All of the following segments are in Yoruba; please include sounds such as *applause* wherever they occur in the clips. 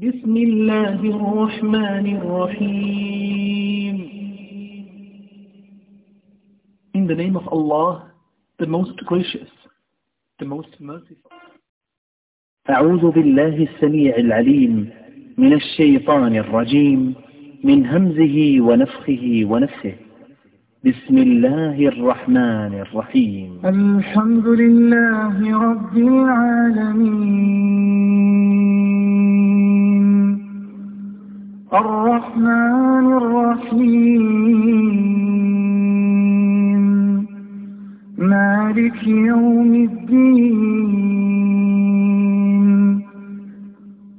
بسم الله الرحمن الرحيم In the name of Allah, the most gracious, the most merciful. أعوذ بالله السميع العليم من الشيطان الرجيم من همزه ونفخه ونفسه بسم الله الرحمن الرحيم الحمد لله رب العالمين الرحمن الرحيم مالك يوم الدين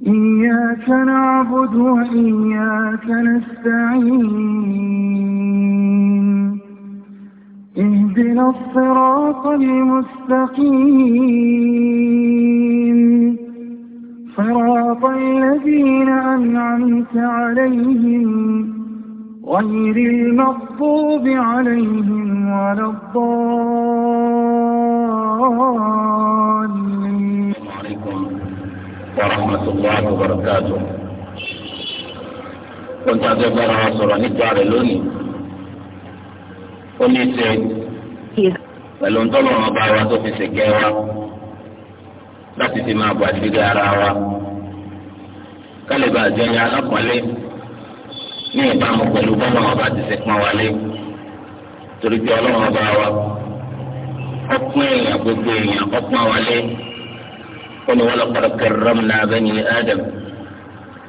إياك نعبد وإياك نستعين اهدنا الصراط المستقيم صراط الذين أنعمت عليهم غير المغضوب عليهم ولا الضالين عليكم ورحمة الله وبركاته كنت أتذكر عصر نجار لوني قلت لي سيد فلن تلوم في سكيوة láti fi máa bọ̀ àṣírí ara wa kálíbà àjọyọ̀ alákọ̀ọ́lé ní ìbámu pẹ̀lú bọ́lá ọba ti ṣe pọ́n wálé torí pé ọlọ́run ọba wa ọpọ́n èèyàn gbogbo èèyàn ọpọ́n wálé wọ́n ní wọ́n lọ pàdé kẹrẹ́rọ́m náà bẹ́ẹ̀ ni Adam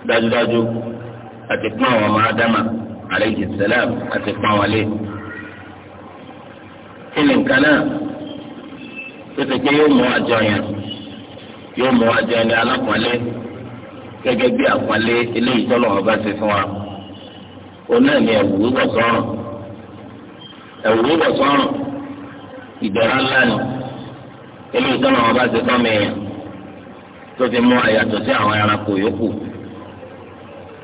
dájúdájú àti pọ́n àwọn ọmọ Ádámà aleyhi salam àti pọ́n wálé kí ni nǹkan náà tó ti pé yóò mú àjọyọ̀. yóò mú wa jẹ ẹni alápọ̀nlé gẹ́gẹ́ bí àpọ̀nlé eléyìí tọ́lọ̀ wọn bá ṣe fún wa òun ni ẹ̀wù wíwọ̀ sọ́rùn ẹ̀wù wíwọ̀ sọ́rùn ìdẹ̀ra ńlá ni eléyìí tọ́lọ̀ wọn ṣe fún mi tó fi mú àyàtọ̀ sí àwọn ẹranko yòókù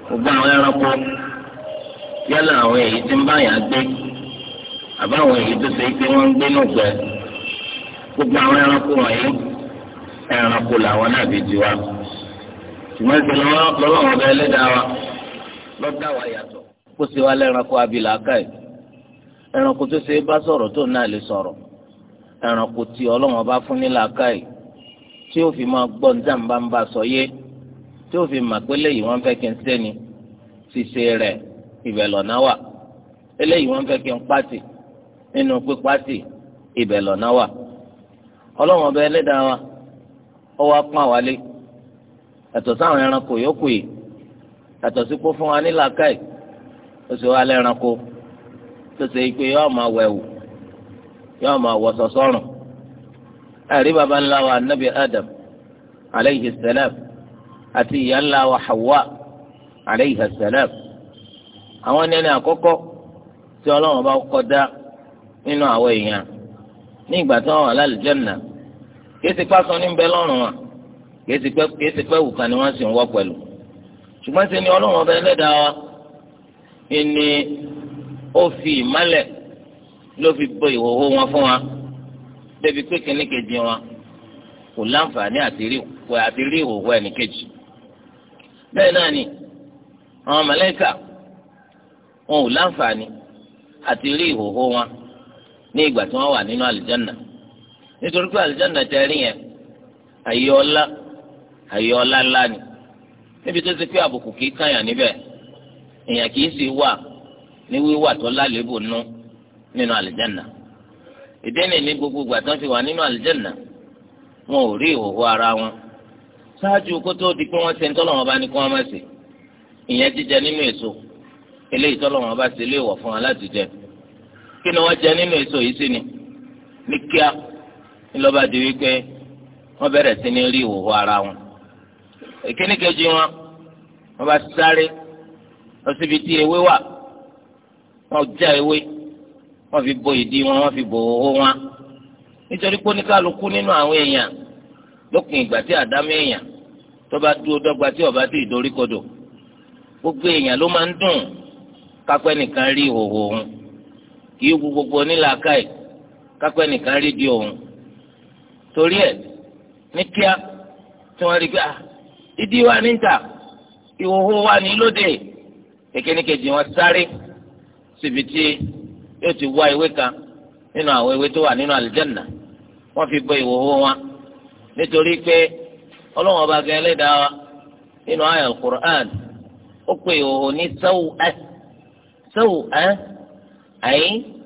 gbogbo àwọn ẹranko yálà àwọn èyí ti ń bá yàn gbé àbáwọn èyí tó ṣe é pé wọ́n ń gbé gbogbo àwọn ẹranko wọ̀nyí. ẹranko làwọn náà fi jù wa ṣùgbọ́n ìṣe lọ́wọ́ ọ̀bẹ ẹlẹ́dàá wa lọ́dà wa yàtọ̀ kó ṣe wa lẹ́ranko abilaka yìí ẹranko tó ṣe bá sọ̀rọ̀ tó náà lè sọ̀rọ̀ ẹranko tí ọlọ́wọ́n bá fún nílà ká yìí tí ó fi máa gbọ́ níjàmbá ń bá sọ yé tí ó fi mà pé léyìí wọ́n fẹ́ kí n sẹ́ni ṣiṣe rẹ̀ ibẹ̀ lọ́nà wà eléyìí wọn fẹ́ kí n pàtì nínú pípàtì ibẹ̀ lọ́nà wà ọlọ́wọ́n bẹ ẹlẹ́dàá wa ọwọ́ apá wa lé ẹ̀tọ́ sáwọn ẹranko yòókù yìí ẹ̀tọ́ sí kó fún wa ní làákàyè ó sì wá lẹ́ranko tó ṣe pé yóò máa wẹ̀wù yóò máa wọ sọ̀sọ́rùn ẹ̀rí baba ńlá wa nabi adam aleyhi salam àti ìyá ńlá wa hawa aleyhi salam àwọn ní ẹni àkọ́kọ́ tí ọlọ́run bá kọ́ dá nínú àwọn èèyàn ní ìgbà tí wọ́n wà lálùjànnà náà kéésì pásọ ní bẹ lọ́rùn wa kéésì pẹ́ wù kan ni wọ́n sì ń wọ́ pẹ̀lú ṣùgbọ́n ṣe ni ọlọ́run ọba ẹlẹ́dàá wa ni ó fi ìmálẹ̀ ló fi bo ìhòòhò wọn fún wa débi pé kìnní kejì wọn kò láǹfààní àti rí ìhòòhò ẹnì kejì náà ni àwọn màláíkà wọn ò láǹfààní àti rí ìhòòhò wọn ní ìgbà tí wọ́n wà nínú àlùjánnà. No nítorí pé àlùjánnà tẹ rí yẹn àyè ọlá ńlá ni níbi tó ti pé àbùkù kì í kàyàn níbẹ̀ èèyàn kì í sì wà ní wíwà tó lálébù nú nínú àlùjánnà ìdẹ́nì ní gbogbo ìgbà tó ti wà nínú àlùjánnà wọn ò rí ìhòòhò ara wọn ṣáájú kó tó di pé wọ́n ṣe ń tọ́lọ́wọ́n bá ní kí wọ́n má ṣe ìyẹn jíjẹ nínú èso eléyìí tọ́lọ́wọ́n bá ṣe léèwọ̀ fún wọn láti jẹ kí ni wọ́n jẹ nínú èso yìí sí ni ní kíá ńlọba di wípé wọ́n bẹ̀rẹ̀ sí ní rí ìhòòhò ara wọn ìkíní kejì wọn wọ́n bá sáré lọ síbi tí ewé wà wọ́n já ewé wọ́n fi bo ìdí wọn wọ́n fi bo òhò wọn nítorí pé oníkálukú nínú àwọn èèyàn lópin ìgbà tí àdámé èèyàn tó bá dúró dọ́gba tí ọba tí ìdoríkodò gbogbo èèyàn ló máa ń dùn kápẹ́ nìkan rí ìhòòhò òun kì gbogbo onílàákàyè kápẹ́ nìkan rí di òun torí ẹ̀ ní kíá tí wọ́n rí gbà ah, ìdí wa níta ìhòhò wa ní lóde kékeré-kejì wọn sáré síbi tí yóò ti wá kan nínú àwọn ewé tó wà nínú àlìjẹ́nà wọ́n fi bọ ìhòhò wọn nítorí pé ọlọ́wọ́n bá gẹ ẹlẹ́dàá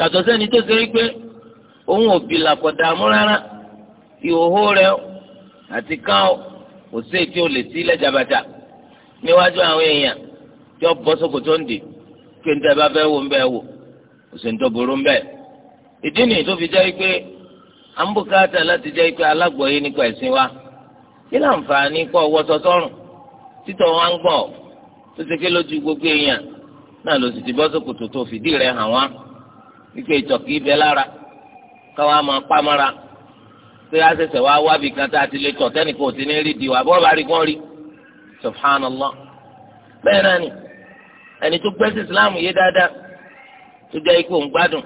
yàtọ̀ sẹ́ni tó ṣe wípé òun òbí làkọ̀dà mú rárá ìhòhò rẹ àti kán ọ kò sí èyí tí ó lè sí lẹ́jàbàtà níwájú àwọn èèyàn tí ó sóko tó ń dì kí n bá wo ń wò tó burú ń ìdí nìyí tó fi jẹ́ wípé à láti jẹ́ wípé alágbọ̀ọ́yé nípa ẹ̀sìn wa kí láǹfààní kọ́ ọwọ́ sọ́sọ́rùn títọ̀ ń gbọ̀ tó ké gbogbo èèyàn náà ló wípé ìtọ̀ kìí bẹ lára káwa máa pamọ́ra pé a ṣẹ̀ṣẹ̀ wá wábì kan tá a ti lè tọ̀ tẹ́nìkan ò ti ní rí diwa bọ́ọ̀ bá rí kán rí subhanallah bẹ́ẹ̀ náà ni ẹni tó gbẹ́sí islam yé dáadáa tó jẹ́ ikú òǹgbádùn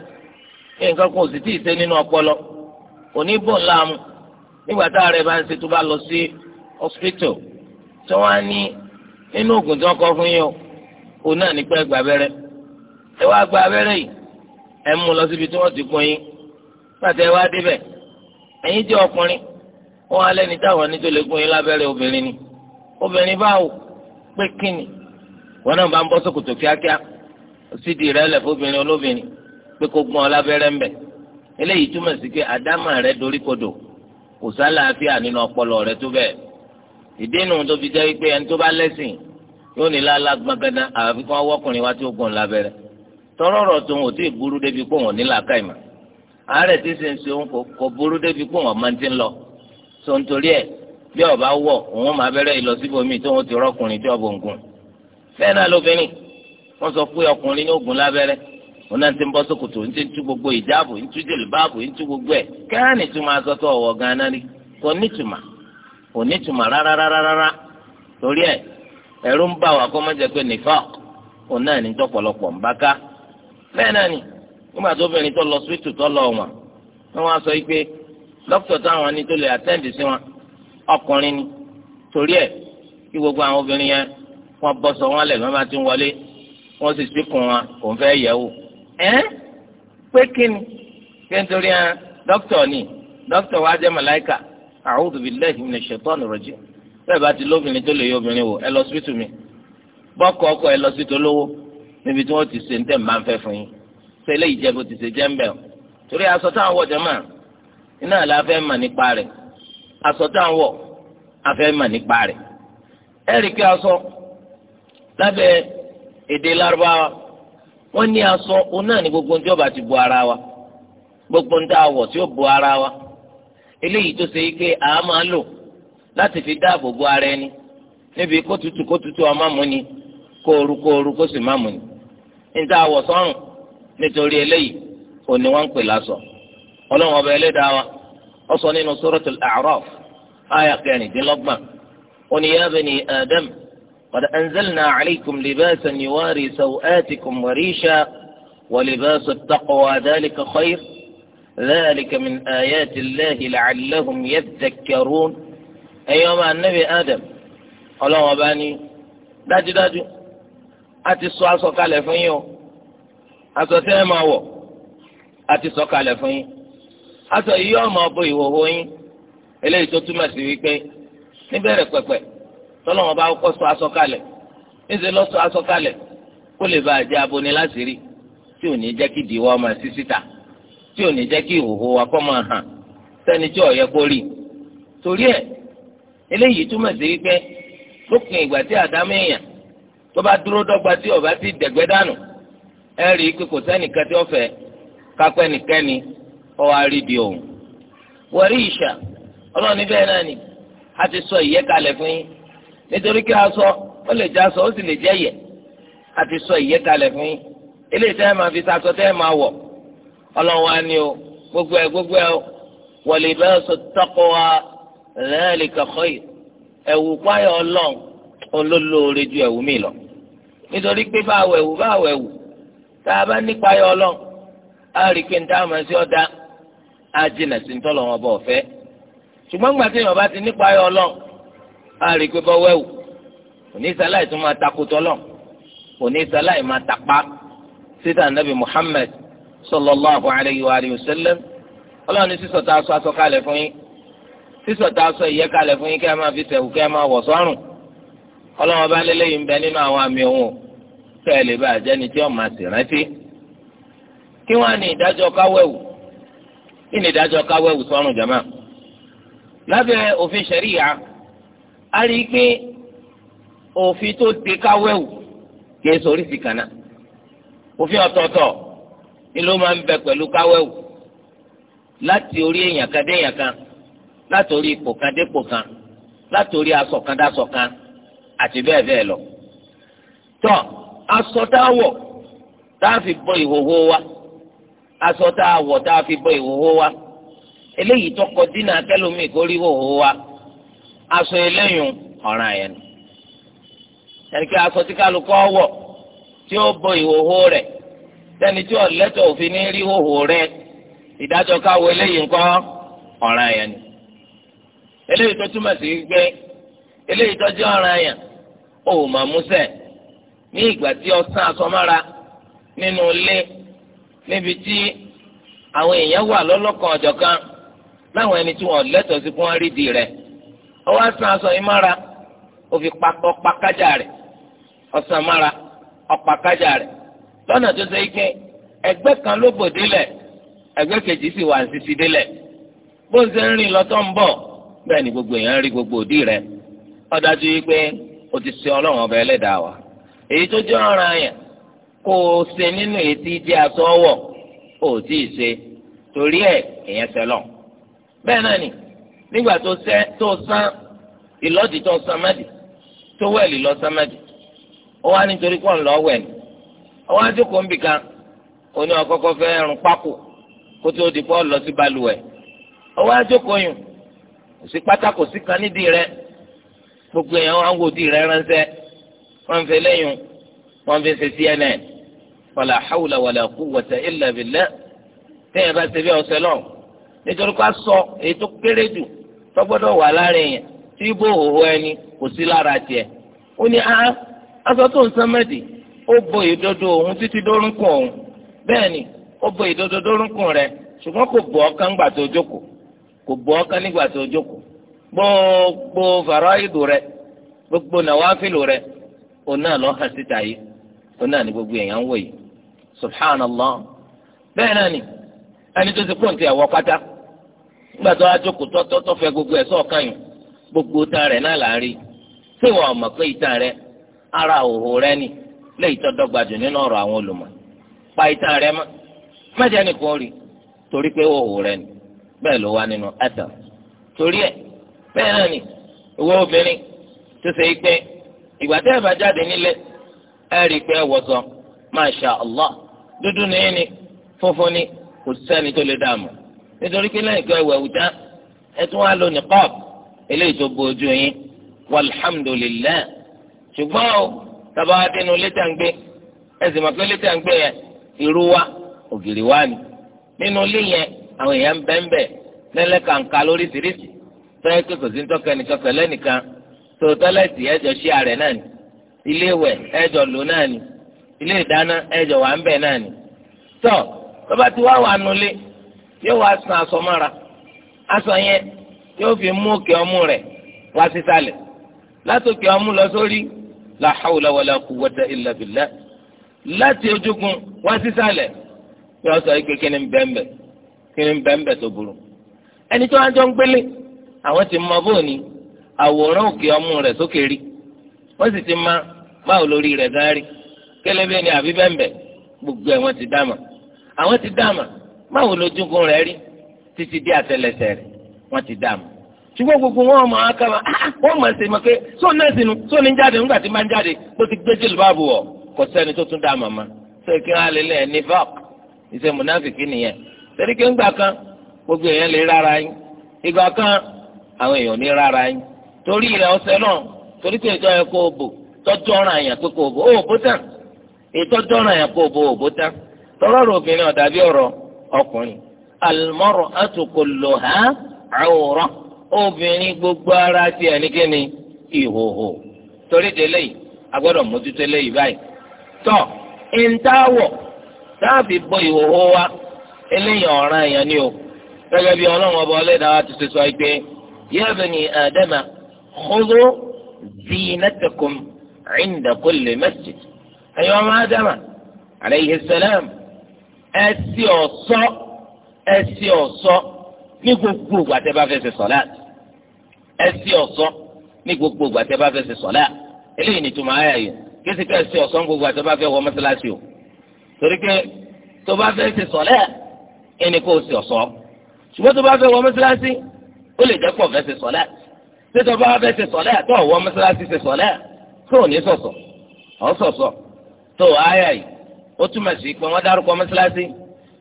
ní nǹkan kan ò sì tíì ṣe nínú ọpọlọ òní bò ńlá mu nígbà tá a rẹ̀ bá ń ṣe tó bá lọ sí hospital tí wọ́n á ní nínú oògùn tí wọ́n kọ fún yín o òun náà ní pẹ́ gbàbẹ́rẹ́ ẹ wá gbàbẹ́rẹ́ yìí ẹ mú lọ síbi tí wọ́n ti gún yín pàtẹ wá débẹ̀ ẹ̀yin jẹ́ ọkùnrin wọn alẹ́ ní táwọn ní tó lè gún yín obìnrin ni obìnrin báwo pé kíni wọn náà bá ń bọ́ sókòtò kíákíá sídìí rẹ lẹ̀ fóbìnrin olóbìnrin pé kó gún ọ lábẹ́rẹ́ ńbẹ̀ eléyìí túmọ̀ sí pé àdámà rẹ dorí kodò kò sálàáfíà nínú ọpọlọ rẹ tó bẹ́ẹ̀ ìdínú tó fi jẹ́ wípé ẹni tó bá lẹ́sìn yóò ní lálá gbọ́ngàdá àfi kí wá tí ó gún lábẹ́rẹ́ tọrọrọ tó wọn ò tí ì burú débi pé wọn ò ní làákàyè mà àárẹ̀ tí sì ń ṣe òun kò burú débi pé wọn máa ti ń lọ so nítorí ẹ bí ọba wọ òun máa bẹ̀rẹ̀ ìlọ síbòmíì tó wọn ti rọkùnrin tí ọbọ ògùn fẹ́ẹ́ náà lóbìnrin wọ́n sọ pé ọkùnrin ní ogun lábẹ́rẹ́ wọn náà ti ń bọ́ sókòtò ń ti ń tú gbogbo ìjáàbò ń tú jèlúbáàbò ń tú gbogbo ẹ̀ kẹ́hánì tó máa sọ tó gan-an rí kò nítumà kò nítumà rárárárárá torí ẹ̀ ẹ̀rú ń bà wá kó má pé nìfà òun náà ní tọ́pọ̀lọpọ̀ ń bá ká bẹ́ẹ̀ náà ni nígbà tó obìnrin tó lọ síwítù tó lọ wọn wọn wá sọ pé dókítà táwọn ní tó lè àtẹ́ǹdì sí wọn ọkùnrin ni torí ẹ̀ kí gbogbo àwọn obìnrin yẹn wọ́n bọ́ sọ wọn lẹ̀ lọ́n bá ti ń wọlé wọ́n sì síkùn wọn òun fẹ́ yẹ̀ wò ẹ́ pé kí ni kí n torí ẹ dókítà ni dókítà wa jẹ́ màláìkà a'udhu billahi minash shaitani rajim bẹ́ẹ̀ bá ti lóbìnrin tó lè yọ obìnrin wò ẹ lọ síwítù mi bọ́ọ̀kọ̀ ọkọ̀ ẹ lọ síwítù olówó níbi tí wọ́n ti ṣe ń tẹ̀ máa ń fẹ́ fún yín ṣe eléyìí jẹ́ bó ti ṣe jẹ́ ń bẹ̀ torí aṣọ táwọn wọ̀ jẹ́mà iná àlá fẹ́ mà nípa rẹ̀ aṣọ táwọn wọ̀ afẹ́ mà nípa rẹ̀ ẹ̀rí aṣọ lábẹ́ èdè lárúbáwá wọ́n ní aṣọ òun náà ní gbogbo ní ọba ti bu ara wa gbogbo ní táwọ̀ tí ó bu ara wa eléyìí tó ṣe yí pé àá máa lò láti fi dáàbò bo ara ẹni níbi kó tutù kó tutù ọmọ mu ni kó oru kó sì má mu ni níta àwọ̀ sọ́rùn nítorí eléyìí òní wọ́n ń pè lásọ ọlọ́run ọba ẹlẹ́dàá wa ó sọ nínú suratul a'raf ayà kẹrìndínlọ́gbọ̀n ó ní ya bani adam qad anzalna alaykum libasan yuwari sawatikum wa risha wa libasu at-taqwa dhalika khayr dhalika min ayati llahi la'allahum yadhakkarun ẹ̀yin ọmọ anabi adam ọlọ́run ọba ní dájúdájú a ti sọ aṣọ kalẹ̀ fún yín o aṣọ tí ẹ máa wọ̀ a ti sọ kalẹ̀ fún yín aṣọ yìí yóò máa bo ìhòhò yín eléyìí tó túmọ̀ sí wípé níbẹ̀rẹ̀ pẹ̀pẹ̀ tọ́lọ́wọ́n bá kọ́ sọ aṣọ kalẹ̀ níṣẹ́ lọ sọ aṣọ kalẹ̀ kó lè bá àjẹ aboni láti rí tí ò ní jẹ́ kí ìdíwọ́ máa sí síta tí ò ní jẹ́ kí ìhòhò wa kọ́ máa hàn sẹ́ni tí ò kó rí torí ẹ̀ eléyìí túmọ̀ sí wípé lópin ìgbà tí àdámẹ́yàn tó bá dúró dọ́gba tí ọba ti dẹ̀gbẹ́ dànù ẹ rí i pé kò sẹ́nìkan tí ó fẹ́ kápẹ́ nìkẹ́ni ọ wá rí di òun. ìṣà ọlọ́run níbẹ̀ náà ni a ti sọ ìyẹ́ kalẹ̀ fún yín nítorí kí a sọ ó lè já sọ ó sì lè jẹ́ yẹ a ti sọ ìyẹ́ kalẹ̀ fún yín eléyìí tẹ́ ẹ máa fi sasọ tẹ́ ẹ máa wọ̀ ọlọ́run wa ni o gbogbo ẹ gbogbo ẹ wa libasu taqwa dhalika ẹ̀wù páyọ̀ ọlọ́run olólóore ju ẹ̀wù mi lọ nítorí pé bá wẹ̀ wò bá wẹ̀ wò tá a bá nípa ayọ̀ ọlọ́run á rí i pé níta àmọ́ sí ọ̀dà á jìnà sí ntọ́lọ̀ wọn bọ̀ ọ̀fẹ́ ṣùgbọ́n gbàtí èèyàn bá ti nípa ayọ̀ ọlọ́run á rí pé bọ́ wẹ̀ òní sáláì tún máa takotọ́ lọ òní sáláì máa tàpá síta nàbì Muhammad sallallahu alayhi wa sallam ọlọ́run ní sísọ̀ tá a sọ fún yín sísọ̀ tá ìyẹ́ kalẹ̀ fún yín kẹ́ ẹ máa fi sẹ̀wù kẹ́ ẹ máa wọ̀ sọ́rùn ọlọ́wọ́ bá lélẹ́yìn ń bẹ nínú àwọn àmì òun kẹ́ ẹ lè bá àjẹni tí ọmọ àti rántí. kí wọ́n á ní ìdájọ́ káwẹ́wù kí ní ìdájọ́ káwẹ́wù sọ́run jama. lábẹ́ òfin ṣẹ̀ríyà a rí i pé òfin tó de káwẹ́wù kìí sórí sí kànáà. òfin ọ̀tọ̀ọ̀tọ̀ ni ló máa ń bẹ pẹ̀lú káwẹ́wù láti orí èèyàn kan dé èèyàn kan láti orí ipò kan dépò kan láti orí aṣọ kan dáṣọ kan. àti bẹ́ẹ̀ bẹ́ẹ̀ lọ. tọ́ aṣọ tá a wọ̀ tá a fi bọ ìhòhò wa aṣọ tá a wọ̀ fi bọ ìhòhò wa eléyìí tọkọ dínà akẹ́lómi kò rí ìhòhò wa aṣọ eléyìí ọ̀ràn yẹn ni. bọ ìhòhò rẹ̀ tí ọ̀lẹ́tọ̀ òfin ní rí ìhòhò rẹ̀ ìdájọ́ káwọ eléyìí ọ̀ràn yẹn ni. eléyìí tó túmọ̀ ó mà músẹ̀ ní ìgbà tí ọsán asọmára nínú ilé níbi tí àwọn èèyàn wà lọ́lọ́kan ọ̀jọ̀kan láwọn ẹni tí wọ́n lẹ́tọ̀ọ́ sí fún àrídìí rẹ. ọwọ́ asán asọ yìí mára ó fi ọ̀pá kájà rẹ̀ ọsán mára ọ̀pá kájà rẹ̀ lọ́nà tó ṣe é pé kan ló gbòdì lẹ̀ ẹgbẹ́ kejì sì wà sísí délẹ̀ bó ń ṣe ń rìn lọ́tọ́ ń bọ̀ bẹ́ẹ̀ ni gbogbo èèyàn rí gbogbo òdì rẹ̀ ó dájú yìí pé o ti ṣe ọlọ́run ọba ẹlẹ́dàá wa èyí tó jẹ́ ọ̀ràn yẹn kó o ṣe nínú èyí tí jẹ́ aṣọ o tí se ṣe torí ẹ̀ èyàn ṣẹlọ̀ bẹ́ẹ̀ náà ni nígbà tó sẹ́ tó sán ìlọ́dì tó sán mẹ́dì tó wẹ̀lì lọ sán mẹ́dì ó wá nítorí pọ̀ ńlọ wẹ̀ ni ó wá jókòó ń bìkan oní ọkọ́kọ́ fẹ́ rún pákó kó tó di pọ́ lọ sí balùwẹ̀ ó wá jókòó yùn kò pátákó sí kan nídìí rẹ̀ gbogbo èèyàn wọn wò di rẹ ránṣẹ́ wọn fi lẹ́yìn wọn fi ṣe CNN wàlà hawla wàlà quwwata illa tẹyẹ lọ nítorí ká sọ èyí tó kéré jù tọgbọdọ wà láàrin yẹn tí ibò òhò ẹni kò sí lára a aṣọ tó ń ó bo ìdodo òun títí òun ni ó rẹ̀ kò tó jókòó kò gbogbo faraidu rẹ gbogbo nawafilu rẹ òun náà lọ ha sita yi òun ni gbogbo èèyàn ń wò Be subhanallah náà ni ẹni tó ti ti ẹ̀wọ́ pátá nígbà tó gbogbo ẹsọ sọ̀kan gbogbo ta rẹ náà là tí wọn pé ara òhò ni tó jù nínú àwọn pa ni ló nínú torí bẹ́ẹ̀ náà ni ìwọ obìnrin tó ṣe é pé ìgbà tẹ́ ẹ̀ bá jáde nílé ẹ rí i pé ẹ wọ̀sán masha allah dúdú ni yín ni funfun ni kò sẹ́ni tó lè dààmú nítorí pé lẹ́yìn kan ìwẹ̀ òjá ẹ tún wá lò ní pọ́ọ̀pù eléyìí tó bo ojú yín walhamdulilayi ṣùgbọ́n o tábà wá dénú létà ẹ sì mọ̀ pé létà yẹn irú wa ògiri wa ni nínú ilé yẹn àwọn èèyàn ń bẹ́ńbẹ́ lẹ́lẹ́kàǹkà lóríṣiríṣi tọ́yẹ pé kò sí ń tọ́ka ẹnìkan pẹ̀lẹ́ nìkan tó tọ́lẹ̀tì ẹ̀jọ̀ ṣí ààrẹ náà ni ilé ìwẹ̀ ẹ̀jọ̀ lò náà ni ilé ìdáná ẹ̀jọ̀ wà ń bẹ̀ náà ni. tọ́ tọ́ba tí wàá wà nulẹ̀ yóò wá san aṣọ mọ́ra aṣọ yẹn yóò fi mú òkè ọmú rẹ̀ wá sísàlẹ̀ látòkè ọmú lọ sórí la hawla wala quwwata illa billah láti ojúgun wá sísàlẹ̀ yóò sọ ike kíni bẹ́ẹ̀ bẹ́ẹ̀ kíni bẹ́ẹ̀ bẹ́ẹ̀ tó burú ẹni tó wá jọ ń gbélé àwọn ti mọ bóòní àwòrán òkè ọmú rẹ̀ sókè rí wọ́n sì ti ma báwo lórí rẹ̀ gáárí kẹlẹ́bẹ́ ni àbí bẹ́ńbẹ́ gbogbo ẹ̀ wọ́n ti dáàmà àwọn ti dáàmà báwo lójúkun rẹ̀ rí títí dé àtẹlẹsẹ̀ rẹ̀ wọ́n ti dáàmà ṣùgbọ́n gbogbo wọn ọmọ akama ah, ah, wọ́n mọ̀ ṣe mọ̀ pé sóun náà sínú sóun ní jáde nígbà tí máa ń jáde bó ti gbé jìlù báàbò wọ̀ kò sẹ́ni tó tún dáàmà ma ṣé kí wọ́n á ní vok ìṣe mùnáfìkì nìyẹn torí kí kan gbogbo èèyàn lè rárá yín ìgbà kan àwọn èèyàn ní rárá yín torí ilẹ̀ ọ̀sẹ̀ náà torí pé ìjọ yẹ òbò o tọ́jú ọ̀ràn àyàn pé kó o bò tán ìtọ́jú ọ̀ràn àyàn kó òbò tán obìnrin ọ̀rọ̀ ọkùnrin gbogbo ara ti ẹ̀ ní kíni ìhòhò torí délé yìí mójútó lé yìí báyìí tọ́ ìntàwọ̀ táàbì bọ ìhòhò wa eléyìí ọ̀ràn àyàn ni o gẹ́gẹ́ bí ọlọ́run يا بني آدم خذوا زينتكم عند كل مسجد أيها آدم عليه السلام أسي أصا أسي أصا نقول واتبع في الصلاة أسي أصا نقول واتبع في الصلاة إليه نتمعى أيها كيف تأسي أصا نقول واتبع في هو مثل أسيو تركي تبع في الصلاة إني كوسي أصا شو تبع في هو مثل أسيو ó lè jẹ́ pọ̀ fẹ́ ṣe sọ̀lá tètè bá fẹ́ ṣe sọ̀lá tó ọ̀wọ́ mọ́sálásí ṣe sọ̀lá tó ò ní sọ̀sọ̀ ọ̀ sọ̀sọ̀ tó àyà yìí ó túmọ̀ sí pé wọ́n dárúkọ mọ́sálásí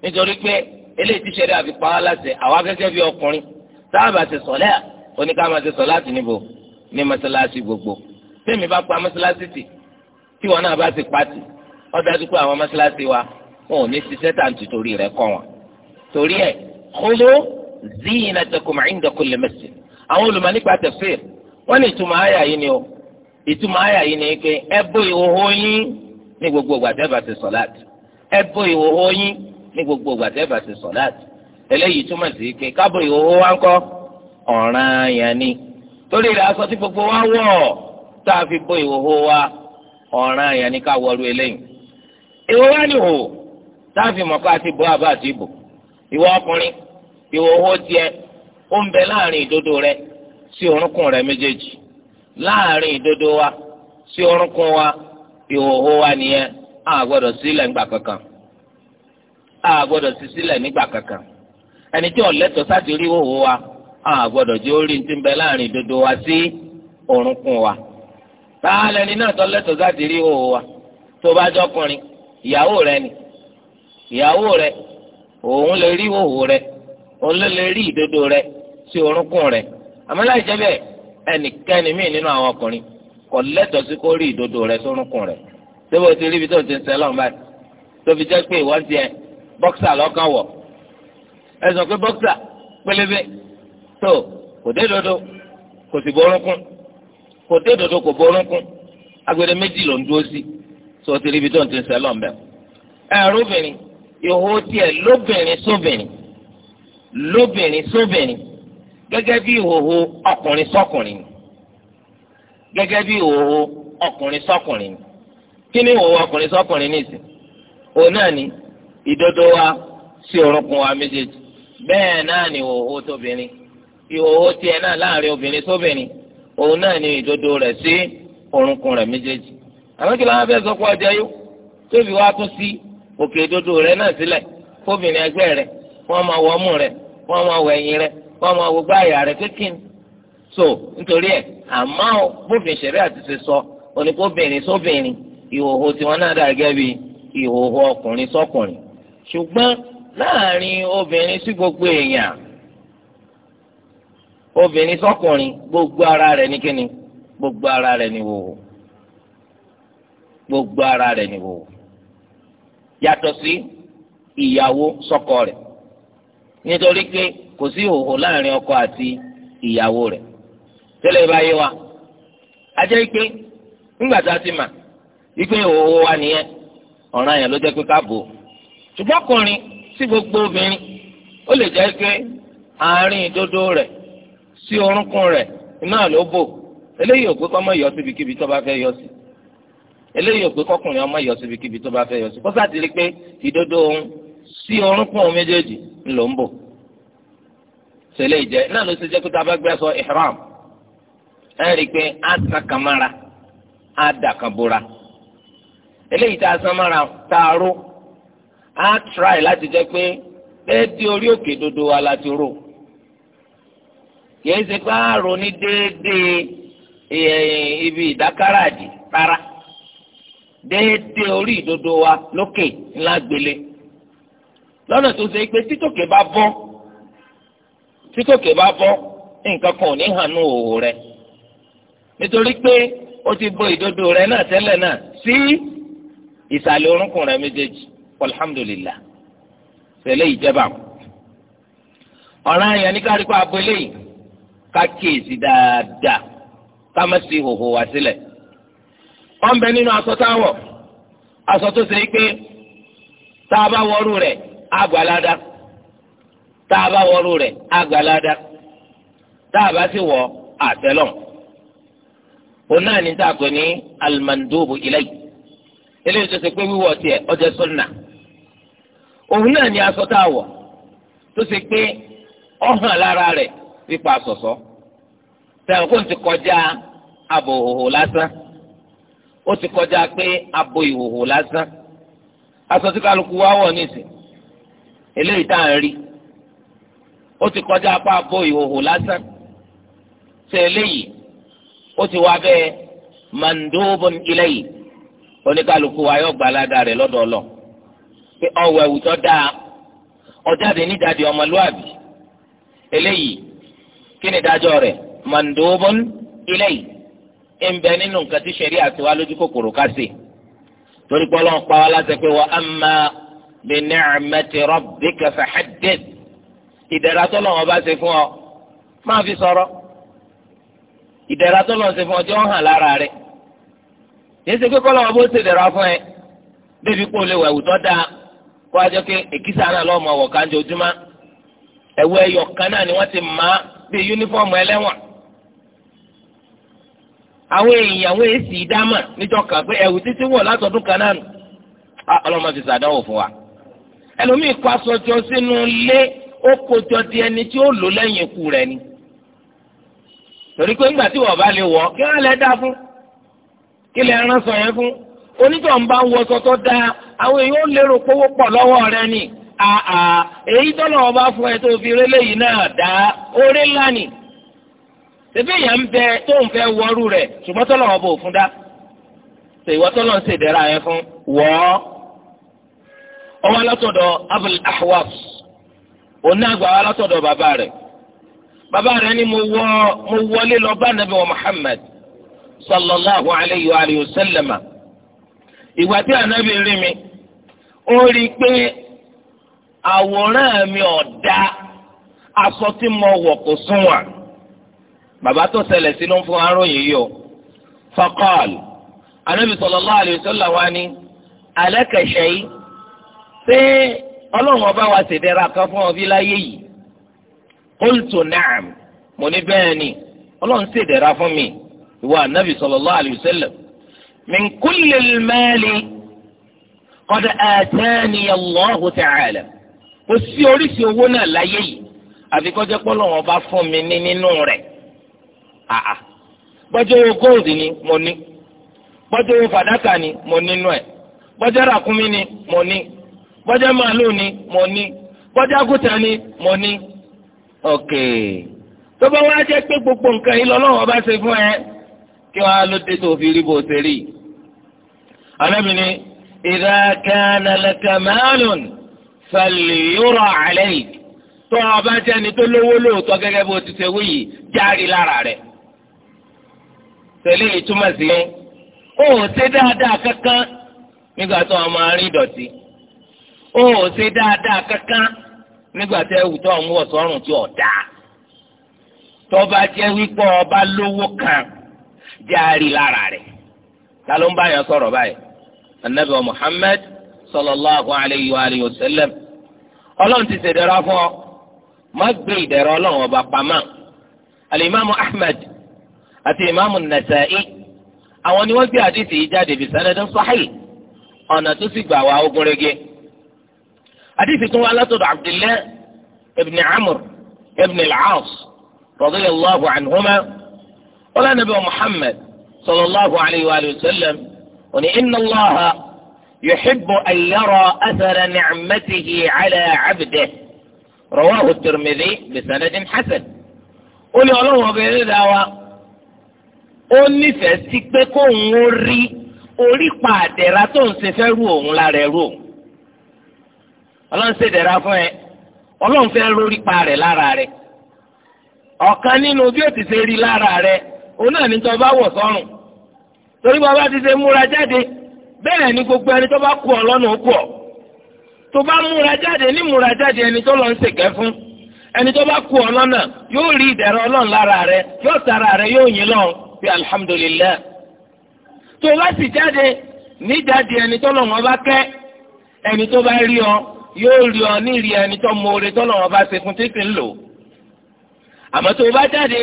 nítorí pé eléyìí ti ṣẹlẹ̀ àfi pa á láṣẹ àwa gẹ́gẹ́ bí ọkùnrin sáàbà ṣe sọ̀lá oníkàmá ṣe sọ̀lá ti níbo ní mọ́sálásí gbogbo tèmi bá pa mọ́sálásí tì tí wọn náà wa wọn ò ní ṣiṣẹ́ tàǹtì torí zinatakum inda kulli masjid àwọn olùmọ̀ nípa tafsir wọ́n ní ìtumọ̀ àyà yìí ni o ìtumọ̀ àyà yìí ni pé ẹ bó ìhòhò yín ní gbogbo ìgbà tẹ́ bá ti sọ̀láàtì ẹ bó ìhòhò yín ní gbogbo ìgbà tẹ́ bá ti sọ̀láàtì eléyìí túmọ̀ sí pé kábò ìhòhò wa ń kọ́ ọ̀ràn yẹn ni torí rẹ̀ aṣọ tí gbogbo wa wọ̀ tá a fi bó ìhòhò wa ọ̀ràn yẹn ni ká wọlú eléyìí ìhòhò wa ni hò tá a fi mọ̀ owó tiẹ̀ ó ń bẹ láàrin ìdodo rẹ sí orúnkún rẹ méjèèjì láàrin ìdodo wa sí orúnkún wa ìhòòhò wa nìyẹn a gbọ́dọ̀ kankan sí sílẹ̀ nígbà ẹni tí sáti rí owó wa a orí ti ń wa sí orúnkún wa ni náà sáti rí wa tó bá jọkùnrin ìyàwó ni ìyàwó rẹ òun lè rí rẹ òun ló lè rí ìdodo rẹ̀ sí orúnkún rẹ̀ àmọ́ láì jẹ́ bẹ́ẹ̀ ẹnikẹ́ni míì nínú àwọn ọkùnrin kò lẹ́tọ̀ọ́ sí kó rí ìdodo rẹ̀ sí orúnkún rẹ̀ síbi o ti rí ibi tó ti ń sẹ́ lọ́nà báyìí tó fi jẹ́ pé ìwọ ti ẹ bọ́ksà lọ́kàn wọ̀ ẹ sọ pé bọ́ksà pélébé tó kò dé dodo kò sì borúnkún kò dé dodo kò borúnkún agbede méjì ló ń dúró sí tó ti rí ibi tó ti ń sẹ́ lọ́nà báyìí ẹ̀rúbìnrin ìhó tiẹ̀ lóbìnrin sóbìnrin. So lóbìnrin sóbìnrin gẹ́gẹ́ bí ìhòhò ọkùnrin sọ́kùnrin gẹ́gẹ́ bí ìhòhò ọkùnrin sọ́kùnrin kí ni ìhòhò ọkùnrin sọ́kùnrin nìsín òun náà ni ìdodo wa sí orúnkún wa méjèèjì bẹ́ẹ̀ náà ni ìhòhò tóbìnrin ìhòhò tiẹ̀ náà láàrin obìnrin sóbìnrin òun náà ni ìdodo rẹ̀ sí orúnkún rẹ̀ méjèèjì àwọn kìlọ̀ wọn fẹ́ sọ pé ọjà yó tóbi wa tún sí òkè ìdodo rẹ̀ náà sílẹ̀ fóbìnrin ẹgbẹ́ rẹ̀ wọn máa wọ ọmú rẹ̀ wọn máa wọ ẹ̀yìn rẹ̀ wọn máa wọ gbáyà kékin so nítorí ẹ àmọ́ bófin ṣẹ̀rí àti ṣe sọ oníkóbìnrin sóbìnrin ìhòòhò tiwọn náà dà bí ìhòòhò ọkùnrin sọkùnrin láàrin obìnrin sí gbogbo èèyàn obìnrin gbogbo ara rẹ ní gbogbo ara rẹ ní gbogbo ara rẹ ní wòwò sí ìyàwó nítorí pé kò sí ìhòòhò láàrin ọkọ àti ìyàwó rẹ. tẹ́lẹ̀ báyé wa ajẹ́ pé ńgbà tá a ti mà ipe ìhòòhò wa nìyẹn ọ̀ràn yẹn ló jẹ́ pé ká bò ó ṣùgbọ́n ọkùnrin sí gbogbo obìnrin ó lè jẹ́ pé àárín ìdodo rẹ sí orúnkún rẹ. náà ló bò eléyìí ò pé kọ́ mọ́ yọ síbikíbi tó bá fẹ́ yọ sí eléyìí ò pé kọ́kùnrin ọmọ yọ síbikíbi tó bá fẹ́ yọ sí kó sáà ti rí pé ìdodo òun sí orúnkún òun méjèèjì ńlò ń bò sẹlẹ ìjẹ náà ló ṣe jẹ kótó abágbé sọ ihram ẹ rí i pé á san kan mára a san mára tá a láti jẹ pé déédéé orí òkè dodo wa láti ró kìí ṣe pé rò ní déédéé ibi wa lókè ńlá gbélé. lọ́nà tó ṣe pé títòkè bá bọ́ títòkè bá bọ́ nǹkan kan ò ní hàn ní òwò rẹ nítorí pé ó ti bo ìdodo rẹ náà tẹ́lẹ̀ náà sí ìsàlẹ̀ orúnkún rẹ méjèèjì alhamdulillah tẹ̀lé ìjẹba ọ̀ràn yẹn ní ká rí kó abo dáadáa ká má sí ìhòhò wá sílẹ̀ wọ́n bẹ nínú aṣọ táwọ̀ aṣọ tó ṣe pé tá a bá wọrú rẹ̀ Agbalada. Taaba a bá Agbalada rẹ̀ a bá wọ náà ní alimandobo ilẹ̀ yìí eléyìí tó ṣe pé wíwọ̀ tiẹ̀ ọjọ́ sọ́nà náà ní aṣọ tá a wọ̀ tó ṣe pé ọ̀hàn lára ti kọjá abo ìhòhò lásán ó ti kọjá pé abo ìhòhò lásán kálukú wá eléyìí tá à ń rí ó ti kọjá apá abo ìhòhò lásán ṣe eléyìí ó ti wá bẹ́ẹ̀ mandobon iléyìí oníkàlùkù wa yóò gbalada rẹ̀ lọ́dọ̀ ọlọ pé ọwọ́ ẹ̀wù dáa ọjáde nídàdí ọmọlúwàbí eléyìí kí ni dájọ́ rẹ̀ mandobon iléyìí ń bẹ nínú nǹkan tí sẹ́rí àtiwá lójú kòkòrò ká ṣe torí pé ọlọ́run pa wá láti pé wọ́n á máa bi ni'mati rabbika fahaddith ìdẹ̀ra tó lọ́wọ́ bá ṣe fún ọ máa fi sọ̀rọ̀ ìdẹ̀ra tó lọ́wọ́ ṣe fún ọ jẹ́ wọ́n hàn lára rẹ̀ yìí ṣe pé kọ́ lọ́wọ́ bó ṣe dẹ̀ra fún ẹ bébí kó lè wọ ẹ̀wù tó dáa kó a jẹ́ pé èkìsà náà lọ́wọ́ mọ̀ wọ̀ káńjọ ojúmọ́ ẹ̀wù ẹ̀yọ̀ kan náà ni wọ́n ti mọ̀ bí yúnífọ́ọ̀mù ẹlẹ́wọ̀n àwọn èèyàn àwọn èsì ìdámà níjọ́ kan pé ẹ̀wù títí wọ̀ látọ̀dún kan náà ah, ọlọ́mọ ti ṣàdánwò fún wa ẹlòmíì kó aṣọ jọ sínú ilé ó kó jọ di ẹni tí ó lò lẹ́yìn ikú rẹ̀ ni torí pé ńgbà tí wọ́n bá lè wọ̀ kí wọ́n lè dá fún kí lè rán sọ yẹn fún onítọ̀ ń bá ń wọṣọ tó dáa àwọn èèyàn ó lérò pówó pọ̀ lọ́wọ́ rẹ ni àà èyí tọ́lọ̀ wọn bá fún ẹ tó fi rélẹ̀ yìí náà dá orí ńlá ni tẹ̀fẹ́ yẹn ń bẹ tó ń fẹ́ wọrú rẹ̀ ṣùgbọ́n tọ́lọ̀ wọn bò fún dá tẹ̀ tọ́lọ̀ ń ṣèdẹ́ra yẹn fún wọ́ọ́ ọwọ́ alátọ̀dọ̀ abul ahwas òní àgbà alátọ̀dọ̀ bàbá rẹ̀ bàbá rẹ̀ ni mo wọ mo wọlé lọ bá nàbẹ̀ wa muhammad sallallahu alayhi wa alihi wa sallama ìgbà tí ànábì rí mi ó rí i pé àwòrán mi ò dá aṣọ tí mo wọ̀ kò sunwọ̀n bàbá tó ṣẹlẹ̀ sí fún aróyìn yìí o faqal ànábì sallallahu alayhi wa sallam wa ni alaka ṣé ọlọ́run ọba wa ṣèdẹ́ra kan fún ọbí láyé na'am mo ní bẹ́ẹ̀ ni ọlọ́run ṣèdẹ́ra fún mi ìwọ sallallahu alayhi wa sallam min kulli al-mali qad atani Allahu ta'ala kò sí oríṣi owó náà láyé yìí àfi ọba fún mi ní nínú rẹ̀ àà owó gold ni mo ní owó ni mo nínú ẹ̀ ni mo ní. bọ́jà màálù ni mo ní bọ́jà kúta ni mo ní. ok tó bá wá jẹ́ pé gbogbo nǹkan yìí lọ́lọ́wọ́ bá ṣe fún ẹ kí wọ́n á ló dé tó fi rí bó ṣe rí. àlẹ́mi ni idha kana laka malun falyura alayk tó o bá jẹ́ ni tó lówó lóòótọ́ gẹ́gẹ́ bó ti ṣe wí yìí járe lára rẹ̀. tẹ̀lé ìtumọ̀ sí i ó ṣe dáadáa kankan nígbà tó o máa rí dọ̀tí. ó ò ṣe dáadáa kankan nígbà tẹ ewu tó ń wọ̀ sọ́run tí ò dáa tọ́ba jẹ́ wípé ọba lówó kan jaari lára rẹ̀ ta ló ń bá yẹn sọ̀rọ̀ báyìí anabi muhammed sallallahu alayhi wa alayhi wa sallam ọlọ́run ti ṣèdẹ̀rọ̀ fún ọ má gbé ìdẹ̀rọ̀ ọlọ́run ọba pamọ́ alimami ahmed àti imaamu nasa'i àwọn ni wọ́n gbé àdìsí yìí jáde bí sanadun sahih ọ̀nà tó sì gbà wá ogúnrégé. حديث سوى الأسود عبد الله ابن عمرو ابن العاص رضي الله عنهما قال نبي محمد صلى الله عليه وآله وسلم إن الله يحب أن يرى أثر نعمته على عبده رواه الترمذي بسند حسن قولي الله بين ذاوى قولي فاستكبكم وري قولي قادرة سفروا ملاري روم ọlọ́run ṣe dẹ̀ra fún ẹ ọlọ́run fẹ́ lórí pa rẹ̀ lára rẹ̀ ọ̀kan nínú bí ó ti ṣe rí lára rẹ̀ òun náà ní tó bá wọ̀ sọ́rùn torí bàbá ti ṣe múra jáde bẹ́ẹ̀ ni gbogbo ẹni tó bá kú ọ lọ́nà ó kú ọ tó bá múra jáde ní múra jáde ẹni tó lọ ń ṣèkẹ́ fún ẹni tó bá kú ọ lọ́nà yóò rí ìdẹ̀ra ọlọ́run lára rẹ̀ yóò tara rẹ̀ yóò yìn lọ́run bí alihamudulilayi tó bá sì jáde níjáde ẹni tó lọ́run ọba kẹ́ ẹni tó bá rí ọ yóò rí ọ ní ìrì ẹni tó mọ oore tó lọ́wọ́ bá ṣe fún ń lò àmọ́ tó o bá jáde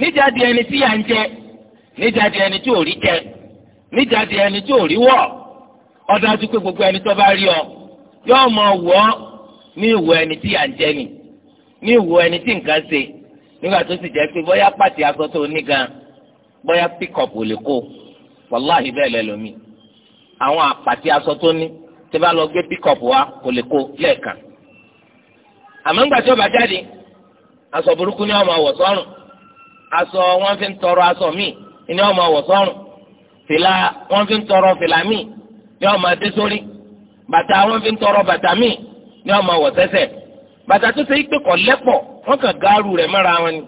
níjáde ẹni tí yà ń jẹ níjáde ẹni tí ò rí jẹ níjáde ẹni tí ò rí wọ̀ ó dájú pé gbogbo ẹni tó bá rí ọ yóò mọ wọ ní ìwọ ẹni tí yà ń jẹ ni ní ìwọ ẹni tí nǹkan ṣe nígbà tó sì jẹ́ pé bóyá pàtì aṣọ tó ní gan bóyá píkọ̀pù lè kó wàláhì bẹ́ẹ̀ lẹ́lòmíì àwọn àpàtì aṣọ tó ní tí bá lọ gbé píkọ̀pù wa kò lè kó lẹ́ẹ̀kan àmọ́ ńgbà tí ó bá jáde aṣọ burúkú ni ọmọ wọ̀ sọ́rùn aṣọ wọn fi ń tọrọ aṣọ míì ni ọmọ wọ̀ sọ́rùn fìlà wọn fi ń tọrọ fìlà míì ni ọmọ adé sórí bàtà wọn fi ń tọrọ bàtà míì ni ọmọ wọ̀ sẹ́sẹ̀ bàtà tó ṣe ìpè kọ̀ lẹ́pọ̀ wọn kàn gáàrú rẹ̀ mọ́ra wọn ni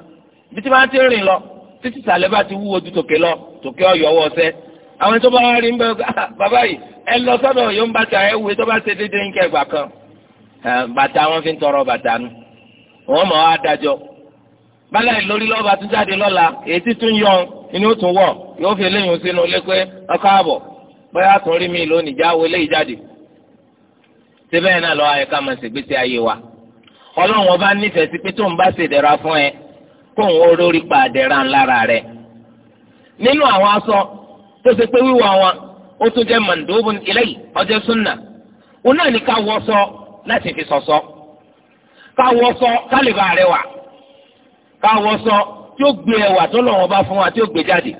bí tí wọ́n ti rìn lọ títí sàlẹ̀ bá ti wúwo ju tòkè lọ tòkè ọ̀yọ́wọ́ sẹ́ẹ́ àwọn tó bá wá rí ń bẹ ah, bàbá ẹ lọ sọ́dọ̀ yóò ń bàtà ẹ wúwe tó bá ṣe ń kẹgbà kan bàtà wọn fi ń tọrọ bàtà nu wọn mọ adájọ bálá ìlórí lọ́ba tún jáde lọ́la èyí títún yọ inú fi eléyìí sínú ilé pé àbọ̀ bóyá tún rí mi lónìí jáwé eléyìí jáde síbẹ̀ náà lọ́wọ́ ayé ká máa ayé wa ọlọ́run ọba nífẹ̀ẹ́ sí pé tó ń bá fún pa ńlára rẹ nínú àwọn aṣọ tó ṣe pé wíwọ̀ wọn ó tún jẹ́ mandobun ilẹ̀yì ọjọ́ súnà òun náà ní ká wọṣọ láti fi ṣọ̀ṣọ́ ká wọṣọ ká lè bá rẹwà ká wọṣọ tí ó gbé ẹwà tó lọ́wọ́n bá fún wa tí ó gbé jáde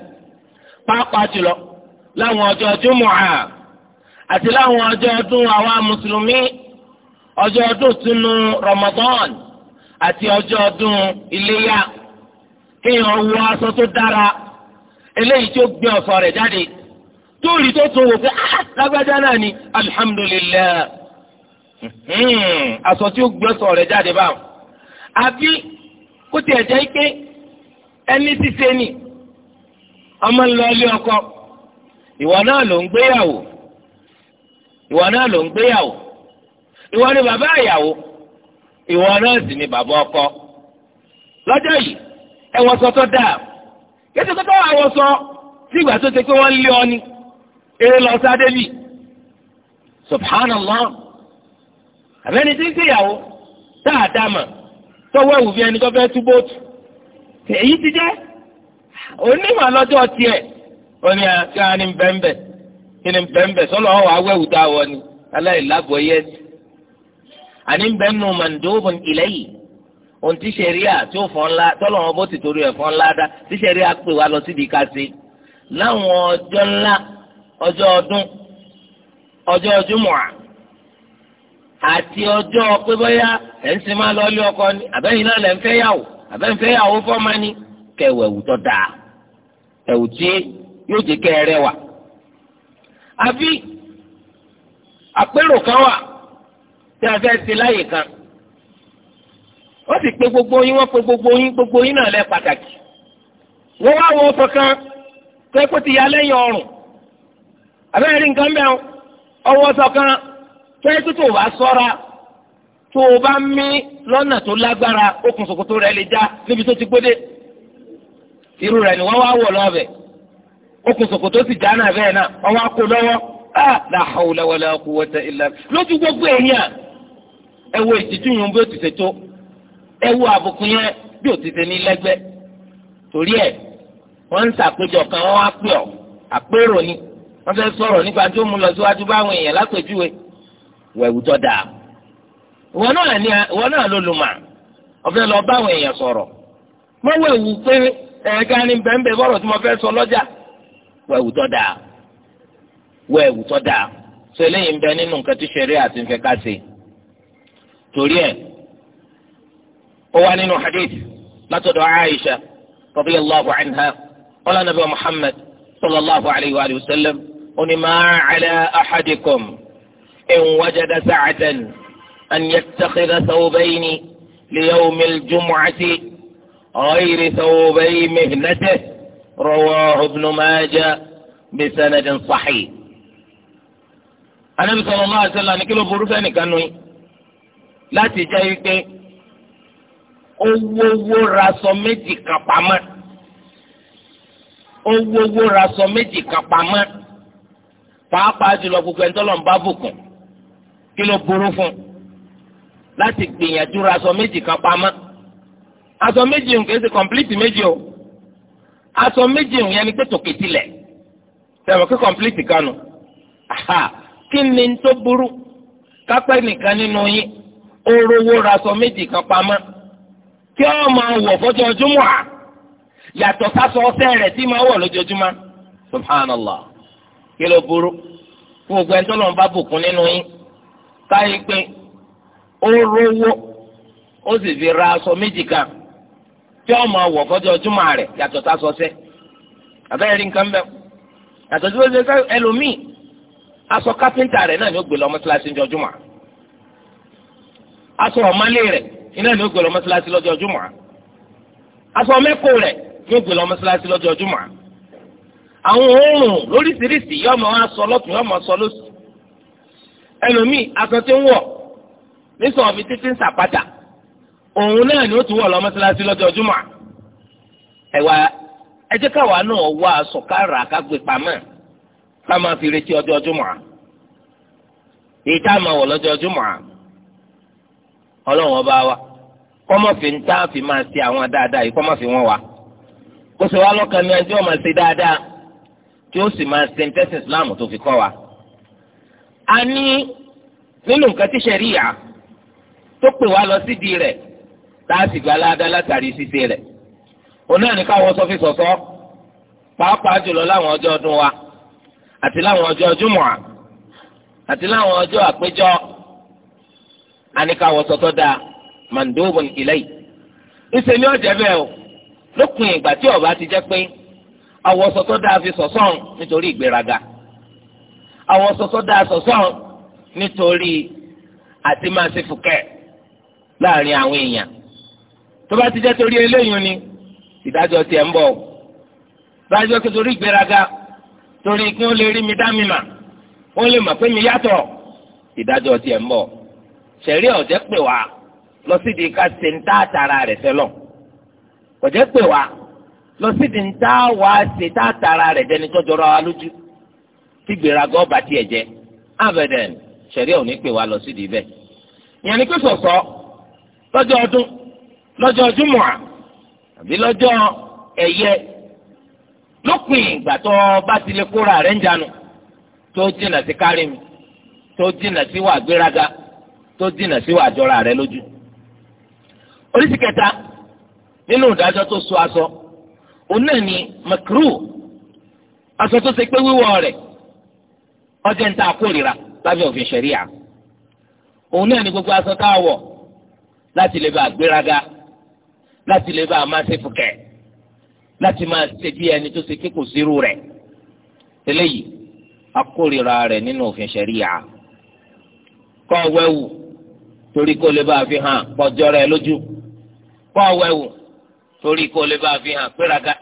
pàápàá jùlọ láwọn ọjọ́ jùmọ̀ọ́ àti láwọn ọjọ́ ọdún àwa mùsùlùmí ọjọ́ ọdún tunu Ramadan àti ọjọ́ ọdún iléyà kéèyàn wọ aṣọ tó dára eléyìí tó gbé ọ̀fọ̀ rẹ̀ jáde tó rí tó tó wò pé ah, lágbájá náà ni alihamudulilayi aṣọ tí ó gbé ọ̀fọ̀ rẹ̀ jáde báwọn àbí kó tiẹ̀ jẹ́ pé ẹni ṣiṣẹ́ ni ọmọ ń lọ ilé ọkọ ìwọ náà ló ń gbéyàwó ìwọ náà ló ń gbéyàwó ìwọ ni bàbá ìyàwó ìwọ náà sì ni bàbá ọkọ lọ́jọ́ yìí ẹ wọ dáa kéde kótó àwọn sọ sí ìgbà tó ṣe pé wọ́n lé ọ ni eré lọ sá débì subhanallah àbẹ́ni tí ń ṣèyàwó dáadáa mà tọwọ́ ẹ̀wù bí ẹni tó fẹ́ tú bóòtù èyí ti jẹ́ onímọ̀ lọ́jọ́ tiẹ̀ ó ní akáni bẹ́ńbẹ́ kí ni bẹ́ńbẹ́ sọ́lọ́ ọ̀wọ́ awẹ́wù dáwọ́ ni aláìlágbọ̀ yẹ́sì àní bẹ́ńnu màndóbùn ìlẹ́yìí ohun tí sẹ̀ríà tí ó fọ́n ńlá tọ́lọ́wọ́n bó ti torí ẹ̀ fọ́n ńlá dá tí sẹ̀ríà pè wá lọ síbi kásì láwọn ọjọ́ ńlá ọjọ́ ọdún ọjọ́ júmọ̀à àti ọjọ́ pé bóyá ẹ̀ ń sinmi lọ ilé ọkọ ni àbẹ́yìn náà lẹ̀ ń fẹ́ yàwó àbẹ́ ń fẹ́ yàwó fọ́ọ́mà ni kẹwẹ́ ẹ̀wù tó dáa ẹ̀wù tí yóò jẹ́ kẹ́ ẹ rẹwà. àbí àpérò kan wà tí a fẹ́ ti láyè kan wọ́n si pe gbogbo yín wọ́n pe gbogbo yín gbogbo yín náà lẹ́ pàtàkì wọ́n wá wọn sọ kan pé kó ti ya lẹ́yìn ọrùn àbẹ́rẹ́ nǹkan bẹ́ẹ̀ ọwọ́ sọ kan pé tó tó sọ́ra tó bá mí lọ́nà tó lágbára okùn ṣòkòtò rẹ̀ lè já níbi tó ti gbódé irú rẹ̀ ni wọ́n wọ̀ lọ́bẹ̀ okùn sì já náà bẹ́ẹ̀ náà wọ́n ẹ wo àbùkù yẹn bí ò ti ṣe ní lẹ́gbẹ́ torí ẹ̀ wọ́n ń ṣàpéjọ kan wọ́n wá pè ọ́ àpérò ni wọ́n fẹ́ sọ̀rọ̀ nípa tí ó mú lọ síwájú báwọn èèyàn lápèjúwe wẹ̀wù tó dáa ìwọ náà ní ìwọ náà ló lò mà ọ̀fẹ́ lọ báwọn èèyàn sọ̀rọ̀ mọ wẹ̀wù pé ẹ̀ẹ́dá ni bẹ́ẹ̀nbẹ́ẹ́ bọ̀rọ̀ tí mo fẹ́ sọ lọ́jà wẹ̀wù tó dáa wẹ̀wù tó dáa sọ eléyìí ń bẹ nínú nǹkan tí ṣẹ̀rí àti ń ká ṣe torí ẹ̀ هو أنه حديث لا تدعى عائشة رضي الله عنها قال نبي محمد صلى الله عليه وآله وسلم ونما على أحدكم إن وجد سعة أن يتخذ ثوبين ليوم الجمعة غير ثوبي مهنته رواه ابن ماجة بسند صحيح النبي صلى الله عليه وسلم كله فرسان كانوا لا تجايكي owówó raṣọ méjì kan pamọ́ owówó raṣọ méjì kan pamọ́ pàápàá jùlọ gbogbo ẹni tọ́lọ̀ ń bá bùkún kí ló burú fún un láti gbìyànjú raṣọ méjì kan pamọ́ aṣọ méjì ń kèsì kọ̀m̀plìtì méjì o aṣọ méjì ń yẹn ni pé tòkè tilẹ̀ tẹ̀wọ̀n kí kọ̀m̀plìtì kan kí ni tó burú kápẹ́ nìkan nínú yín ó rówó méjì kan tí ó máa wọ̀ fọ́jọ́júmọ́ à sásọ ọsẹ rẹ tí máa wọ̀ lójoojúmọ́ subhanallah kí ló burú fún ògbẹ́ tó lọ́n bá bùkún nínú yín táyé pé ó rówó ó sì fi ra aṣọ méjì kan máa ọsẹ rí nǹkan bẹ́ẹ̀ yàtọ̀ sí ẹlòmíì aṣọ náà ni ó gbé iná ni ó gbé lọ mọ́sálásí lọ́jọ́ jùmọ̀ aṣọ mẹ́kọ rẹ̀ yóò gbé lọ mọ́sálásí lọ́jọ́ jùmọ̀ àwọn oòrùn lóríṣiríṣi yóò máa wá sọ lọ́tún yóò máa sọ lóṣù ẹlòmíì aṣọ tí ń wọ̀ nísàn mi títí ń sàpàtà òun náà ni ó ti wọ̀ lọ mọ́sálásí lọ́jọ́ jùmọ̀ ẹ̀wà ẹ jẹ́ káwa náà wá aṣọ kára kágbé pamọ́ ká máa fi retí ọjọ́ jùmọ̀ èyí tá a máa wọ̀ lọ́jọ́ jùmọ̀ ọlọ́run ọba wa kọ́mọ̀fì ń tá a fi máa ṣe àwọn dáadáa yìí kọ́mọ̀fì wọn wa kó sì wá lọ́kàn mi ẹni tí ṣe dáadáa tí ó sì máa ṣe ń tẹ́sí islam tó fi kọ́ wa. a ní nínú nǹkan tí sẹ́ríyà tó pè wá lọ sídìí rẹ̀ láti gba aládàá látàrí ṣíṣe rẹ̀ òun náà ní káwọn sọ fi sọ̀sọ́ pàápàá jùlọ láwọn ọjọ́ ọdún wa àti láwọn ọjọ́ júmọ̀à àti láwọn ọjọ́ àpéjọ àníkàwọ̀ sọ̀tọ̀ dáa mandobun ilẹ̀ yìí ìṣe ni ọ̀jẹ̀ bẹ́ẹ̀ o lópin ìgbà tí ọba ti jẹ́ pé àwọ̀sọ tó dáa fi sọ̀sọ́n nítorí ìgbéraga àwọ̀sọ tó dáa sọ̀sọ́n nítorí àti máa ṣe fùkẹ́ láàrin àwọn èèyàn tó bá ti jẹ́ torí eléyìí ni ìdájọ́ tiẹ̀ ń bọ̀ o dájọ́ pé torí ìgbéraga torí kí wọ́n lè rí mi dá mi mà wọ́n lè mọ̀ pé mi yàtọ̀ ìdájọ́ tiẹ̀ ń bọ̀ ṣẹ̀rí ọ̀jẹ̀ pè wá lọ sídìí ká ṣe ń tá àtàrà rẹ̀ sẹ́lọ̀ kò jẹ́ pé wa lọ sídìí ń tá wá ṣe tá àtàrà rẹ̀ dẹni tó jọra wa lójú tí gbéraga ọba tiẹ̀ jẹ́ abẹ́dẹ̀n ṣẹ̀rí ò ní pè wá lọ sídìí bẹ́ẹ̀ ìyẹn ni pé sọ̀sọ́ lọ́jọ́ ọdún lọ́jọ́ júmọ̀à àbí lọ́jọ́ ẹ̀yẹ lópin ìgbà tó bá ti lè kóra rẹ̀ ń jánu tó jìnnà sí kárí mi tó jìnnà sí wà gbéraga tó dínà sí wàjọra rẹ lójú oríṣi kẹta nínú ìdájọ́ tó so aṣọ òun náà ni makru aṣọ tó ṣe pé wíwọ̀ rẹ̀ ọjọ́ ń ta àkórira lábẹ́ òfin ṣẹ̀ríà òun náà ni gbogbo aṣọ tá a wọ̀ láti lè bá a gbéraga láti lè bá a máa ṣe fùkẹ́ láti máa ṣe bí ẹni tó ṣe pé kò sírú rẹ̀ eléyìí àkórira nínú òfin ṣẹ̀ríà kọ́ wẹ́wù torí kó lè bá a fi hàn pọ̀jọ́ rẹ̀ lójú. kọ́ ọ̀wẹ́wò torí kó lè bá a fi hàn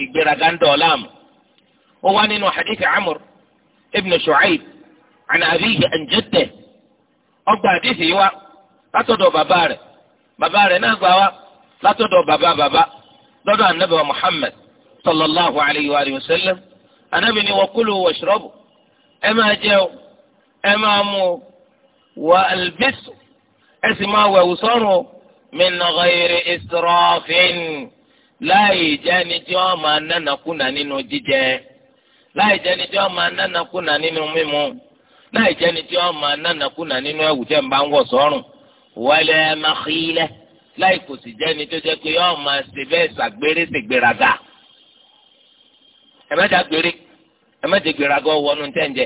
ìgbéraga ń dọ̀ọ́ láàmú. ó wá nínú hadith amur ibn shu'aib an abiyihi an jaddihi ọgbà hadith yìí wá látọ̀dọ̀ bàbá rẹ̀ bàbá rẹ̀ náà gbà wá látọ̀dọ̀ bàbá bàbá lọ́dọ̀ anabi muhammad sallallahu alayhi wa sallam anabi ni wa kulu ẹ máa jẹ ẹ máa mu wa albisu ẹ sì máa wẹ̀wù sọ́run o min ghayri israfin láì jẹ́ni tí wọ́n máa nánàkúnà nínú jíjẹ láì jẹ́ni tí wọ́n máa nánàkúnà nínú mímu láì jẹ́ni tí wọ́n máa nánàkúnà nínú ẹ̀wù tẹ́ ń bá ń wọ̀ sọ́rùn wala makhila láì kò sì jẹ́ni tó jẹ́ pé yọ́n máa ṣe bẹ́ẹ̀ ṣàgbére ṣègbéraga ẹ̀mẹ́ta gbére ẹ̀mẹ́ta gbéraga wọnú tẹ́ ń jẹ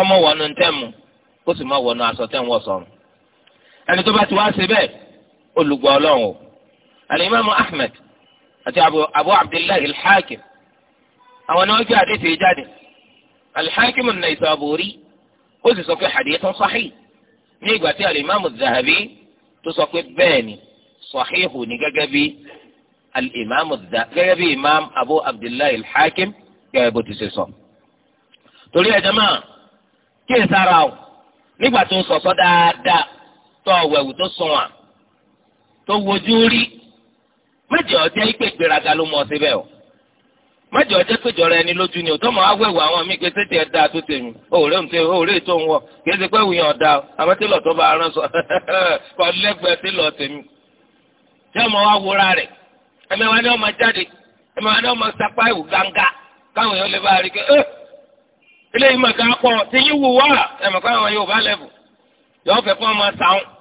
ọmọ wọnú tẹ́ mu kó sì má wọnú aṣọ tẹ́ ń wọ̀ sọ́rùn ẹni tó bá ti wá ṣe bẹ́ẹ̀ olùgbọ́ ọlọ́run o alimami ahmed àti abu abu abdullahi alhakim àwọn ni wọ́n gbé àdé tèé jáde alhakim an-naysaburi ó sì sọ pé hadithun sahih ní ìgbà tí alimami zahabi tó sọ pé bẹ́ẹ̀ ni sahihu ni gẹ́gẹ́ bí alimami zahabi gẹ́gẹ́ bí imam abu abdullahi alhakim gẹ́gẹ́ bó ti ṣe sọ. torí ẹ̀ jàmáà kí n sára o nígbà tó ń sọ̀sọ́ dáadáa tó ọ̀wẹ̀wù tó sunwọ̀n tó wojú rí mẹjọ ọjẹ ìpè gbéraga ló mọ ọ síbẹ̀ o mẹjọ ọjẹ péjọra ẹni lójú ni òtọ́ mọ awẹ́wò àwọn mi gbèsè tiẹ̀ dáa tó tèmi òòrè òun tèmi òòrè tó ń wọ gbèsè pé òun yàn dáa àwọn tí lọ́ọ́ tó bá rán sọ *laughs* kọ́ lẹ́gbẹ̀ẹ́ tí lọ́ọ́ tèmi tí ọmọ wa wúra rẹ̀ ẹ̀mẹ́wàá ni ọmọ jáde ẹ̀mẹ́wàá ni ọmọ sapá ìwù gángá káwọn èèyàn lè bá rí pé eléyìí mọ̀ ká pọ̀ tí yín wù wá ẹ̀mọ̀ káwọn yóò bá lẹ́bù yọ̀ọ́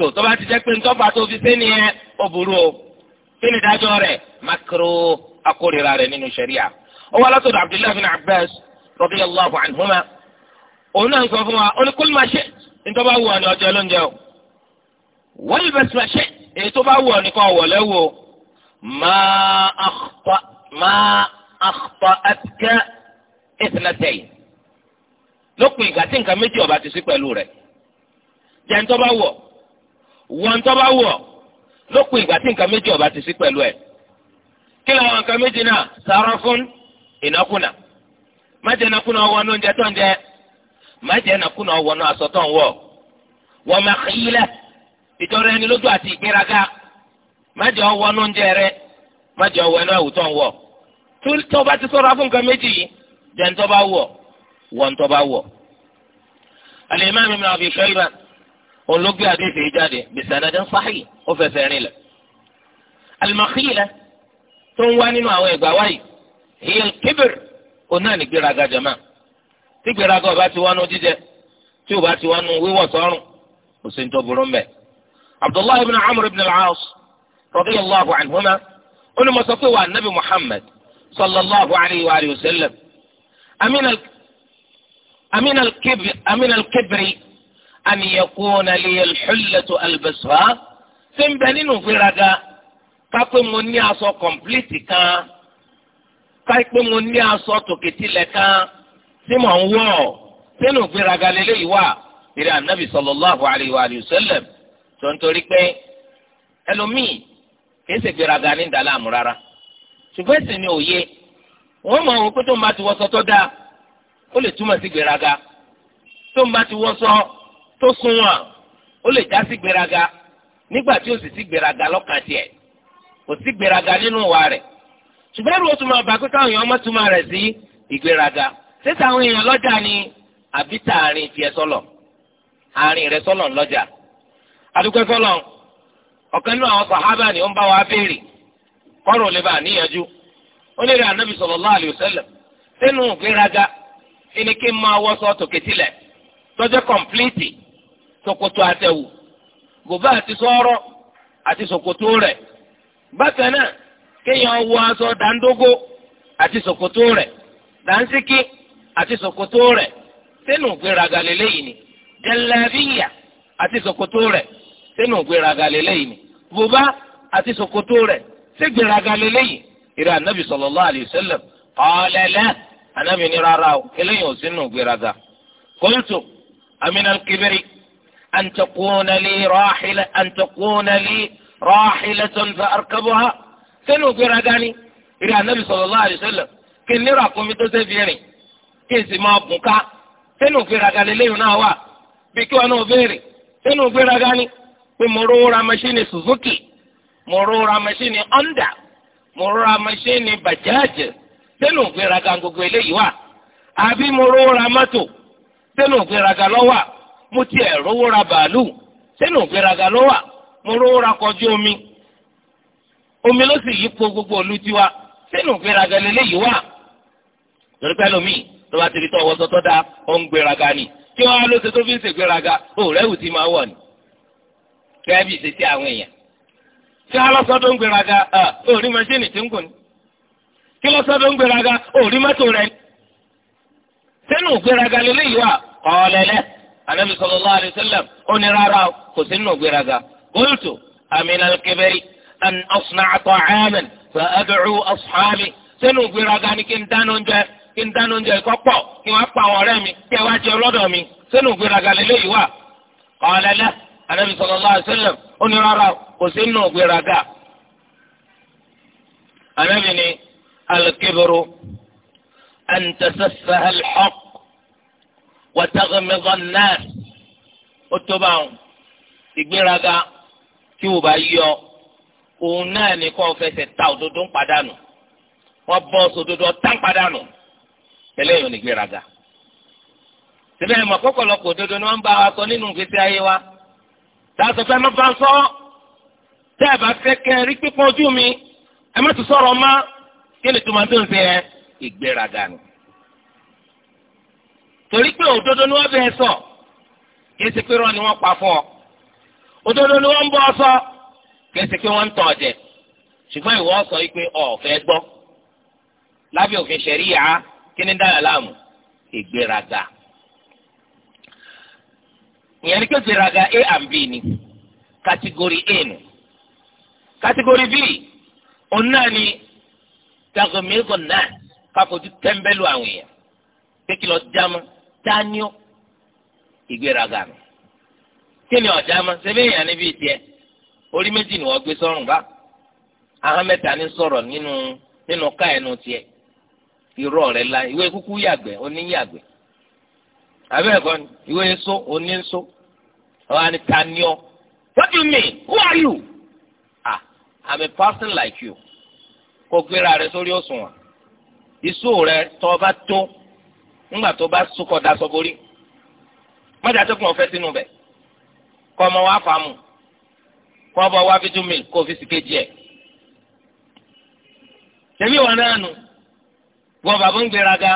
tó tó bá ti jẹ́ pé ntọ́fà tó fi sé nìyẹn ó burú o kí ni dájọ́ rẹ̀ makaro akórira rẹ̀ nínú ṣẹ̀ríà ó wá látọ̀dọ̀ abdullahi bin abbas radiyallahu anhuma òun náà ń sọ fún wa ó ní kul ma ṣe ntọ́ba wù ọ́ ní ọjọ́ lóúnjẹ o wọ́n yìí bẹ́sẹ̀ ma ṣe èyí tó bá wù ọ́ ní kọ́ wọ̀ lẹ́wọ̀ máa àkpọ̀ àtikẹ́ ìtìlẹ́tẹ̀yìn lópin ìgbà tí nǹkan méjì ọba ti sí pẹ̀lú rẹ̀ jẹ́ ntọ́ba wù ọ́ wọ́n tó bá wọ̀ lópin ìgbà tí nǹkan méjì ọba ti sí pẹ̀lú ẹ̀ kí làwọn nǹkan méjì náà sàárọ̀ fún ìnákúnà má jẹ́ ìnákúnà ọwọ́ ní oúnjẹ tó ń jẹ má jẹ́ ìnákúnà ọwọ́ ní aṣọ tó ń wọ̀ wọ́n máa kí ilẹ̀ ìjọra ẹni lójú àti ìgbéraga má jẹ́ ọwọ́ ní oúnjẹ rẹ má jẹ́ ọwọ́ ẹni àwùjọ ń wọ̀ tó bá ti sọ̀rọ̀ fún nǹkan méjì yìí jẹ́ ń tó bá wọ̀ wọ́n ń bá wọ̀. Al-Imam Ibn Abi Shayba olóògbé àdéhìí jáde bisanadin sahih ó fẹsẹ̀ rìn lẹ̀. alimakiila tó ń wá nínú àwọn ìgbà wáyé hiya kibir òun náà ní gbéraga jama tí gbéraga ọba ti wọnú jíjẹ tí ọba ti wọnú wíwọ̀ sọ́rùn kò sí ní tó burú mbẹ. abdullahi ibn amr ibn al-aas radiyallahu anhuma ó ní mo sọ pé nabi muhammad sallallahu alayhi wa sallam amina al-kibri an yakuna liya al-hullatu albasra ṣé ń bẹ nínú ìgbéraga kápẹ́ mo ní aṣọ kọ̀m̀plìtì kan kápẹ́ mo ní aṣọ tòkìtìlẹ̀ kan tí mò ń wọ̀ sínú ìgbéraga lélẹ́yìí wà ìrẹ́ ànábì sallallahu alayhi wa sallam tó ń torí pé ẹlòmíì kì í ṣe ìgbéraga ní ìdálàmú rárá ṣùgbọ́n ẹ̀sìn ni òye wọ́n mọ̀ àwọn pé tó ń bá ti wọ́sọ tó dáa ó lè túmọ̀ sí ìgbéraga tó ń bá ti wọ́sọ tó sunwọ̀n ó lè já sí gbéraga nígbà tí ó sì sí gbéraga lọ́kàn tiẹ̀ kò sí gbéraga nínú wa rẹ̀ ṣùgbọ́n ẹrù oṣù máa bà pé èèyàn rẹ̀ sí ìgbéraga ṣé táwọn èèyàn lọ́jà ni àbí tààrin tiẹ̀ àárín rẹ̀ lọ́jà ọ̀kan nínú àwọn sàhábà ni ó ń bá wa béèrè kọ́rọ̀ lè bá ó lè rí sínú ìgbéraga kí ni kí n máa wọ́ ṣòkòtò àtẹ̀wù bùbá àti sọ́ọ́rọ́ àti ṣòkòtò rẹ̀ bákan náà kéèyàn wọ aṣọ dàńdógó àti ṣòkòtò rẹ̀ dàńsíkí àti ṣòkòtò rẹ̀ sínú gbéraga lélẹ́yìn ni jẹlẹbíyà àti ṣòkòtò rẹ̀ sínú gbéraga lélẹ́yìn ni bùbá àti ṣòkòtò rẹ̀ sí gbéraga lélẹ́yìn ìrẹ anabi sallallahu alayhi wa sallam ọlẹlẹ anabi ní rárá o eléyìí ò sínú gbéraga qultu aminal kibiri. أن تكون لي راحلة أن تكون لي راحلة فأركبها سنو في داني إلى النبي صلى الله عليه وسلم كن نرى قومي تسفيني كن سما بوكا سنو كرا داني لي ناوا بكي أنا بيري سنو كرا داني بمرورة مشيني سوزوكي مرورة مشين أندا مرورة مشين بجاج سنو في داني gbogbo eléyìí wà أبي mo ماتو mọ́tò في ìgbéraga lọ́wọ́ mo ti ẹ̀ bàálù sínú ìgbéraga ló wà mo rówó kọjú omi omi ló sì yípo gbogbo òlu tiwa sínú ìgbéraga lélẹ́yìí wà lórí tó bá ti ó ń gbéraga ni kí wọ́n á ló ṣe tó fi ń ti máa wọ̀ ni kẹ́ẹ́bì ṣe ti àwọn èèyàn kí ń gbéraga mẹ́ṣíìnì tí ń gùn ni kí lọ́sọ́dọ̀ ń gbéraga òòrí mọ́tò rẹ̀ ni sínú gbéraga lélẹ́yìí wà ọ̀ọ́lẹ́lẹ́ anabi sallallahu alayhi wa sallam ó ní rárá o kò sí nínú gbéraga qultu amina al-kibri an asna'a ta'aman fa ad'u ashabi sínú gbéraga ni kí n dáná oúnjẹ kí n dáná oúnjẹ kọ́ pọ̀ kí wọ́n pa àwọn ọ̀rẹ́ mi kí ẹ wá jẹ ọlọ́dọ̀ mi sínú gbéraga lélẹ́yìí wà qala la anabi sallallahu alayhi wa sallam ó ní rárá o kò sí nínú gbéraga anabi ni al-kibru an tasaffaha al-haqq. wọ́tàgọ́mẹ́gàn náà ó tó bá wọn ìgbéraga tí ò bá yọ òun náà ní kó fẹsẹ̀ ta òdodo ń padànù wọ́n bọ́ sòdodo ọ̀tá ń padànù eléyìí ò ní ìgbéraga. síbẹ̀ mọ̀ kọ́kọ́lọ́kọ́ òdodo ni wọ́n ń bá wa sọ nínú ìgbésí ayé wa táàsọ̀ fẹ́ máa bá ń sọ tẹ́ ẹ̀ bá fẹ́ kẹ́ ẹ rí pípọ́n ojú mi ẹ má tún sọ̀rọ̀ mọ́ kí ni tòmátò ń ṣe ẹ ìgbéraga ni. torí pé òdodo ni wọ́n sọ kìí pé irọ́ ni wọ́n pa fún ọ òdodo ni sọ kìí pé wọ́n ń tàn ọ́ ìwọ sọ pé ọ̀fẹ́ gbọ́ lábẹ́ òfin ṣẹ̀ríyà kí ni dára láàmú ìgbéraga ìyẹn ni pé a and b ni kátígórì a nù kátígórì b òun náà ni tàgọ̀mẹ́gọ̀ náà káfojú tẹ́ḿbẹ́lú àwọn èèyàn kékeré ọjà mọ́ tanió ìgbéraga mi kí ni ọ̀dà ma ṣebí èèyàn níbi ìtiẹ̀ orí méjì ni wọ́n gbé sọ́rùn bá ahọ́n mẹ́ta ní sọ̀rọ̀ nínú nínú ká ẹnu tiẹ̀ irọ́ rẹ̀ la ìwé kúkú yàgbẹ́ oníyàgbẹ́ abẹ́ ẹ̀kọ́ ni ìwé nsó onínsó ọ̀hán ni tanió what do you mean who are you ah i'm a person like you kò gbéra rẹ sórí òṣùwọ̀n ìṣó rẹ tọ́ ọ bá tó. ńgbà tó bá súnkọ̀ daṣọ borí mọ́jà tó kún ọ̀fẹ́ sínú bẹ̀ kọ́ ọmọ wa fàámu kọ́ ọbọ̀ wa fíjú mi kó fi sìkè jẹ. ṣebí wọn náà nù wọ bàbá ń gbéraga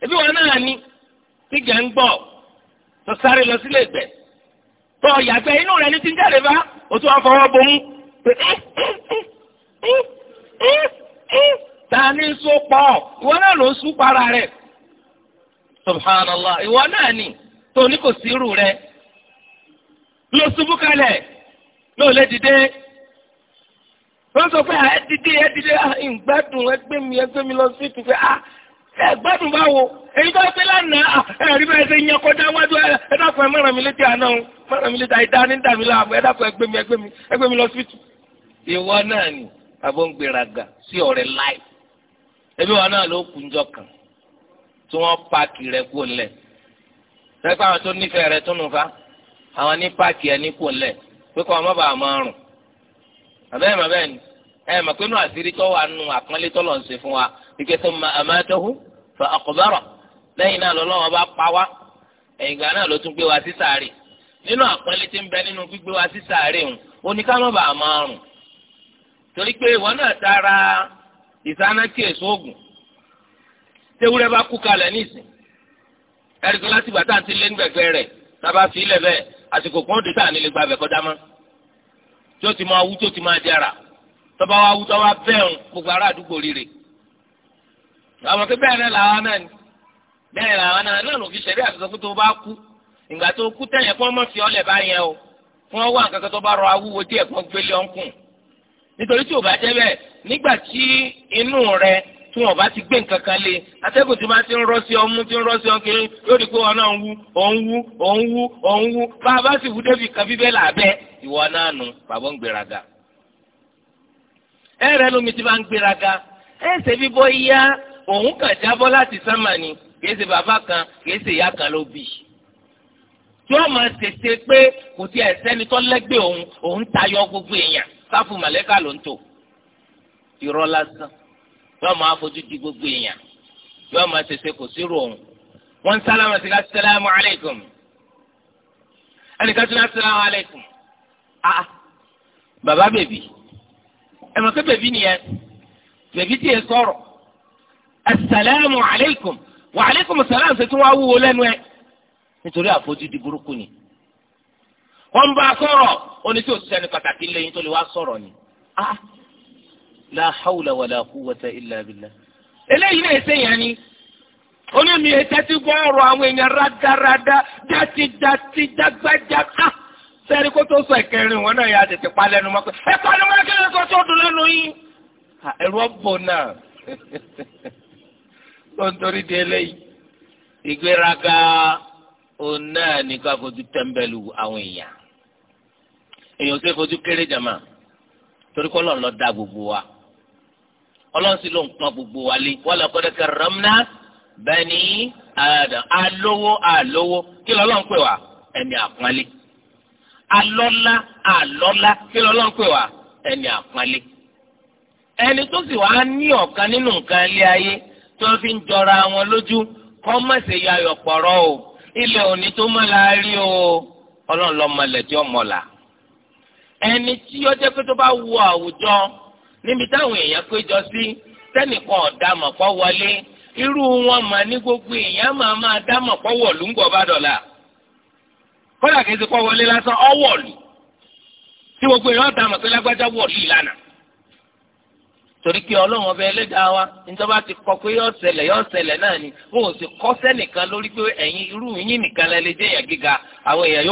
ṣebí wọn náà ní tíjà ń gbọ́ tó sáré lọ sílé ìgbẹ́ tó yàgbẹ́ inú rẹ̀ ní ti ń jáde bá o tún wá fọwọ́ bomú ta ni sopọ̀ ìwọ náà ló sún para rẹ̀. subhanallah ìwọ náà nì tó kò sí irú rẹ lọ ṣubú kalẹ̀ lọ lè dìde wọ́n sọ pé ẹ dìde ẹ dìde ìgbádùn mi lọ sí ah ẹgbẹ́dùn bá wo èyí tó ṣe lánàá ẹ̀rí bẹ́ẹ̀ ṣe yan kọjá wájú ẹ̀dàpọ̀ ẹ̀ mọ̀ràn mi o mọ̀ràn mi létí àìdá ní dàmí láàbù mi lọ sí ìwọ náà ni àbọ̀ ń gbéraga sí ọ̀rẹ́ láì ẹbí wa náà ló kù tí wọ́n paaki rẹ̀ kó lẹ̀ sẹ́kọ̀ àwọn tó nífẹ̀ẹ́ rẹ̀ tún nù fa àwọn ní paaki ẹ̀ ní kó lẹ̀ pé kọ́ ọmọ bàá máa rùn àbẹ́rẹ́ màá bẹ́ẹ̀ ni ẹ̀ mà pé nù àṣírí tó wà nù àpọ́nlé tó lọ́n ṣe fún wa ike tó ma amatahu fa aqbara lẹ́yìn náà lọ́lọ́wọ́ bá pa wá ẹ̀yìn gbà náà ló tún gbé wa sí sàárè nínú àpọ́nlé tí ń bẹ nínú gbígbé wa sí sàárè òun oníkàmọ́ bàá máa rùn torí pé ìwọ náà tara ìsánákì èso ògùn tewúrẹ́ bá kú kalẹ̀ nísìn ẹ̀ríkọ́ láti gbà tá à ń ti lé nígbẹ̀gbẹ́ rẹ̀ tába fi ilẹ̀ bẹ́ẹ̀ àsìkò kan dé tá à nílé gba abẹ kọjá mọ́ tí ó ti máa wú tí ó ti máa jẹrà tọ́ba wa wú tọ́ba bẹ́ẹ̀rùn gbogbo ará àdúgbò rire àwọn kí bẹ́ẹ̀ rẹ̀ làwọn náà ni bẹ́ẹ̀ làwọn náà náà lòfi ṣẹ̀rí àtúntò pé bá kú ìgbà tó kú tẹ̀yẹ̀ fún ọmọ fi ọlẹ̀ bá yẹn o fún ọwọ́ àkàkọ́ tó bá rọ awúwo díẹ̀ fún gbélé ọ̀nkùn nítorí tí ò bá jẹ́ bẹ́ẹ̀ nígbà tí inú rẹ̀ tí wọn bá ti gbé nǹkan kan lé atẹ́gùn tí máa ti ń rọ́ sí ọmú tí ń rọ́ sí ọkẹ́ yóò rí pé wọn náà ń wú òun wú òun wú òun wú bá a bá sì wú débi kan bíbẹ́ làbẹ́ ìwọ náà nù bàbá ń gbéraga. ẹ rẹ lómi tí máa ń gbéraga ẹ ṣe bíbọ iyá òun kàn jábọ́ láti sánmà ni kì í ṣe bàbá kan kì í ṣe ìyá kan ló bì tí wọn máa ṣèṣe pé kò tiẹ̀ sẹ́ni tó lẹ́gbẹ̀ẹ́ òun òun tayọ gbogbo yóò máa fojú di gbogbo èèyàn yóò máa ṣẹṣẹ kò sí rò òun wọn sálámà sí láti aleykum ẹnìkan sí láti aleykum ah, ah baba bèbí ẹ mọ̀ pé bèbí nìyẹn bèbí tiẹ̀ sọ̀rọ̀ asalaamu aleykum wa aleykum salaam ṣe tún wá wúwo lẹ́nu ẹ nítorí àfojúdi burúkú ni wọ́n bá sọ̀rọ̀ oníṣẹ́ òṣìṣẹ́ ní pàtàkì lẹ́yìn tó lè wá sọ̀rọ̀ ni ah la hawla wala quwwata illa billah. eléyìí náà ṣe yẹn ni olómi ìtẹ́tí gbọ́ ọ̀rọ̀ àwọn èèyàn rádaràda dátí dátí dágbájá ká ah! sẹ́ni kó tó sọ ìkẹrin wọn náà yà á tètè pa lẹ́nu mọ́ pé ẹ pa lẹ́nu mọ́ kí ló tó dùn lẹ́nu yín. ẹ̀rọ bọ̀ náà ló *laughs* ń torí di eléyìí ìgbéraga òun náà ní ká fojú tẹ́ḿbẹ́lú àwọn èèyàn èèyàn ò sì fojú kéré jàmá torí kọ́ lọ́n lọ́ọ́ da gbogbo wa ọlọ́run sì ló ń pọn gbogbo wa lé walaqad karramna bani adam alówó alówó kí lọ́lọ́run pè wá ẹni àpọ́nlé alọ́lá alọ́lá kí lọ́lọ́run pè wá ẹni àpọ́nlé ẹni tó sì wá ní ọ̀kan nínú nǹkan ilé ayé tó fi ń jọra wọn lójú kọ́ mọ̀sẹ̀ ya ayọ̀pọ̀rọ̀ o ilẹ̀ òní tó mọ̀ la rí o ọlọ́run lọ́mọlẹ̀ tí ó ẹni tí ó jẹ́ pé tó bá wọ àwùjọ níbi táwọn èèyàn péjọ sí tẹ́nìkan ọ̀dàmọ̀ kọ́ wọlé irú wọn mà ní gbogbo èèyàn máa máa dámọ̀ kọ́ ń ńgbọ̀ bá dọ̀la kódà kìí ti kọ́ wọlé lásán tí gbogbo èèyàn dámọ̀ pé lágbájá ìlànà torí ọlọ́run ọba ẹlẹ́dàá wa níjọba ti kọ pé yọ yọ náà ni wọn ò sì lórí pé ẹ̀yin irú yín nìkan lẹ́lẹ́ jẹ́ gíga àwọn èèyàn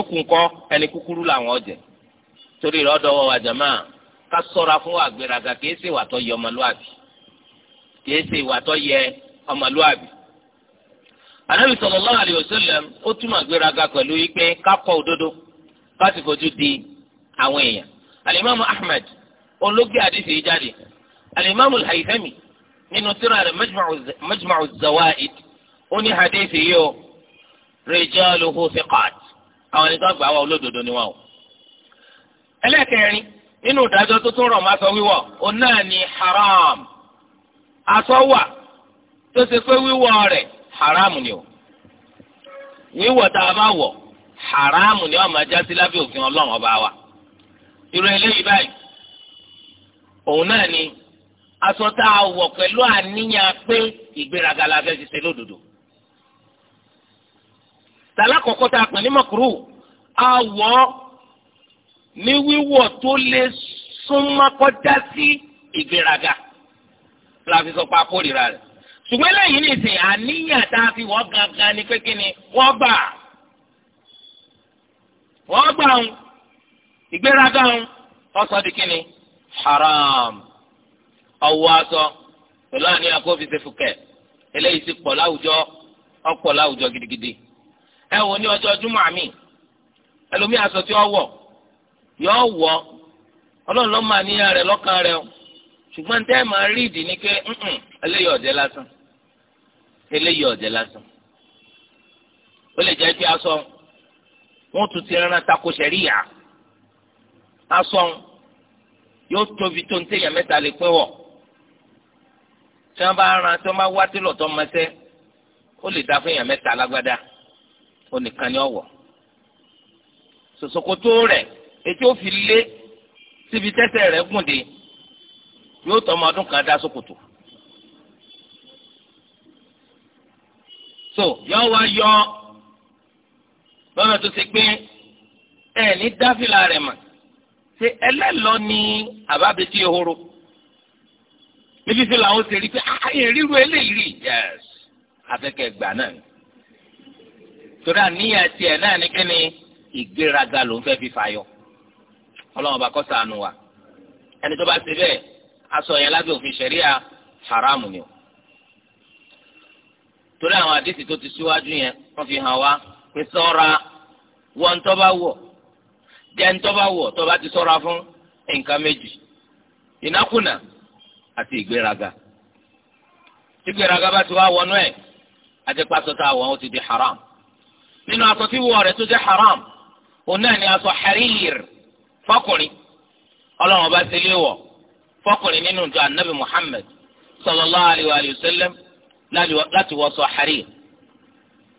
ẹni kúkúrú làwọn torí ká sọ́ra fún àgbéraga kìí ṣe ìwà tó yẹ ọmọlúwàbí kìí ṣe ìwà tó yẹ ọmọlúwàbí. Ànábì sallallahu alayhi wa sallam ó túmọ̀ àgbéraga pẹ̀lú wípé kákọ òdodo káti fojú di àwọn èèyàn. alimami ahmed olóògbé àdìsí yìí jáde alimami alhaithami nínú tírà rẹ̀ majma'u zawaid ó ní hadith yìí o rijaluhu thiqat àwọn ẹni gbà wá olódodo ni wọn o. ẹlẹ́kẹ̀rin nínú ìdájọ́ tó tún rọ̀ mọ́ aṣọ wíwọ̀ òun ni haram aṣọ wà tó ṣe pé wíwọ̀ rẹ̀ haram ni o wíwọ̀ tá a bá wọ̀ haram ni wọ́n máa já lábẹ́ òfin ọlọ́run ọba wa irú eléyìí báyìí òun náà ni aṣọ tá a wọ̀ pẹ̀lú àníyàn pé ìgbéraga la fẹ́ ti ṣe lódodo tàlákọ̀ọ́kọ́ tá a pè ní mọ̀kúrú a wọ̀ ọ́ ní wíwọ̀ tó lè súnmọ́ kọjá sí ìgbéraga la fi sọ pé akórira rẹ̀ ṣùgbọ́n eléyìí nìsín àníyàn tá a fi wọ́n gangan ni pé kí ni wọ́n gbà wọ́n gbà ń ìgbéraga ń ọsọ di kí ni haram ọwọ́ aṣọ pẹ̀lú àníyàn kó fi ṣe fúkẹ́ eléyìí sì pọ̀ láwùjọ ọ̀pọ̀ láwùjọ gidigidi ẹ wò ní ọjọ́ júmọ̀ àmì ẹlòmíì aṣọ tí ó wọ̀ yọ wọ ọlọ́run ló máa níyà rẹ rẹ o ṣùgbọ́n tẹ́ máa rí ìdí ni pé eléyìí ọ̀jẹ̀ lásán eléyìí ọ̀jẹ̀ lásán ó lè jẹ́ pé aṣọ wọn tún ti rán tako sẹ̀ríyà aṣọ yóò tóbi tó ń lè tí bá rán tí bá wá tó ó lè dá fún èèyàn lágbádá ó nìkan ni etí ó fi lé síbi tẹ́sẹ̀ rẹ̀ gùn dé yóò tọmọ ọdún kan dá ṣòkòtò. so yọ wá yọ lọ́nà tó ṣe pé ẹ ní dáfílà rẹ̀ mà ṣe ẹlẹ́lọ́ ní àbábẹ́tì ehoro níbi tí làwọn ṣe rí pé ààyè ah, ríru eléyìí rí yẹs afẹ́kẹ́ gbà náà torí àníyàn tiẹ̀ náà ní kíni ìgbéraga ló ń fẹ́ fi fàyọ ọlọ́run ọba kó ṣàánú wa ẹni tó bá ṣe bẹ́ẹ̀ aṣọ yẹn lábẹ́ òfin ṣẹ̀ríà haramu ni o torí àwọn àdìsí tó ti síwájú yẹn wọ́n fi hàn wá pé sọ́ra wọ́n tó bá wọ̀ jẹ́ ń tó bá wọ̀ tó bá ti sọ́ra fún nǹkan méjì ìnákùnà àti ìgbéraga ìgbéraga bá ti wá wọnú ẹ̀ àti pásọ tá ó ti di haram nínú aṣọ tí wọ̀ rẹ̀ tó jẹ́ haram òun náà ni aṣọ harir fọkùnrin ọlọ́run ọba ṣe léèwọ̀ fọkùnrin nínú ìjọ anabi muhammed sallallahu alayhi wa sallam láti wọṣọ harir